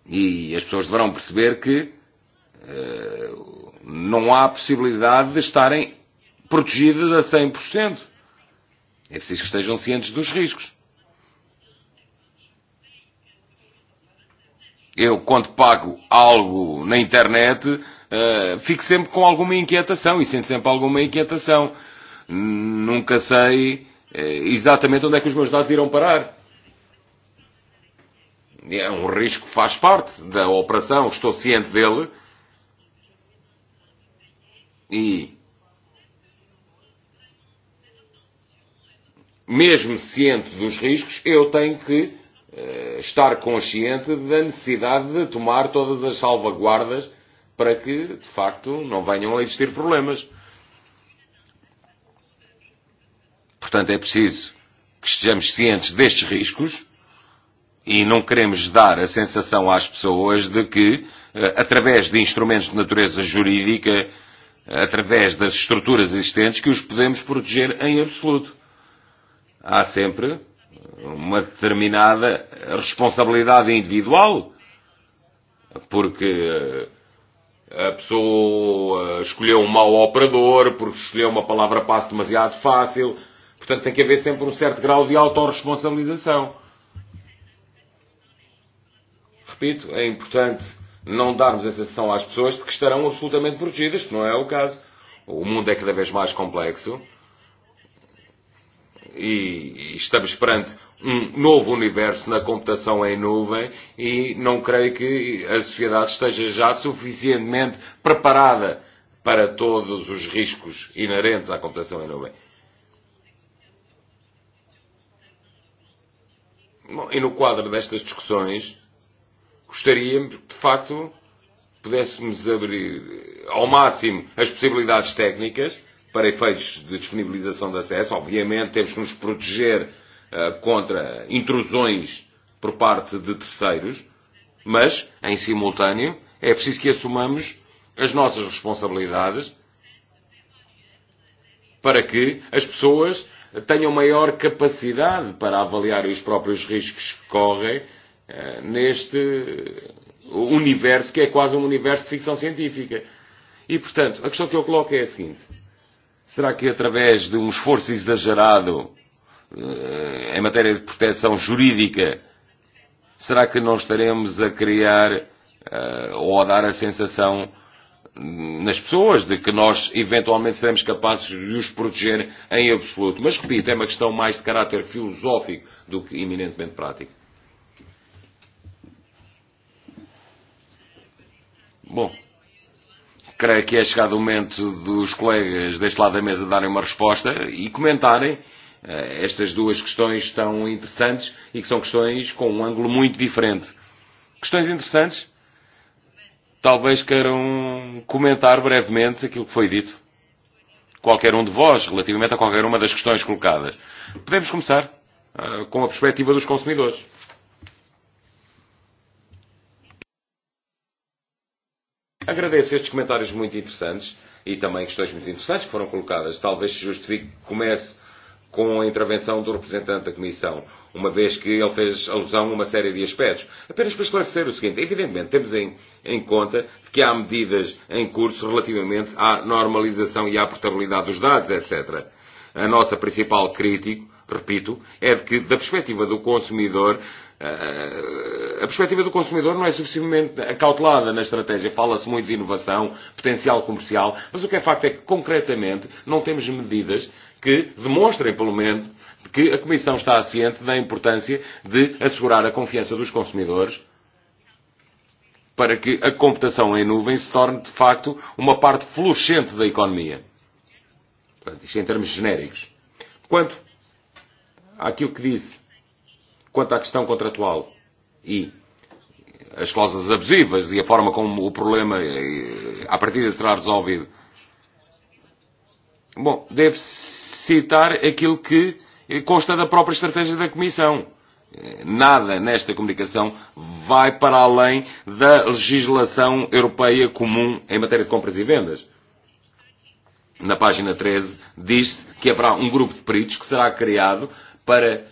S2: E as pessoas deverão perceber que uh, não há possibilidade de estarem protegidas a 100%. É preciso que estejam cientes dos riscos. eu quando pago algo na internet, uh, fico sempre com alguma inquietação e sinto sempre alguma inquietação. Nunca sei uh, exatamente onde é que os meus dados irão parar. É um risco que faz parte da operação, estou ciente dele. E mesmo ciente dos riscos, eu tenho que Eh, estar consciente da necessidade de tomar todas as salvaguardas para que, de facto, não venham a existir problemas. Portanto, é preciso que estejamos cientes destes riscos e não queremos dar a sensação às pessoas de que, eh, através de instrumentos de natureza jurídica, através das estruturas existentes, que os podemos proteger em absoluto. Há sempre uma determinada responsabilidade individual, porque eh, a pessoa eh, escolheu um mau operador, porque escolheu uma palavra passe demasiado fácil. Portanto, tem que haver sempre um certo grau de autorresponsabilização. Repito, é importante não darmos a sensação às pessoas de que estarão absolutamente protegidas, que não é o caso. O mundo é cada vez mais complexo e estamos perante um novo universo na computação em nuvem e não creio que a sociedade esteja já suficientemente preparada para todos os riscos inerentes à computação em nuvem. Bom, e no quadro destas discussões, gostaríamos que, de facto, pudéssemos abrir ao máximo as possibilidades técnicas para efeitos de disponibilização de acesso. Obviamente, temos que nos proteger uh, contra intrusões por parte de terceiros, mas, em simultâneo, é preciso que assumamos as nossas responsabilidades para que as pessoas tenham maior capacidade para avaliar os próprios riscos que correm uh, neste universo que é quase um universo de ficção científica. E, portanto, a questão que eu coloco é a seguinte Será que através de um esforço exagerado eh, em matéria de proteção jurídica, será que não estaremos a criar eh, ou a dar a sensação nas pessoas de que nós eventualmente seremos capazes de os proteger em absoluto? Mas repito, é uma questão mais de caráter filosófico do que eminentemente prático. Bom creio que é chegado o momento dos colegas deste lado da mesa darem uma resposta e comentarem. uh, Estas duas questões tão interessantes e que são questões com um ângulo muito diferente. Questões interessantes? Talvez queiram comentar brevemente aquilo que foi dito. Qualquer um de vós, relativamente a qualquer uma das questões colocadas. Podemos começar uh, com a perspectiva dos consumidores. Agradeço estes comentários muito interessantes e também questões muito interessantes que foram colocadas. Talvez se justifique que comece com a intervenção do representante da Comissão, uma vez que ele fez alusão a uma série de aspectos. Apenas para esclarecer o seguinte, evidentemente temos em, em conta que há medidas em curso relativamente à normalização e à portabilidade dos dados, etc. A nossa principal crítica, repito, é de que, da perspectiva do consumidor, a perspectiva do consumidor não é suficientemente acautelada na estratégia. Fala-se muito de inovação, potencial comercial, mas o que é facto é que, concretamente, não temos medidas que demonstrem, pelo menos, que a Comissão está ciente da importância de assegurar a confiança dos consumidores para que a computação em nuvem se torne, de facto, uma parte florescente da economia. Portanto, isto em termos genéricos. Quanto àquilo que disse Quanto à questão contratual e as cláusulas abusivas e a forma como o problema eh, à partida será resolvido. Bom, deve citar aquilo que eh, consta da própria estratégia da Comissão. Eh, nada nesta comunicação vai para além da legislação europeia comum em matéria de compras e vendas. Na página 13 diz-se que haverá um grupo de peritos que será criado para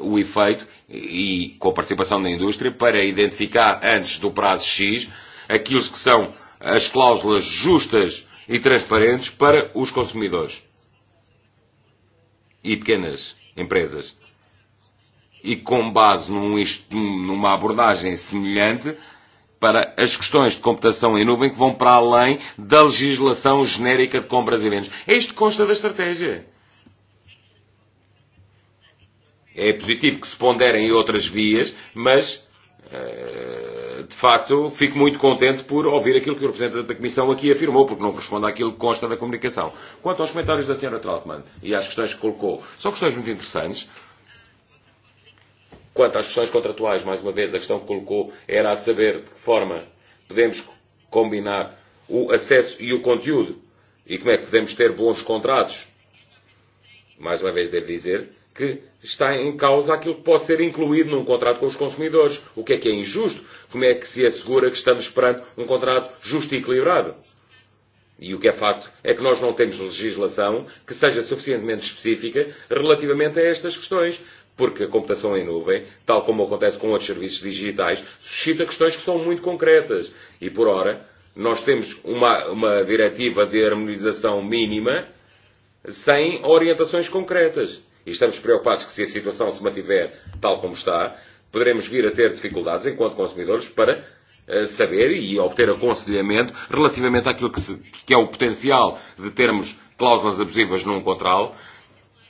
S2: o efeito e com a participação da indústria para identificar antes do prazo X aquilo que são as cláusulas justas e transparentes para os consumidores e pequenas empresas. E com base num, numa abordagem semelhante para as questões de computação em nuvem que vão para além da legislação genérica de compras e vendas. É isto que consta da estratégia. É positivo que se ponderem outras vias, mas, eh, de facto, fico muito contente por ouvir aquilo que o representante da Comissão aqui afirmou, porque não corresponde àquilo que consta da comunicação. Quanto aos comentários da Sra. Trautmann e às questões que colocou, são questões muito interessantes. Quanto às questões contratuais, mais uma vez, a questão que colocou era a saber de que forma podemos combinar o acesso e o conteúdo e como é que podemos ter bons contratos. Mais uma vez, devo dizer que está em causa aquilo que pode ser incluído num contrato com os consumidores. O que é que é injusto? Como é que se assegura que estamos perante um contrato justo e equilibrado? E o que é facto é que nós não temos legislação que seja suficientemente específica relativamente a estas questões, porque a computação em nuvem, tal como acontece com outros serviços digitais, suscita questões que são muito concretas. E por ora, nós temos uma, uma diretiva de harmonização mínima sem orientações concretas e estamos preocupados que se a situação se mantiver tal como está, poderemos vir a ter dificuldades enquanto consumidores para eh, saber e obter aconselhamento relativamente àquilo que, se, que é o potencial de termos cláusulas abusivas num contrato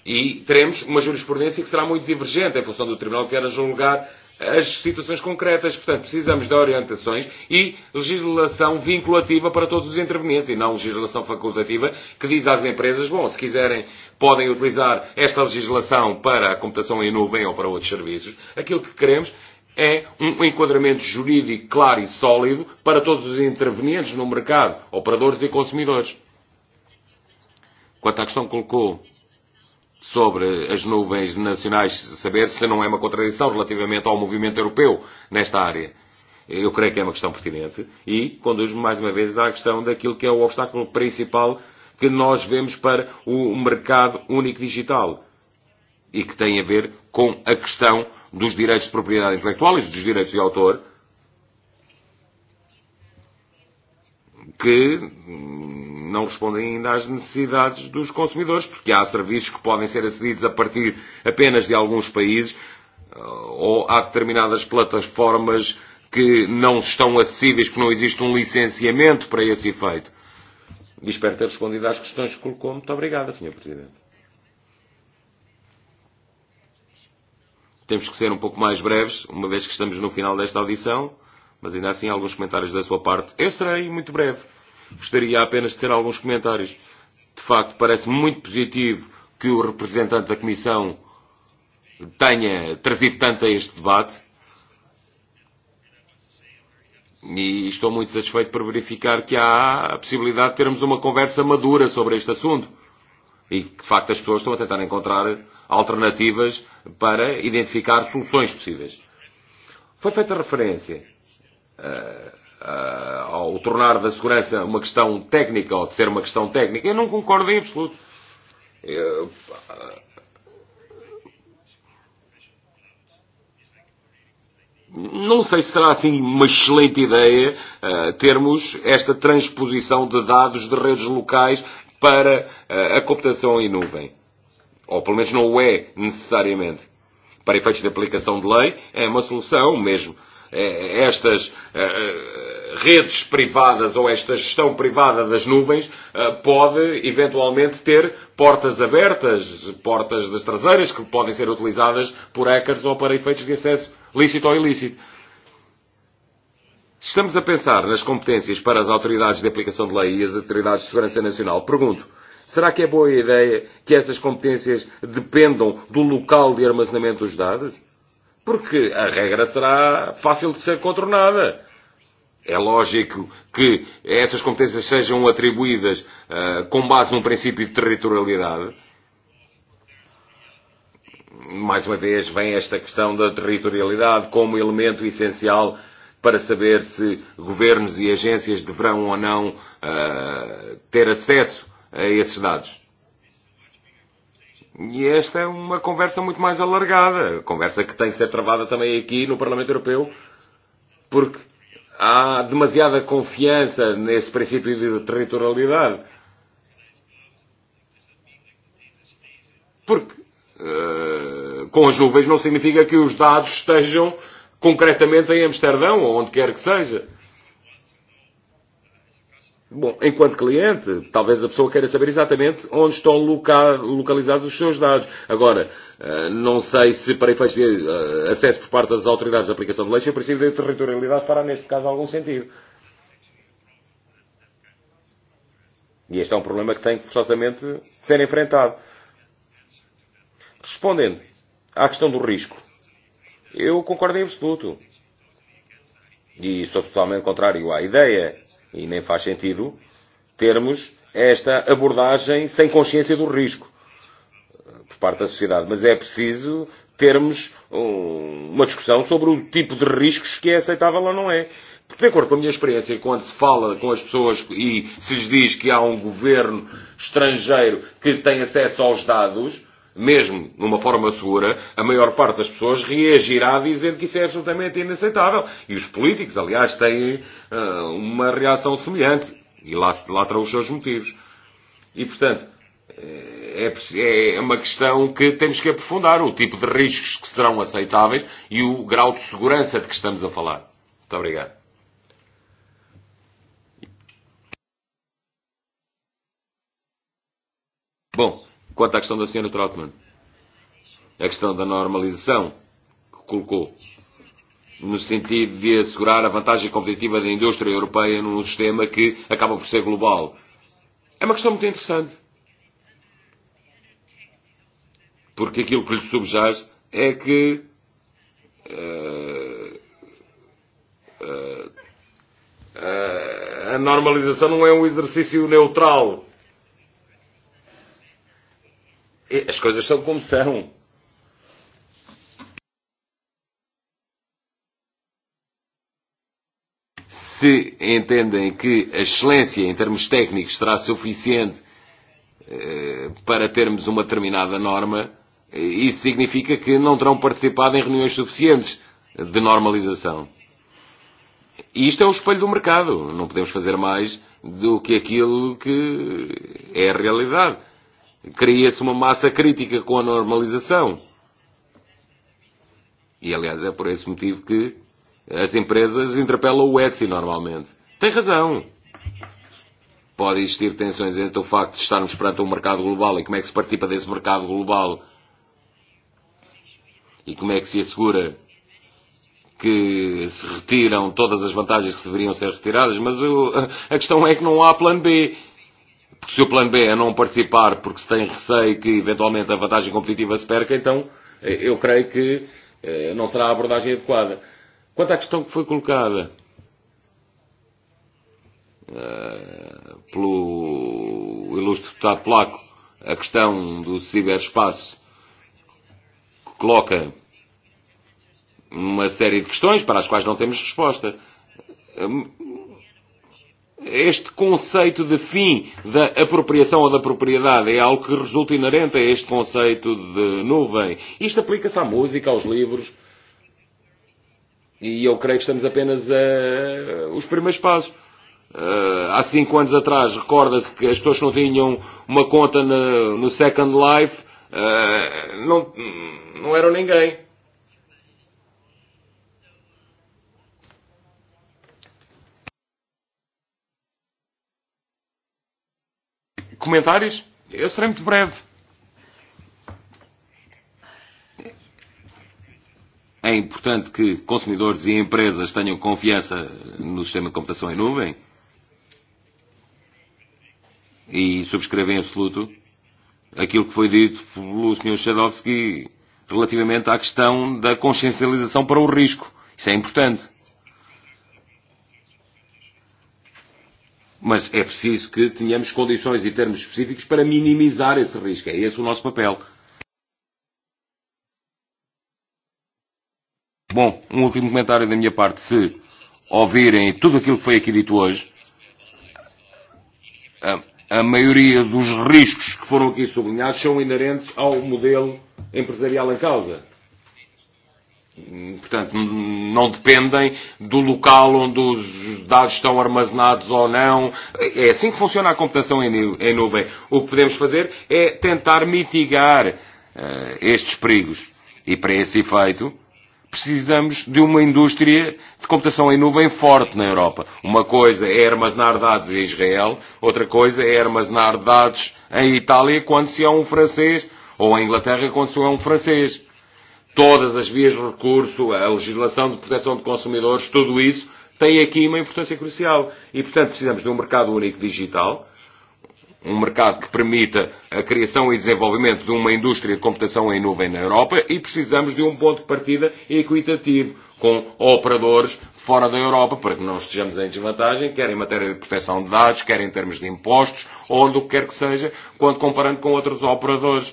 S2: e teremos uma jurisprudência que será muito divergente em função do tribunal que era julgar as situações concretas. Portanto, precisamos de orientações e legislação vinculativa para todos os intervenientes e não legislação facultativa que diz às empresas, bom, se quiserem podem utilizar esta legislação para a computação em nuvem ou para outros serviços. Aquilo que queremos é um enquadramento jurídico claro e sólido para todos os intervenientes no mercado, operadores e consumidores. Quanto à questão que colocou sobre as nuvens nacionais, saber se não é uma contradição relativamente ao movimento europeu nesta área. Eu creio que é uma questão pertinente e conduz-me mais uma vez à questão daquilo que é o obstáculo principal que nós vemos para o mercado único digital e que tem a ver com a questão dos direitos de propriedade intelectual e dos direitos de autor, que não respondem ainda às necessidades dos consumidores, porque há serviços que podem ser acedidos a partir apenas de alguns países, eh, ou há determinadas plataformas que não estão acessíveis, porque não existe um licenciamento para esse efeito. E espero ter respondido às questões que colocou. Muito obrigada, Sr. Presidente. Temos que ser um pouco mais breves, uma vez que estamos no final desta audição mas ainda assim alguns comentários da sua parte. Eu serei muito breve. Gostaria apenas de ter alguns comentários. De facto, parece muito positivo que o representante da Comissão tenha trazido tanto a este debate. E estou muito satisfeito por verificar que há a possibilidade de termos uma conversa madura sobre este assunto. E que, de facto, as pessoas estão a tentar encontrar alternativas para identificar soluções possíveis. Foi feita referência uh, ao tornar da segurança uma questão técnica ou de ser uma questão técnica, eu não concordo em absoluto. Eu, não sei se será assim uma excelente ideia uh, termos esta transposição de dados de redes locais para uh, a computação em nuvem. Ou pelo menos não o é necessariamente. Para efeitos de aplicação de lei, é uma solução mesmo. Uh, estas eh, eh, redes privadas ou esta gestão privada das nuvens eh, pode eventualmente ter portas abertas, portas das traseiras que podem ser utilizadas por hackers ou para efeitos de acesso lícito ou ilícito. Se estamos a pensar nas competências para as autoridades de aplicação de lei e as autoridades de segurança nacional, pergunto, será que é boa ideia que essas competências dependam do local de armazenamento dos dados? porque a regra será fácil de ser contornada. É lógico que essas competências sejam atribuídas uh, com base num princípio de territorialidade. Mais uma vez, vem esta questão da territorialidade como elemento essencial para saber se governos e agências deverão ou não uh, ter acesso a esses dados. E esta é uma conversa muito mais alargada, conversa que tem que ser travada também aqui no Parlamento Europeu, porque há demasiada confiança nesse princípio de territorialidade. Porque uh, com as nuvens não significa que os dados estejam concretamente em Amsterdão ou onde quer que seja. Bom, enquanto cliente, talvez a pessoa queira saber exatamente onde estão localizados os seus dados. Agora, eh, não sei se para efeitos de eh, acesso por parte das autoridades de aplicação de leis, se o princípio da territorialidade fará neste caso algum sentido. E este é um problema que tem que forçosamente ser enfrentado. Respondendo à questão do risco, eu concordo em absoluto. E sou totalmente contrário à ideia e nem faz sentido termos esta abordagem sem consciência do risco eh, por parte da sociedade, mas é preciso termos um, uma discussão sobre o tipo de riscos que é aceitável ou não é. Porque, de acordo com a minha experiência, quando se fala com as pessoas e se lhes diz que há um governo estrangeiro que tem acesso aos dados, mesmo numa forma segura, a maior parte das pessoas reagirá dizendo que isso é absolutamente inaceitável. E os políticos, aliás, têm uh, uma reação semelhante. E lá, lá terão os seus motivos. E, portanto, eh, é, é uma questão que temos que aprofundar. O tipo de riscos que serão aceitáveis e o grau de segurança de que estamos a falar. Muito obrigado. Bom, Quanto à questão da senhora Trotman, a questão da normalização que colocou no sentido de assegurar a vantagem competitiva da indústria europeia num sistema que acaba por ser global. É uma questão muito interessante. Porque aquilo que lhe subjaz é que uh, uh, uh, a normalização não é um exercício neutral. E as coisas são como são. Se entendem que a excelência em termos técnicos será suficiente eh, para termos uma determinada norma, eh, isso significa que não terão participado em reuniões suficientes de normalização. E isto é o espelho do mercado. Não podemos fazer mais do que aquilo que é a realidade cria-se uma massa crítica com a normalização. E, aliás, é por esse motivo que as empresas interpelam o Etsy normalmente. Tem razão. Pode existir tensões entre o facto de estarmos perante um mercado global e como é que se participa desse mercado global e como é que se assegura que se retiram todas as vantagens que deveriam ser retiradas, mas o, a questão é que não há plano B porque o seu plano B é não participar porque se tem receio que eventualmente a vantagem competitiva se perca, então eh, eu creio que eh, não será a abordagem adequada. Quanto à questão que foi colocada eh, pelo ilustre deputado Placo, a questão do ciberespaço que coloca uma série de questões para as quais não temos resposta este conceito de fim da apropriação ou da propriedade é algo que resulta inerente a este conceito de nuvem. Isto aplica-se à música, aos livros. E eu creio que estamos apenas a os primeiros passos. Uh, há cinco anos atrás, recorda-se que as pessoas não tinham uma conta no, no Second Life uh, não, não eram ninguém. Comentários? Eu serei muito breve. É importante que consumidores e empresas tenham confiança no sistema de computação em nuvem e subscrevem em absoluto aquilo que foi dito pelo Sr. Shadowski relativamente à questão da consciencialização para o risco. Isso é importante. mas é preciso que tenhamos condições e termos específicos para minimizar esse risco. É esse o nosso papel. Bom, um último comentário da minha parte. Se ouvirem tudo aquilo que foi aqui dito hoje, a, a maioria dos riscos que foram aqui sublinhados são inerentes ao modelo empresarial em causa portanto, não dependem do local onde os dados estão armazenados ou não. É assim que funciona a computação em nuvem. O que podemos fazer é tentar mitigar uh, estes perigos. E para esse efeito, precisamos de uma indústria de computação em nuvem forte na Europa. Uma coisa é armazenar dados em Israel, outra coisa é armazenar dados em Itália quando se é um francês, ou em Inglaterra quando se é um francês todas as vias de recurso, a legislação de proteção de consumidores, tudo isso tem aqui uma importância crucial. E, portanto, precisamos de um mercado único digital, um mercado que permita a criação e desenvolvimento de uma indústria de computação em nuvem na Europa e precisamos de um ponto de partida equitativo com operadores fora da Europa para que não estejamos em desvantagem, quer em matéria de proteção de dados, quer em termos de impostos, ou onde o que quer que seja, quando comparando com outros operadores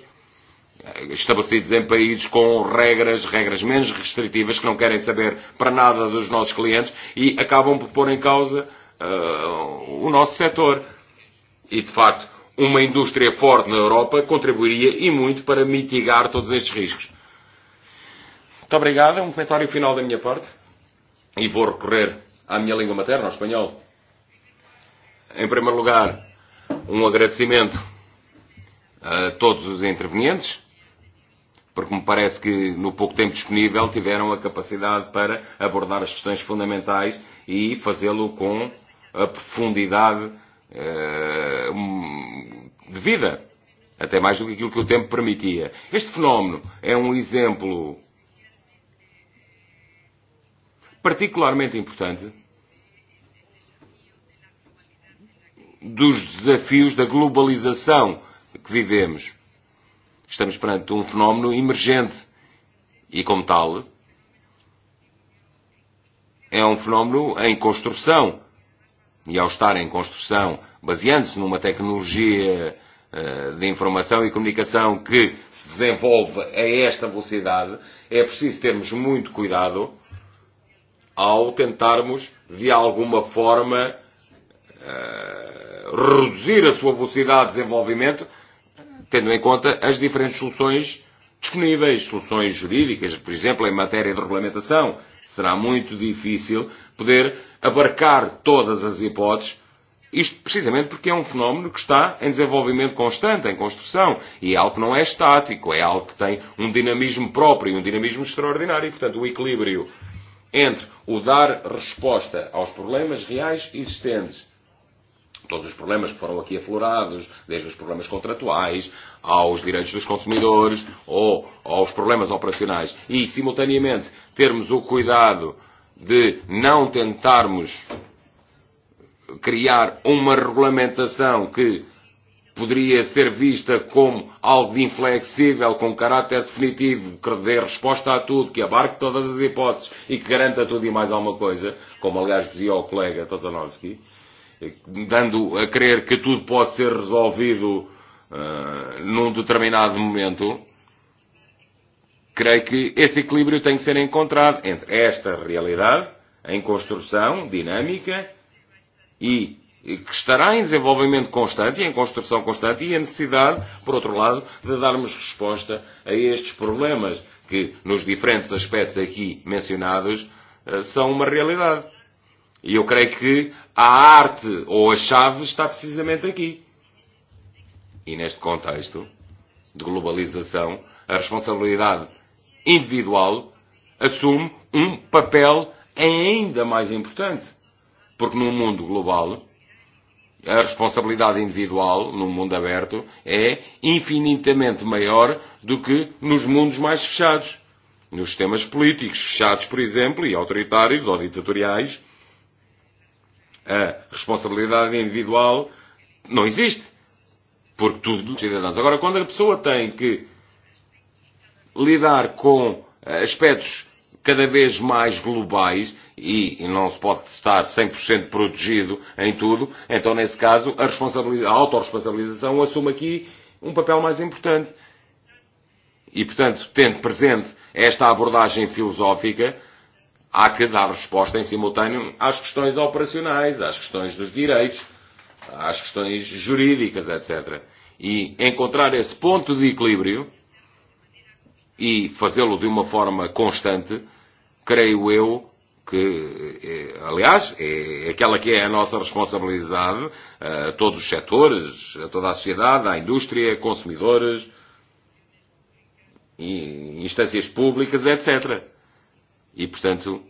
S2: estabelecidos em países com regras, regras menos restritivas, que não querem saber para nada dos nossos clientes e acabam por pôr em causa uh, o nosso setor. E, de facto, uma indústria forte na Europa contribuiria e muito para mitigar todos estes riscos. Muito obrigado. É um comentário final da minha parte. E vou recorrer à minha língua materna, ao espanhol. Em primeiro lugar, um agradecimento a todos os intervenientes porque me parece que no pouco tempo disponível tiveram a capacidade para abordar as questões fundamentais e fazê-lo com a profundidade eh, um, devida, até mais do que aquilo que o tempo permitia. Este fenómeno é um exemplo particularmente importante dos desafios da globalização que vivemos Estamos perante um fenómeno emergente e, como tal, é um fenómeno em construção. E ao estar em construção, baseando-se numa tecnologia eh, de informação e comunicação que se desenvolve a esta velocidade, é preciso termos muito cuidado ao tentarmos, de alguma forma, uh, reduzir a sua velocidade de desenvolvimento tendo em conta as diferentes soluções disponíveis, soluções jurídicas, por exemplo, em matéria de regulamentação. Será muito difícil poder abarcar todas as hipóteses, isto precisamente porque é um fenómeno que está em desenvolvimento constante, em construção, e é algo que não é estático, é algo que tem um dinamismo próprio, e um dinamismo extraordinário, e, portanto, o equilíbrio entre o dar resposta aos problemas reais existentes todos os problemas que foram aqui aflorados, desde os problemas contratuais, aos direitos dos consumidores ou aos problemas operacionais. E, simultaneamente, termos o cuidado de não tentarmos criar uma regulamentação que poderia ser vista como algo de inflexível, com caráter definitivo, que dê resposta a tudo, que abarque todas as hipóteses e que garanta tudo e mais alguma coisa, como aliás dizia o colega Tosanowski, uh, dando a crer que tudo pode ser resolvido uh, num determinado momento, creio que esse equilíbrio tem que ser encontrado entre esta realidade em construção dinâmica e, e que estará em desenvolvimento constante e em construção constante e a necessidade, por outro lado, de darmos resposta a estes problemas que, nos diferentes aspectos aqui mencionados, eh, são uma realidade. E eu creio que a arte ou a chave está precisamente aqui. E neste contexto de globalização, a responsabilidade individual assume um papel ainda mais importante. Porque num mundo global, a responsabilidade individual, num mundo aberto, é infinitamente maior do que nos mundos mais fechados. Nos sistemas políticos fechados, por exemplo, e autoritários ou ditatoriais, a responsabilidade individual não existe. Porque tudo dos cidadãos. Agora, quando a pessoa tem que lidar com eh, aspectos cada vez mais globais e, e não se pode estar 100% protegido em tudo, então, nesse caso, a, responsabilidade, a autorresponsabilização assume aqui um papel mais importante. E, portanto, tendo presente esta abordagem filosófica, há que dar resposta em simultâneo às questões operacionais, às questões dos direitos, às questões jurídicas, etc. E encontrar esse ponto de equilíbrio e fazê-lo de uma forma constante, creio eu que, eh, aliás, é aquela que é a nossa responsabilidade eh, a todos os setores, a toda a sociedade, à indústria, consumidores, e instâncias públicas, etc. E, portanto,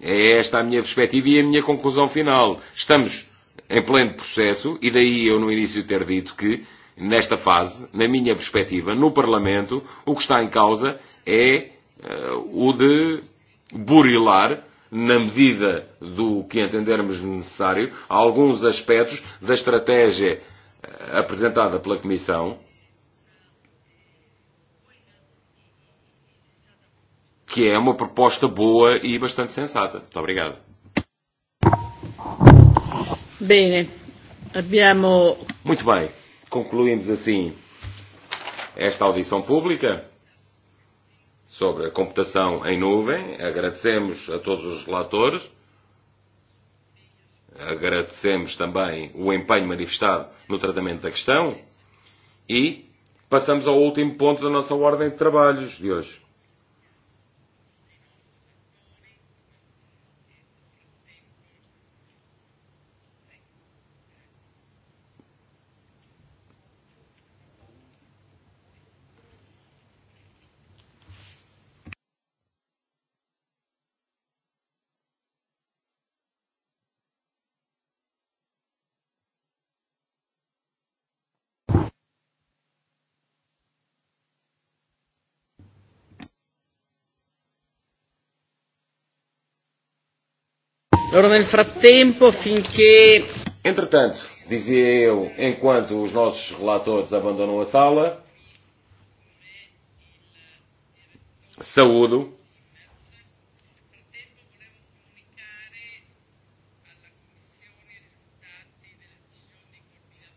S2: é esta a minha perspectiva e a minha conclusão final. Estamos em pleno processo e daí eu no início ter dito que, nesta fase, na minha perspectiva, no Parlamento, o que está em causa é uh, o de burilar na medida do que entendermos necessário, alguns aspectos da estratégia eh, apresentada pela Comissão que é uma proposta boa e bastante sensata. Muito obrigado.
S1: Bene. Abbiamo...
S2: Muito bem. Concluímos assim esta audição pública sobre a computação em nuvem. Agradecemos a todos os relatores. Agradecemos também o empenho manifestado no tratamento da questão. E passamos ao último ponto da nossa ordem de trabalhos de hoje. Ora, nel frattempo, finché. Entretanto, dizia eu, enquanto os nossos relatores abandonam a sala, saúdo.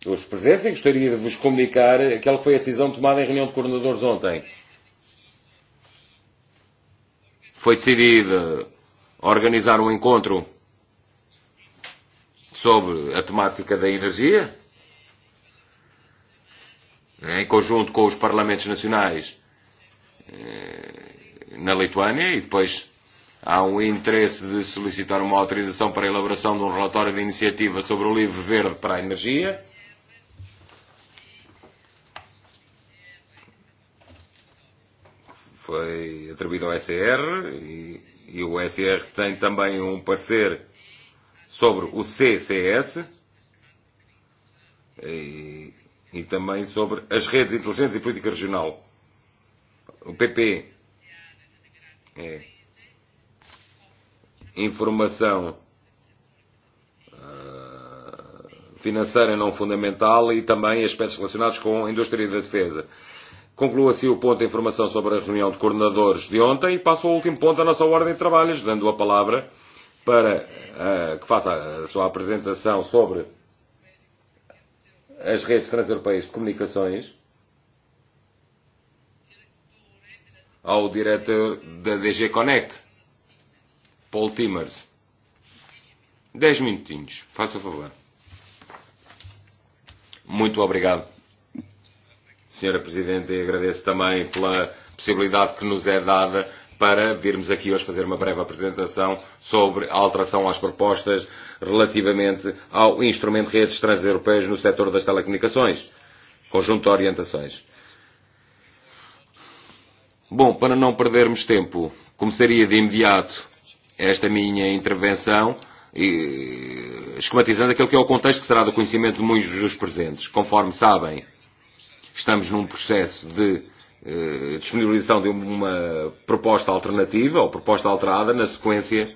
S2: Os presentes e gostaria de vos comunicar aquela que foi a decisão tomada em reunião de coordenadores ontem. Foi decidido organizar um encontro sobre a temática da energia, em conjunto com os parlamentos nacionais eh, na Lituânia, e depois há um interesse de solicitar uma autorização para a elaboração de um relatório de iniciativa sobre o livro verde para a energia. Foi atribuído ao SR e, e, e o SR e tem também um parecer sobre o CCS e, e também sobre as redes inteligentes e política regional. O PP é informação ah, financeira não fundamental e também aspectos relacionados com a indústria e da defesa. Concluo assim o ponto de informação sobre a reunião de coordenadores de ontem e passo ao último ponto da nossa ordem de trabalhos, dando a palavra para uh, eh, que faça a sua apresentação sobre as redes transeuropeias de comunicações ao diretor da DG Connect, Paul Timmers. Dez minutinhos, faça favor. Muito obrigado, Senhora Presidente, e agradeço também pela possibilidade que nos é dada para virmos aqui hoje fazer uma breve apresentação sobre a alteração às propostas relativamente ao instrumento de redes transeuropeias no setor das telecomunicações. Conjunto de orientações. Bom, para não perdermos tempo, começaria de imediato esta minha intervenção e, esquematizando aquilo que é o contexto que será do conhecimento de muitos dos presentes. Conforme sabem, estamos num processo de Eh, disponibilização de uma proposta alternativa ou proposta alterada na sequência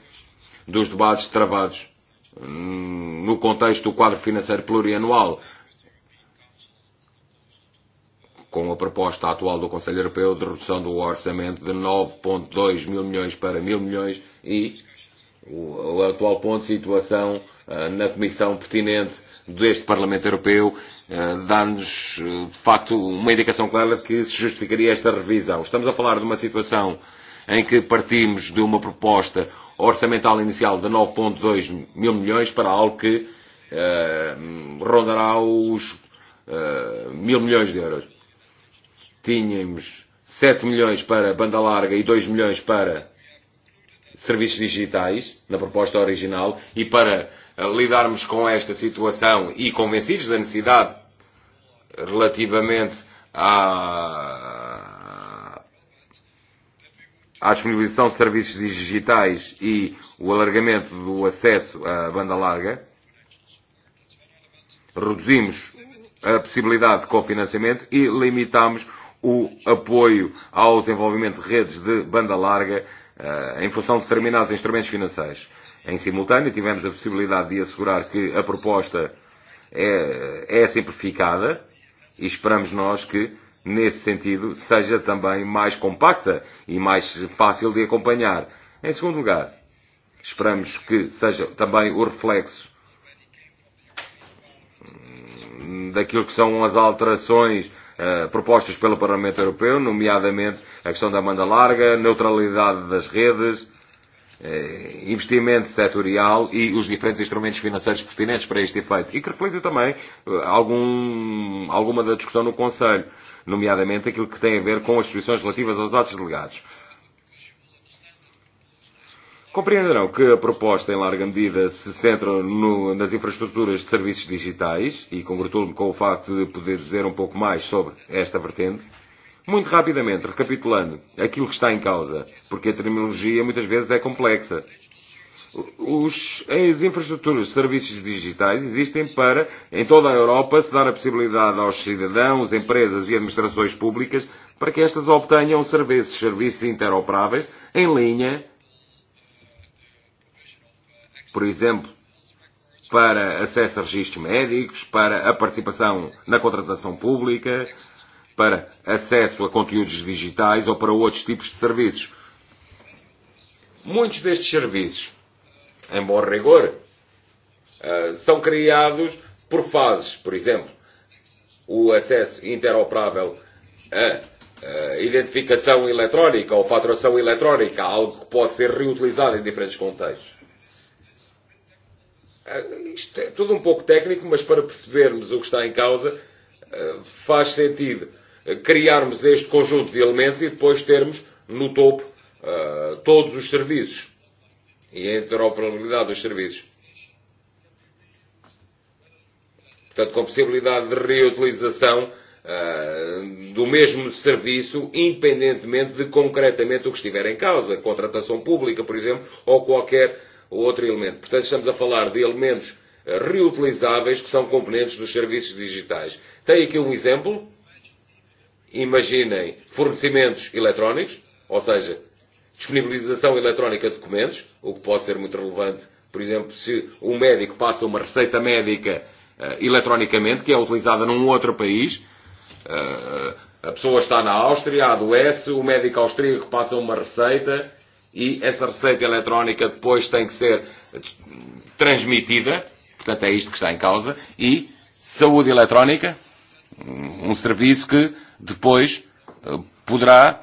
S2: dos debates travados no contexto do quadro financeiro plurianual, com a proposta atual do Conselho Europeu de redução do orçamento de 9,2 mil milhões para mil milhões e o atual ponto de situação eh, na comissão pertinente deste Parlamento Europeu eh, dá-nos, eh, de facto, uma indicação clara de que se justificaria esta revisão. Estamos a falar de uma situação em que partimos de uma proposta orçamental inicial de 9,2 mil milhões para algo que eh, rondará os eh, mil milhões de euros. Tínhamos 7 milhões para banda larga e 2 milhões para serviços digitais, na proposta original, e para Eh, lidarmos com esta situação e convencidos da necessidade relativamente à, à disponibilização de serviços digitais e o alargamento do acesso à banda larga, reduzimos a possibilidade de cofinanciamento e limitamos o apoio ao desenvolvimento de redes de banda larga uh, em função de determinados instrumentos financeiros. Em simultâneo, tivemos a possibilidade de assegurar que a proposta é, é simplificada e esperamos nós que, nesse sentido, seja também mais compacta e mais fácil de acompanhar. Em segundo lugar, esperamos que seja também o reflexo daquilo que são as alterações Eh, propostas pelo Parlamento Europeu, nomeadamente a questão da banda larga, neutralidade das redes, eh, investimento setorial e os diferentes instrumentos financeiros pertinentes para este efeito. E que refletiu também eh, algum, alguma da discussão no Conselho, nomeadamente aquilo que tem a ver com as instituições relativas aos atos delegados. Compreenderão que a proposta, em larga medida, se centra no, nas infraestruturas de serviços digitais, e congratulo-me com o facto de poder dizer um pouco mais sobre esta vertente. Muito rapidamente, recapitulando aquilo que está em causa, porque a terminologia muitas vezes é complexa. Os, as infraestruturas de serviços digitais existem para, em toda a Europa, se dar a possibilidade aos cidadãos, empresas e administrações públicas para que estas obtenham serviços, serviços interoperáveis em linha por exemplo, para acesso a registros médicos, para a participação na contratação pública, para acesso a conteúdos digitais ou para outros tipos de serviços. Muitos destes serviços, em bom rigor, eh, são criados por fases. Por exemplo, o acesso interoperável a eh, identificação eletrónica ou faturação eletrónica, algo que pode ser reutilizado em diferentes contextos Isto é tudo um pouco técnico, mas para percebermos o que está em causa, faz sentido criarmos este conjunto de elementos e depois termos no topo todos os serviços e a interoperabilidade dos serviços. Portanto, com a possibilidade de reutilização uh, do mesmo serviço, independentemente de concretamente o que estiver em causa, contratação pública, por exemplo, ou qualquer ou outro elemento. Portanto, estamos a falar de elementos reutilizáveis que são componentes dos serviços digitais. Tem aqui um exemplo. Imaginem fornecimentos eletrónicos, ou seja, disponibilização eletrónica de documentos, o que pode ser muito relevante, por exemplo, se um médico passa uma receita médica uh, eletronicamente, que é utilizada num outro país, uh, a pessoa está na Áustria, adoece, o médico austríaco passa uma receita Mm, e essa receita eletrónica depois tem que ser transmitida, portanto é isto que está em causa, e saúde eletrónica, um serviço que depois poderá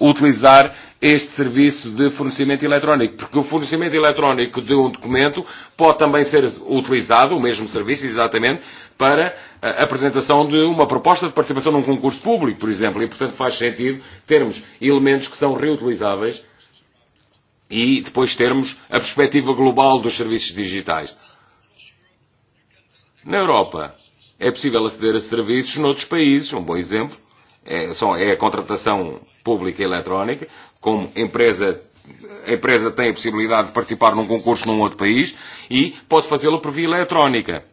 S2: uh, utilizar este serviço de fornecimento eletrónico, porque o fornecimento eletrónico de um documento pode também ser utilizado, o mesmo serviço exatamente, para a apresentação de uma proposta de participação num concurso público, por exemplo, e portanto faz sentido termos elementos que são reutilizáveis e depois termos a perspectiva global dos serviços digitais. Na Europa, é possível aceder a serviços noutros países. Um bom exemplo é, só é a contratação pública e eletrónica, como empresa a empresa tem a possibilidade de participar num concurso num outro país e pode fazê-lo por via eletrónica.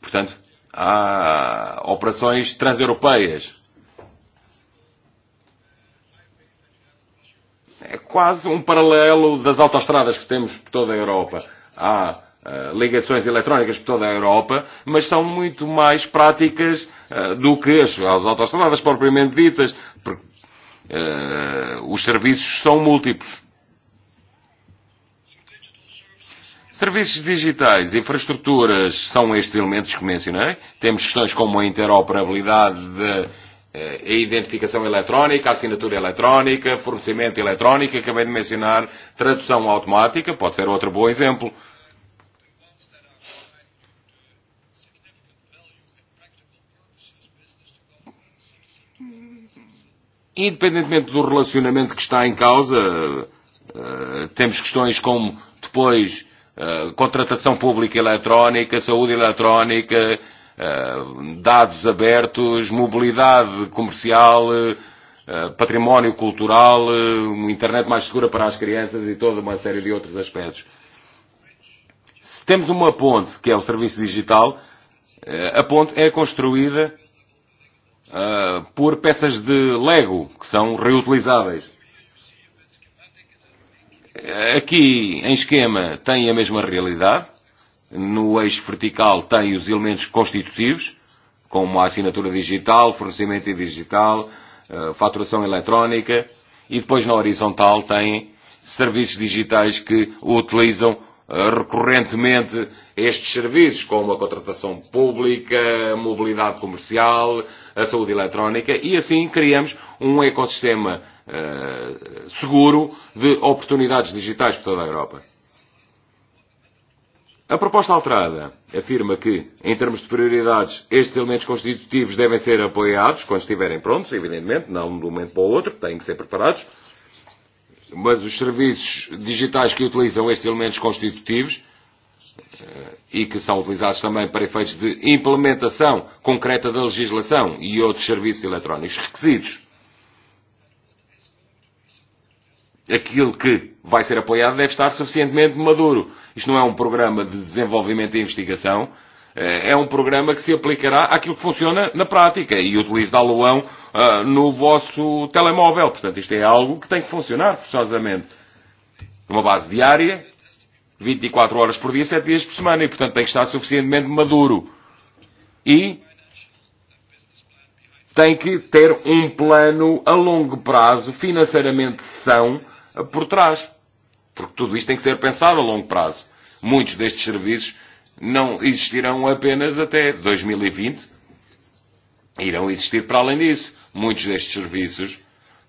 S2: Portanto, há operações transeuropeias é quase um paralelo das autoestradas que temos por toda a Europa. Há uh, ligações eletrónicas por toda a Europa, mas são muito mais práticas uh, do que as, as autoestradas propriamente ditas, porque uh, os serviços são múltiplos. Serviços digitais, infraestruturas, são estes elementos que mencionei. Temos questões como a interoperabilidade de uh, e identificação eletrónica, assinatura eletrónica, fornecimento eletrónico, acabei de mencionar, tradução automática, pode ser outro bom exemplo. Independentemente do relacionamento que está em causa, eh, temos questões como depois eh, contratação pública eletrónica, saúde eletrónica, Eh, dados abertos, mobilidade comercial, eh, património cultural, eh, uma internet mais segura para as crianças e toda uma série de outros aspectos. Se temos uma ponte, que é o um serviço digital, a ponte é construída por peças de Lego, que são reutilizáveis. Aqui, em esquema, tem a mesma realidade no eixo vertical tem os elementos constitutivos, como a assinatura digital, fornecimento digital, eh, faturação eletrónica, e depois na horizontal tem serviços digitais que utilizam eh, recorrentemente estes serviços, como a contratação pública, a mobilidade comercial, a saúde eletrónica, e assim criamos um ecossistema uh, seguro de oportunidades digitais para toda a Europa. A proposta alterada afirma que, em termos de prioridades, estes elementos constitutivos devem ser apoiados quando estiverem prontos, evidentemente, não de um momento para o outro, têm que ser preparados, mas os serviços digitais que utilizam estes elementos constitutivos eh, e que são utilizados também para efeitos de implementação concreta da legislação e outros serviços eletrónicos requisitos aquilo que vai ser apoiado deve estar suficientemente maduro. Isto não é um programa de desenvolvimento e investigação, eh, é um programa que se aplicará àquilo que funciona na prática e utiliza aluão uh, eh, no vosso telemóvel. Portanto, isto é algo que tem que funcionar forçosamente. Uma base diária, 24 e horas por dia, 7 dias por semana, e portanto tem que estar suficientemente maduro. E tem que ter um plano a longo prazo, financeiramente são, por trás. Porque tudo isto tem que ser pensado a longo prazo. Muitos destes serviços não existirão apenas até 2020, e irão existir para além disso. Muitos destes serviços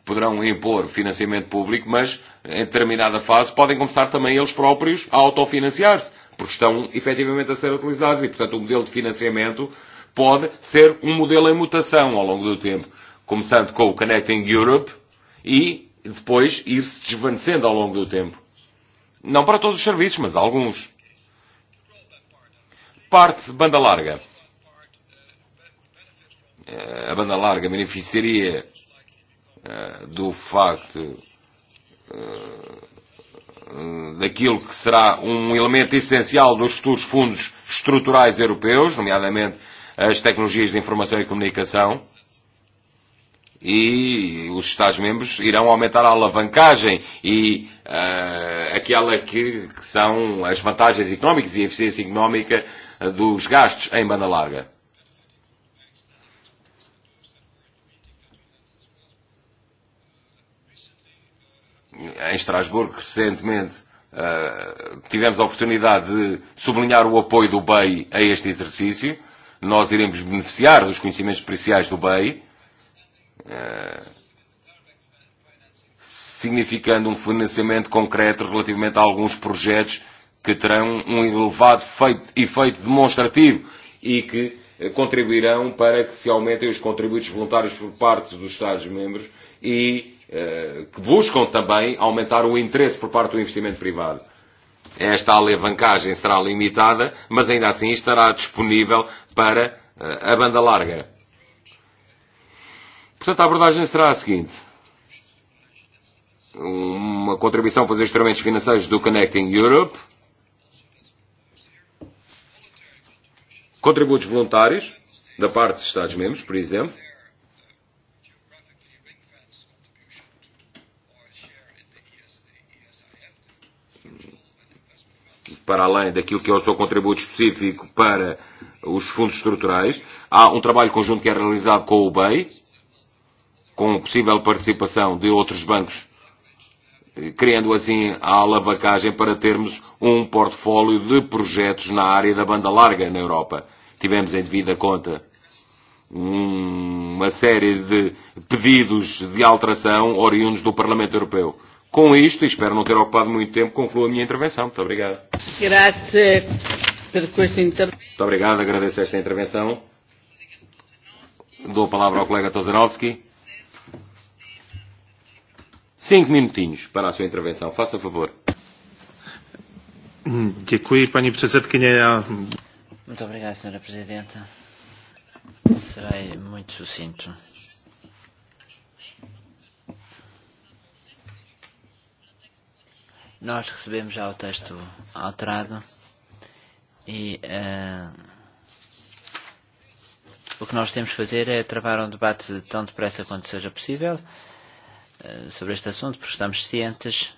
S2: poderão impor financiamento público, mas em determinada fase podem começar também eles próprios a autofinanciar-se, porque estão efetivamente a ser utilizados e, portanto, o modelo de financiamento pode ser um modelo em mutação ao longo do tempo, começando com o Connecting Europe e depois ir-se desvanecendo ao longo do tempo. Não para todos os serviços, mas alguns. Parte banda larga. Eh, a banda larga beneficiaria eh, do facto eh, daquilo que será um elemento essencial dos futuros fundos estruturais europeus, nomeadamente as tecnologias de informação e comunicação e os Estados-membros irão aumentar a alavancagem e uh, aquela que, que são as vantagens económicas e a eficiência económica eh, dos gastos em banda larga. Em Estrasburgo, recentemente, uh, tivemos a oportunidade de sublinhar o apoio do BEI a este exercício. Nós iremos beneficiar dos conhecimentos periciais do BEI Uh, significando um financiamento concreto relativamente a alguns projetos que terão um elevado feito, efeito demonstrativo e que eh, contribuirão para que se aumentem os contributos voluntários por parte dos Estados-membros e eh, que buscam também aumentar o interesse por parte do investimento privado. Esta alavancagem será limitada, mas ainda assim estará disponível para eh, a banda larga. Portanto, a abordagem será a seguinte. Uma contribuição para os instrumentos financeiros do Connecting Europe. Contributos voluntários da parte dos Estados-membros, por exemplo. para além daquilo que é o seu contributo específico para os fundos estruturais. Há um trabalho conjunto que é realizado com o BEI, com um possível participação de outros bancos, criando assim a alavancagem para termos um portfólio de projetos na área da banda larga na Europa. Tivemos em devida conta uma série de pedidos de alteração oriundos do Parlamento Europeu. Com isto, e espero não ter ocupado muito tempo, concluo a minha intervenção. Muito obrigado.
S1: Grazie per questo intervento.
S2: Muito obrigado, agradeço esta intervenção. Dou a palavra ao colega Tozanowski. Cinco minutinhos para a sua intervenção. Faça favor. Děkuji, paní předsedkyně. Já... Muito obrigado, senhora
S3: presidenta. Serei muito sucinto. Nós recebemos já o texto alterado e uh, o que nós temos de fazer é travar um debate tão depressa quanto seja possível. Uh, Eh, sobre este assunto, porque estamos cientes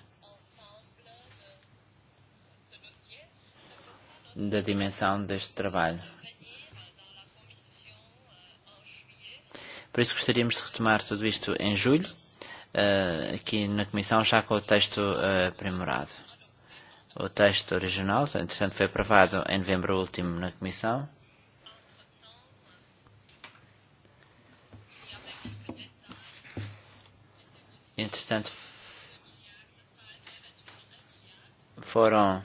S3: da dimensão deste trabalho. Por isso gostaríamos de retomar tudo isto em julho, eh, aqui na Comissão, já com o texto eh, aprimorado. O texto original, entretanto, foi aprovado em novembro último na Comissão Entretanto, foram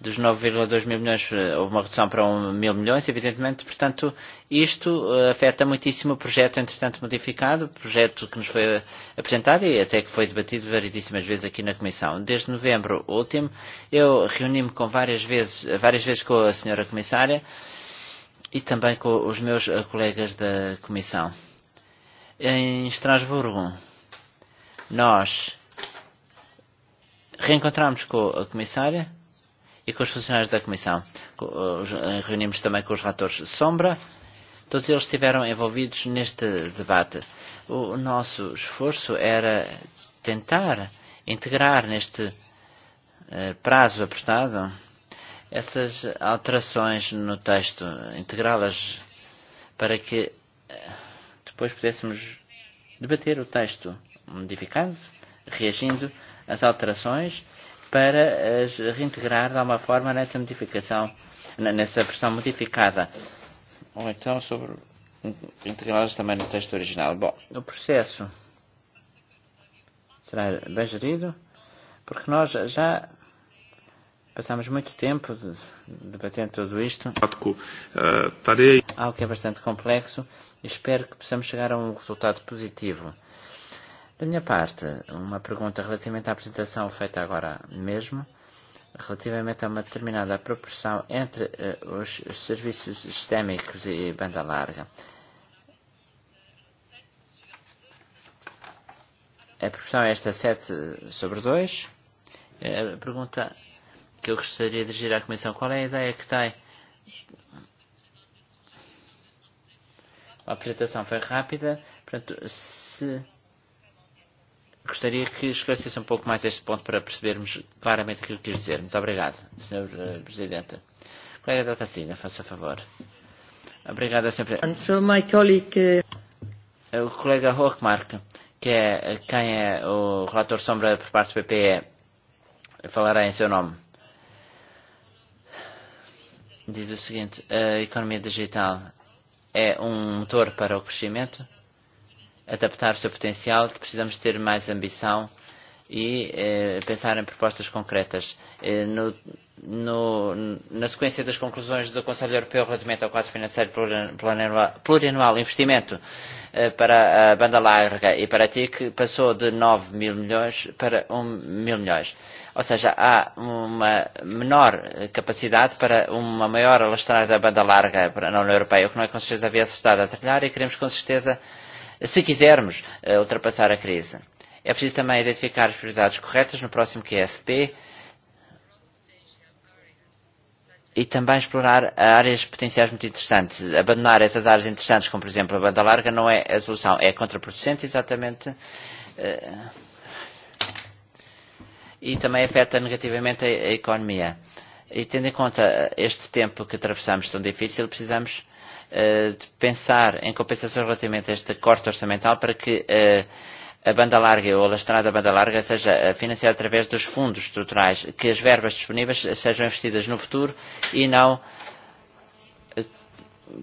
S3: dos 9,2 mil milhões, eh, houve uma redução para 1 um mil milhões, evidentemente, portanto, isto eh, afeta muitíssimo o projeto, entretanto, modificado, o projeto que nos foi eh, apresentado e até que foi debatido variedíssimas vezes aqui na Comissão. Desde novembro último, eu reuni-me com várias vezes, várias vezes com a senhora Comissária e também com os meus colegas da Comissão. Em Estrasburgo, Nós reencontramos com a comissária e com os funcionários da comissão. Eh, eh, reunimos também com os relatores de Sombra. Todos eles estiveram envolvidos neste debate. O nosso esforço era tentar integrar neste eh, prazo apertado essas alterações no texto, integrá-las para que depois pudéssemos debater o texto modificando, reagindo às alterações para as reintegrar de alguma forma nessa modificação, nessa versão modificada. Ou então sobre integrá-las também no texto original. Bom, o processo será bem gerido, porque nós já passamos muito tempo debatendo de tudo isto. Eh, Algo que é bastante complexo e espero que possamos chegar a um resultado positivo. Da minha parte, uma pergunta relativamente à apresentação feita agora mesmo, relativamente a uma determinada proporção entre uh, os serviços sistémicos e banda larga. A proporção é esta 7 sobre 2. Eh, a pergunta que eu gostaria de dirigir à Comissão, qual é a ideia que tem? A apresentação foi rápida, portanto, se Gostaria que esclarecesse um pouco mais este ponto para percebermos claramente aquilo que quis dizer. Muito obrigado, Sr. Eh, presidente. Colega da Tassina, faça favor. Obrigado, Sr. Presidente. And my
S1: colleague... Eh,
S3: eh, o colega Hochmark, que é quem é o relator sombra por parte do PPE, falará em seu nome. Diz o seguinte, a economia digital é um motor para o crescimento adaptar o seu potencial, precisamos ter mais ambição e eh, pensar em propostas concretas. Eh, no, no, na sequência das conclusões do Conselho Europeu relativamente ao quadro financeiro plurianual, plurianual investimento eh, para a banda larga e para a TIC passou de 9 mil milhões para 1 um mil milhões. Ou seja, há uma menor capacidade para uma maior alastrar da banda larga na União Europeia, o que não é com certeza havia estado a trilhar e queremos com certeza eh, se quisermos uh, ultrapassar a crise. É preciso também identificar as prioridades corretas no próximo QFP e também explorar áreas potenciais muito interessantes. Abandonar essas áreas interessantes, como por exemplo a banda larga, não é a solução, é contraproducente exatamente. Eh, e também afeta negativamente a economia. E tendo em conta este tempo que atravessamos tão difícil, precisamos uh, de eh, pensar em compensação relativamente a este corte orçamental para que eh, a banda larga ou a lastrada banda larga seja eh, financiada através dos fundos estruturais, que as verbas disponíveis sejam investidas no futuro e não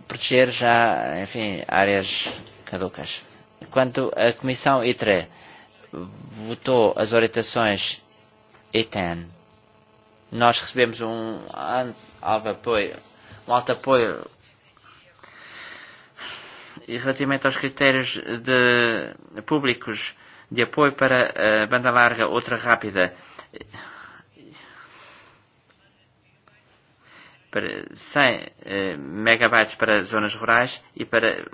S3: proteger já, enfim, áreas caducas. Quanto à Comissão ITRE votou as orientações ETEN, nós recebemos um alto apoio, um alto apoio relativamente aos critérios de, públicos de apoio para a banda larga outra rápida, para 100 eh, megabytes para zonas rurais e para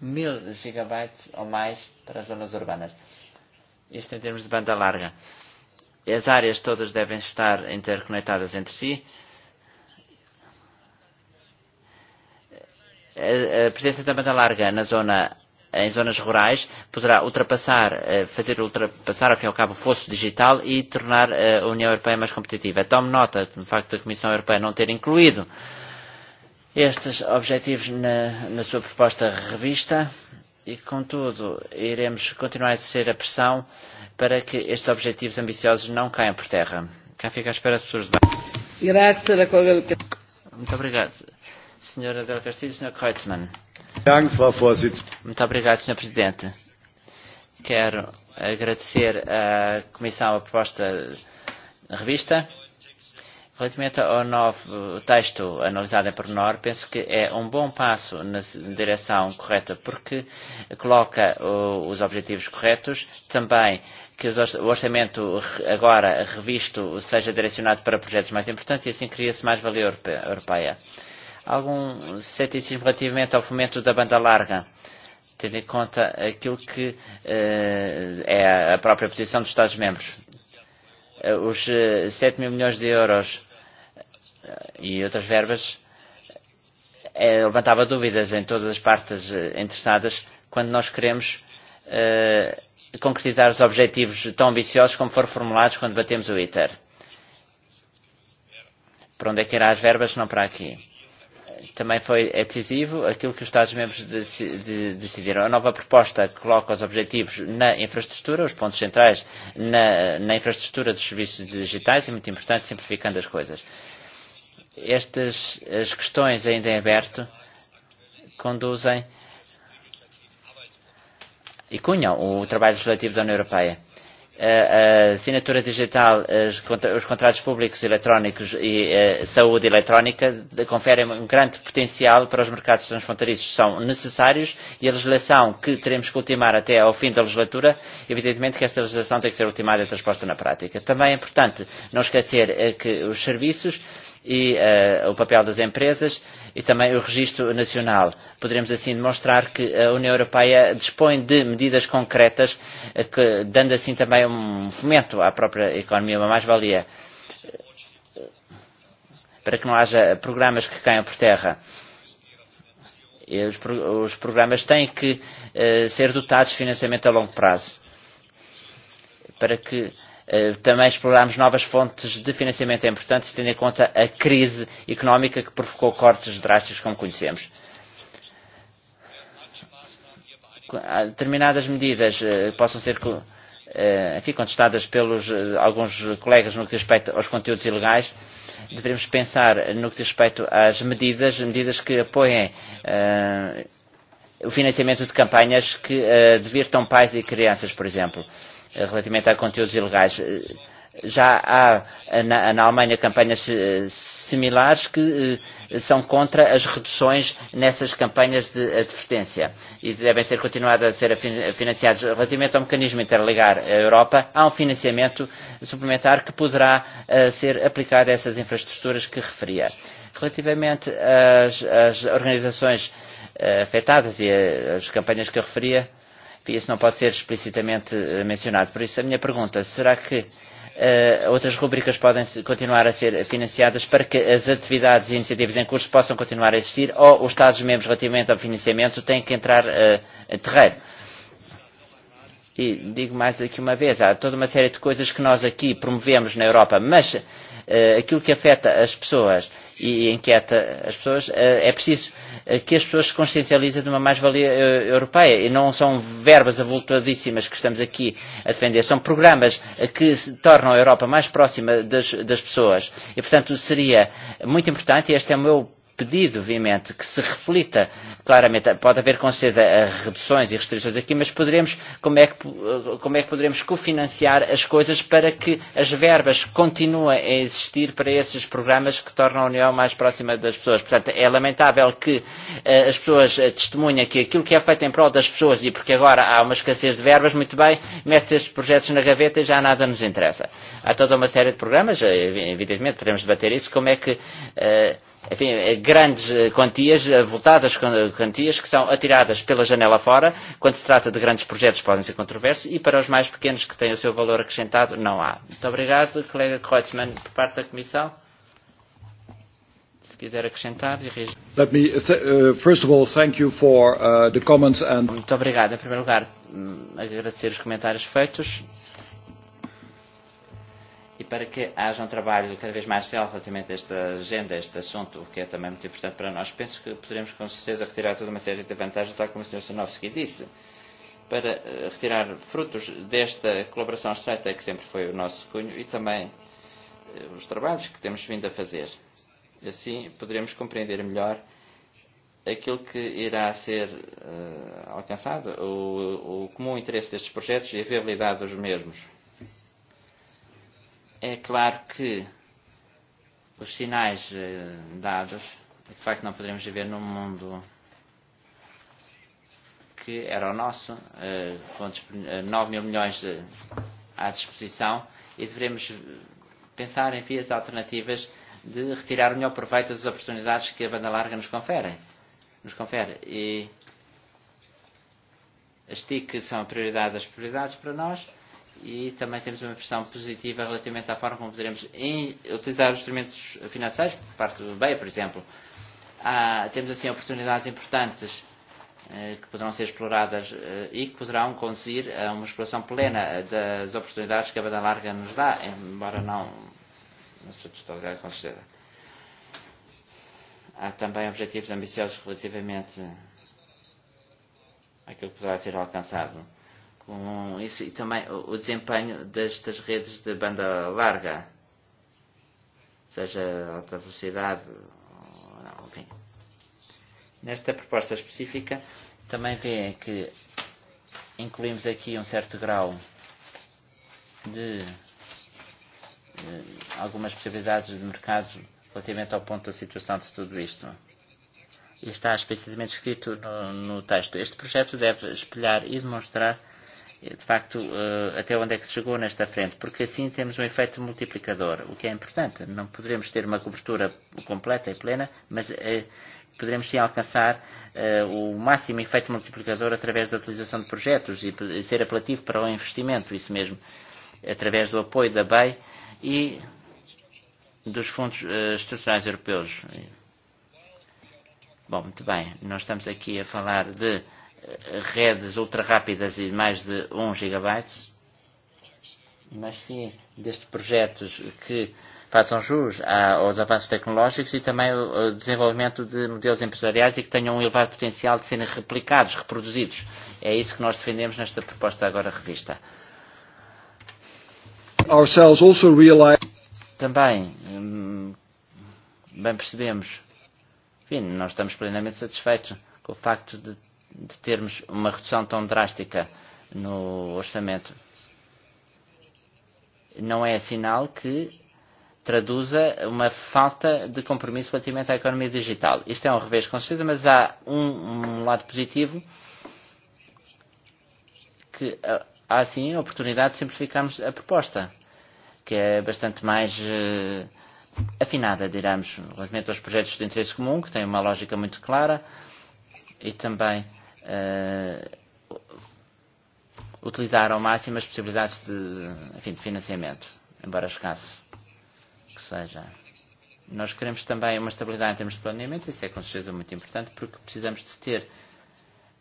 S3: 1000 gigabytes ou mais para zonas urbanas. Isto em termos de banda larga. As áreas todas devem estar interconectadas entre si a presença da banda larga na zona em zonas rurais poderá ultrapassar, fazer ultrapassar ao fim e ao cabo o fosso digital e tornar a União Europeia mais competitiva. Tome nota do facto da Comissão Europeia não ter incluído estes objetivos na, na sua proposta revista e, contudo, iremos continuar a exercer a pressão para que estes objetivos ambiciosos não caiam por terra. Cá fica à espera dos seus
S2: debates.
S3: Muito obrigado. Senhora Del Castilho e Sr. Kreutzmann. Muito obrigado, Sr. Presidente. Quero agradecer à Comissão a proposta a revista. Relativamente ao novo texto analisado em pormenor, penso que é um bom passo na direção correta, porque coloca os objetivos corretos, também que o orçamento agora revisto seja direcionado para projetos mais importantes e assim cria-se mais valia europeia algum ceticismo relativamente ao fomento da banda larga, tendo em conta aquilo que uh, é a própria posição dos Estados-membros. Uh, os uh, eh, 7 mil milhões de euros uh, e outras verbas uh, levantava dúvidas em todas as partes uh, interessadas quando nós queremos uh, concretizar os objetivos tão ambiciosos como foram formulados quando batemos o ITER. Para onde é que irá as verbas? Não para aqui também foi decisivo aquilo que os Estados-membros decidiram. A nova proposta coloca os objetivos na infraestrutura, os pontos centrais na, na infraestrutura dos serviços digitais, e, muito importante, simplificando as coisas. Estas as questões ainda em aberto conduzem e cunham o trabalho legislativo da União Europeia assinatura eh, eh, digital, eh, os contratos públicos eletrónicos e a saúde eletrónica conferem um grande potencial para os mercados transfronteiriços. São necessários e a legislação que teremos que ultimar até ao fim da legislatura, evidentemente que esta legislação tem que ser ultimada e transposta na prática. Também é importante não esquecer que os serviços e uh, o papel das empresas e também o registro nacional. Poderemos assim demonstrar que a União Europeia dispõe de medidas concretas, uh, que, dando assim também um fomento à própria economia, uma mais-valia, para que não haja programas que caiam por terra. E os, pro, os programas têm que uh, ser dotados de financiamento a longo prazo, para que Eh, também explorarmos novas fontes de financiamento é importante, tendo em conta a crise económica que provocou cortes drásticos como conhecemos. Determinadas medidas eh, possam ser eh, enfim, contestadas pelos alguns colegas no que diz respeito aos conteúdos ilegais. Devemos pensar no que diz respeito às medidas, medidas que apoiem uh, o financiamento de campanhas que uh, divirtam pais e crianças, por exemplo. Uh, relativamente a conteúdos ilegais. Já há na, na Alemanha campanhas similares que são contra as reduções nessas campanhas de advertência e devem ser continuadas a ser financiadas. Relativamente ao mecanismo interligar a Europa, há um financiamento suplementar que poderá ser aplicado a essas infraestruturas que referia. Relativamente às, às organizações eh, afetadas e às campanhas que eu referia, uh, isso não pode ser explicitamente eh, mencionado. Por isso a minha pergunta, será que uh, outras rubricas podem continuar a ser financiadas para que as atividades e iniciativas em curso possam continuar a existir ou os Estados-membros relativamente ao financiamento têm que entrar uh, eh, a terreno? E digo mais aqui uma vez, há toda uma série de coisas que nós aqui promovemos na Europa, mas uh, aquilo que afeta as pessoas e, e inquieta as pessoas, uh, é preciso uh, Eh, que as pessoas se consciencializem de uma mais-valia eh, europeia. E não são verbas avultadíssimas que estamos aqui a defender, são programas eh, que tornam a Europa mais próxima das, das pessoas. E, portanto, seria muito importante, e este é o meu pedido, obviamente, que se reflita claramente. Pode haver, com certeza, eh, reduções e restrições aqui, mas poderemos, como é que, eh, como é que poderemos cofinanciar as coisas para que as verbas continuem a existir para esses programas que tornam a União mais próxima das pessoas. Portanto, é lamentável que uh, as pessoas testemunhem que aquilo que é feito em prol das pessoas e porque agora há uma escassez de verbas, muito bem, mete-se estes projetos na gaveta e já nada nos interessa. Há toda uma série de programas, evidentemente, podemos debater isso, como é que. Uh, enfim, eh, grandes eh, quantias, eh, voltadas quantias que são atiradas pela janela fora. Quando se trata de grandes projetos podem ser controversos e para os mais pequenos que têm o seu valor acrescentado não há. Muito obrigado, colega Kreutzmann, por parte da Comissão. Se quiser acrescentar e reagir. Let me, uh,
S2: uh, first of all, thank you for uh, the comments and... Muito
S3: obrigado. Em primeiro lugar, agradecer os comentários feitos e para que haja um trabalho cada vez mais sério relativamente a esta agenda, a este assunto, o que é também muito importante para nós. Penso que poderemos com certeza retirar toda uma série de vantagens, tal como o Sr. Sanovski disse, para eh, retirar frutos desta colaboração estreita que sempre foi o nosso cunho e também eh, os trabalhos que temos vindo a fazer. Assim poderemos compreender melhor aquilo que irá ser uh, alcançado, o, o comum interesse destes projetos e a viabilidade dos mesmos É claro que os sinais eh, dados, de facto não poderíamos viver num mundo que era o nosso, eh, com 9 eh, mil milhões de, à disposição, e devemos pensar em vias alternativas de retirar o melhor proveito das oportunidades que a banda larga nos confere. Nos confere. E as TIC são a prioridade das prioridades para nós e também temos uma pressão positiva relativamente à forma como poderemos utilizar os instrumentos financeiros, por parte do BEI, por exemplo. Há, temos assim oportunidades importantes eh, que poderão ser exploradas eh, e que poderão conduzir a uma exploração plena eh, das oportunidades que a banda larga nos dá, embora não na sua totalidade, com certeza. Há também objetivos ambiciosos relativamente àquilo que poderá ser alcançado com isso e também o, o desempenho das, das redes de banda larga, seja alta velocidade, não, enfim. Nesta proposta específica, também vê que incluímos aqui um certo grau de, de algumas possibilidades de mercado relativamente ao ponto da situação de tudo isto. E está especificamente escrito no, no texto. Este projeto deve espelhar e demonstrar de facto, eh, até onde é que se chegou nesta frente, porque assim temos um efeito multiplicador, o que é importante. Não poderemos ter uma cobertura completa e plena, mas eh, poderemos sim alcançar uh, o máximo efeito multiplicador através da utilização de projetos e, e ser apelativo para o investimento, isso mesmo, através do apoio da BEI e dos fundos uh, estruturais europeus. Bom, muito bem, nós estamos aqui a falar de redes ultra rápidas e mais de 1 um GB, mas sim destes projetos que façam jus aos avanços tecnológicos e também o desenvolvimento de modelos empresariais e que tenham um elevado potencial de serem replicados, reproduzidos. É isso que nós defendemos nesta proposta agora revista. Também bem percebemos, enfim, nós estamos plenamente satisfeitos com o facto de de termos uma redução tão drástica no orçamento. Não é sinal que traduza uma falta de compromisso relativamente à economia digital. Isto é um revés conhecido, mas há um, um lado positivo que ah, há sim a oportunidade de simplificarmos a proposta, que é bastante mais uh, afinada, diramos, relativamente aos projetos de interesse comum, que têm uma lógica muito clara e também uh, uh, eh, utilizar ao máximo as possibilidades de enfim, de financiamento, embora escasso que seja. Nós queremos também uma estabilidade em termos de planeamento, isso é com certeza muito importante, porque precisamos de ter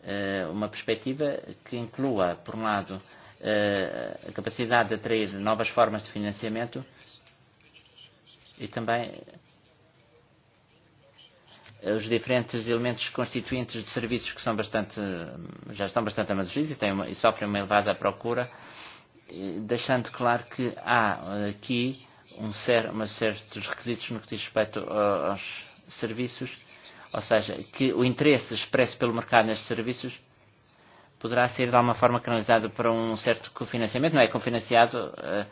S3: uh, uma perspectiva que inclua, por um lado, uh, a capacidade de atrair novas formas de financiamento e também Eh, os diferentes elementos constituintes de serviços que são bastante, eh, já estão bastante amadurecidos e, e sofrem uma elevada procura, eh, deixando claro que há aqui um cer, uma certos requisitos no que diz respeito aos serviços, ou seja, que o interesse expresso pelo mercado nestes serviços poderá ser de alguma forma canalizado para um certo cofinanciamento, não é cofinanciado, uh,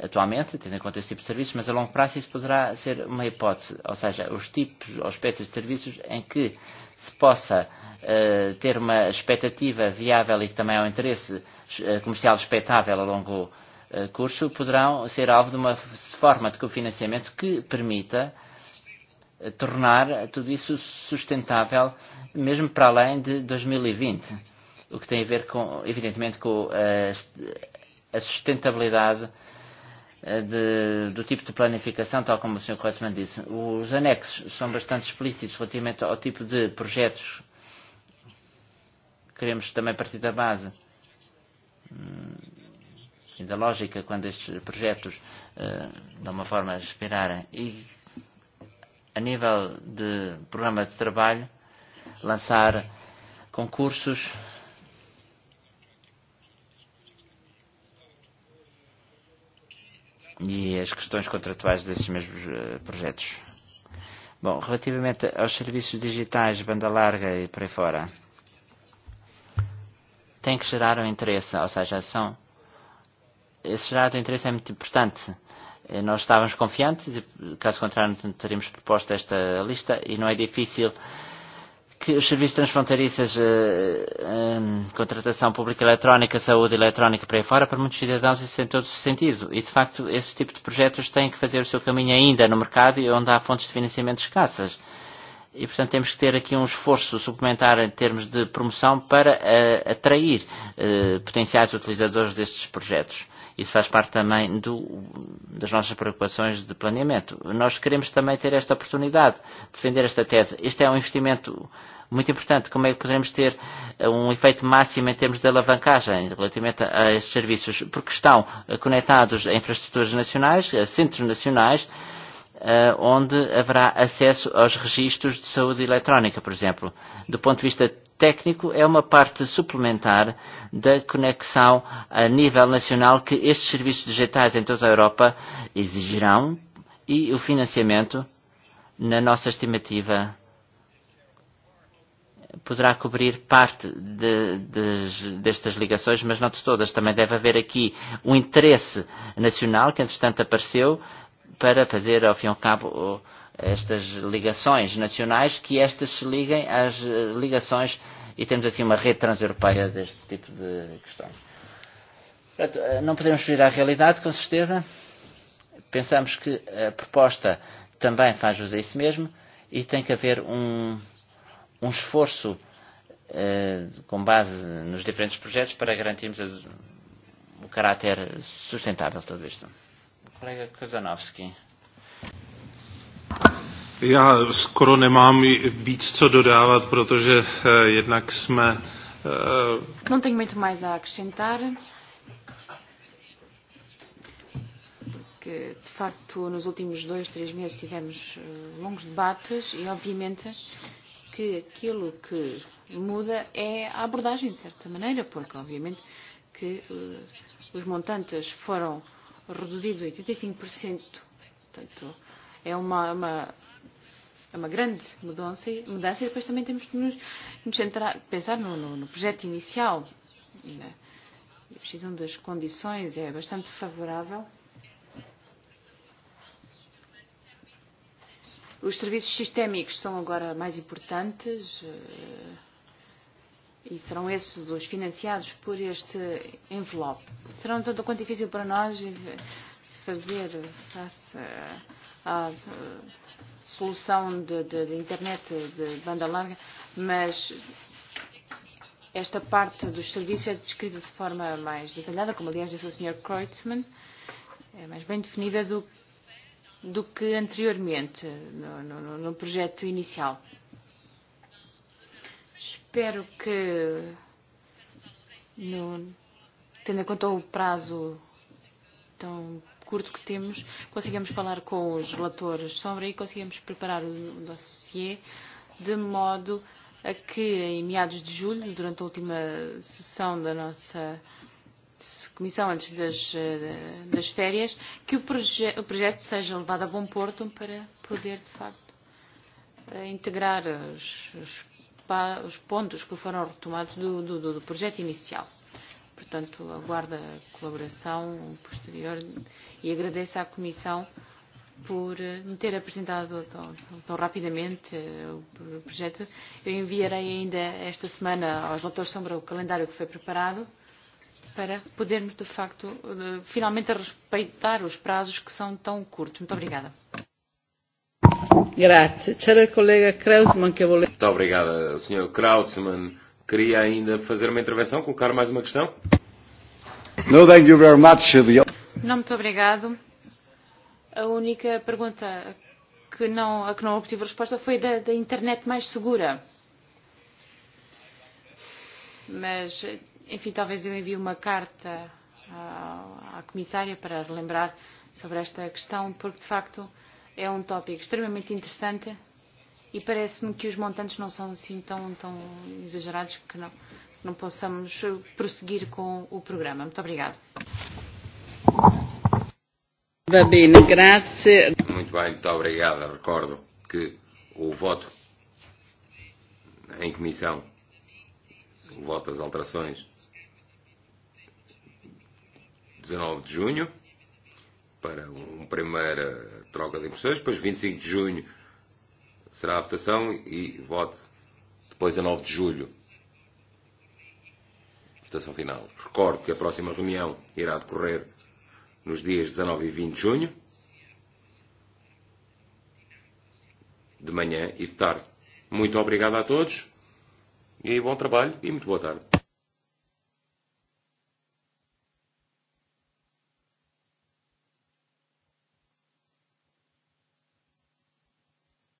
S3: Atualmente, tendo em conta esse tipo de serviços, mas a longo prazo isso poderá ser uma hipótese, ou seja, os tipos ou espécies de serviços em que se possa uh, ter uma expectativa viável e que também há um interesse uh, comercial expectável a longo uh, curso, poderão ser alvo de uma forma de cofinanciamento que permita tornar tudo isso sustentável, mesmo para além de 2020, o que tem a ver, com, evidentemente, com a sustentabilidade uh, Eh, de, do tipo de planificação, tal como o Sr. Kreutzmann disse. Os anexos são bastante explícitos relativamente ao tipo de projetos. Queremos também partir da base e da lógica quando estes projetos eh, de uma forma expirarem. E a nível de programa de trabalho, lançar concursos e as questões contratuais desses mesmos eh, projetos. Bom, relativamente aos serviços digitais, banda larga e por aí fora, tem que gerar um interesse, ou seja, são, esse gerar do interesse é muito importante. Eh, nós estávamos confiantes, e caso contrário não teríamos proposto esta lista, e não é difícil uh, que os serviços transfronteiriças, contratação pública eletrónica, saúde eletrónica para aí fora, para muitos cidadãos isso tem todo sentido. E, e de facto, esse tipo de projetos têm que fazer o seu caminho ainda no mercado e onde há fontes de financiamento escassas. E, portanto, temos que ter aqui um esforço suplementar em termos de promoção para uh, atrair uh, potenciais utilizadores destes projetos. Isso faz parte também do, das nossas preocupações de planeamento. Nós queremos também ter esta oportunidade, defender esta tese. Este é um investimento muito importante. Como é que poderemos eh, ter eh, um efeito máximo em termos de alavancagem relativamente a estes serviços? Porque estão conectados a infraestruturas nacionais, a eh, centros nacionais, onde haverá acesso aos registros de saúde eletrónica, por exemplo. Do ponto de vista técnico é uma parte suplementar da conexão a nível nacional que estes serviços digitais em toda a Europa exigirão e o financiamento, na nossa estimativa, poderá cobrir parte de, de, destas ligações, mas não de todas. Também deve haver aqui um interesse nacional que, entretanto, apareceu para fazer, ao fim e ao cabo, o, estas ligações nacionais, que estas se liguem às eh, ligações e temos assim uma rede transeuropeia deste tipo de questões. Portanto, eh, não podemos fugir à realidade, com certeza. Pensamos que a proposta também faz uso a isso mesmo e tem que haver um, um esforço eh, com base nos diferentes projetos para garantirmos a, o caráter sustentável de tudo isto. O colega Kozanowski.
S2: Já skoro nemám víc co dodávat, protože eh, jednak jsme. Eh,
S1: Não tenho muito mais a acrescentar. Que, de facto, nos últimos dois, três meses tivemos eh, longos debates e, obviamente, que aquilo que muda é a abordagem, de certa maneira, porque, obviamente, que uh, os montantes foram reduzidos 85%. E Portanto, é uma, uma é uma grande mudança, e mudança e depois também temos que nos, nos centrar, pensar no, no, no projeto inicial. né? e precisam das condições, é bastante favorável. Os serviços sistémicos são agora mais importantes eh, e serão esses os financiados por este envelope. Será um tanto quanto difícil para nós eh, fazer face a solução de, de, de internet de banda larga, mas esta parte dos serviços é descrita de forma mais detalhada, como aliás disse o Sr. Kreutzmann, é mais bem definida do, do que anteriormente no, no, no, no projeto inicial. Espero que, no, tendo em conta o prazo tão acordo que temos, conseguimos falar com os relatores sobre e conseguimos preparar o dossiê de modo a que em meados de julho, durante a última sessão da nossa comissão antes das, eh, das férias, que o, proje o projeto seja levado a bom porto para poder, de facto, eh, integrar os, os, os pontos que foram retomados do, do, do projeto inicial portanto, aguardo a colaboração posterior e agradeço à Comissão por me ter apresentado tão, tão rapidamente eh, o projeto. Eu enviarei ainda esta semana aos relatores sobre o calendário que foi preparado para podermos, de facto, eh, finalmente respeitar os prazos que são tão curtos. Muito obrigada.
S2: Grazie. C'era il collega Kreutzmann che voleva... Muito obrigada, Sr. Kreutzmann Queria ainda fazer uma intervenção, colocar mais uma questão. No, thank you very much.
S1: Não, muito obrigado. A única pergunta que não, a que não obtive resposta foi da, da internet mais segura. Mas, enfim, talvez eu envie uma carta à, à comissária para relembrar sobre esta questão, porque de facto é um tópico extremamente interessante e parece-me que os montantes não são assim tão, tão exagerados que não, não possamos prosseguir com o programa. Muito obrigada. Va grazie.
S2: Muito bem, muito obrigada. Recordo que o voto em comissão, o voto das alterações, 19 de junho, para uma primeira troca de impressões, depois 25 e de junho será a votação e voto depois a 9 de julho. Votação final. Recordo que a próxima reunião irá decorrer nos dias 19 e 20 de junho, de manhã e de tarde. Muito obrigado a todos e bom trabalho e muito boa tarde.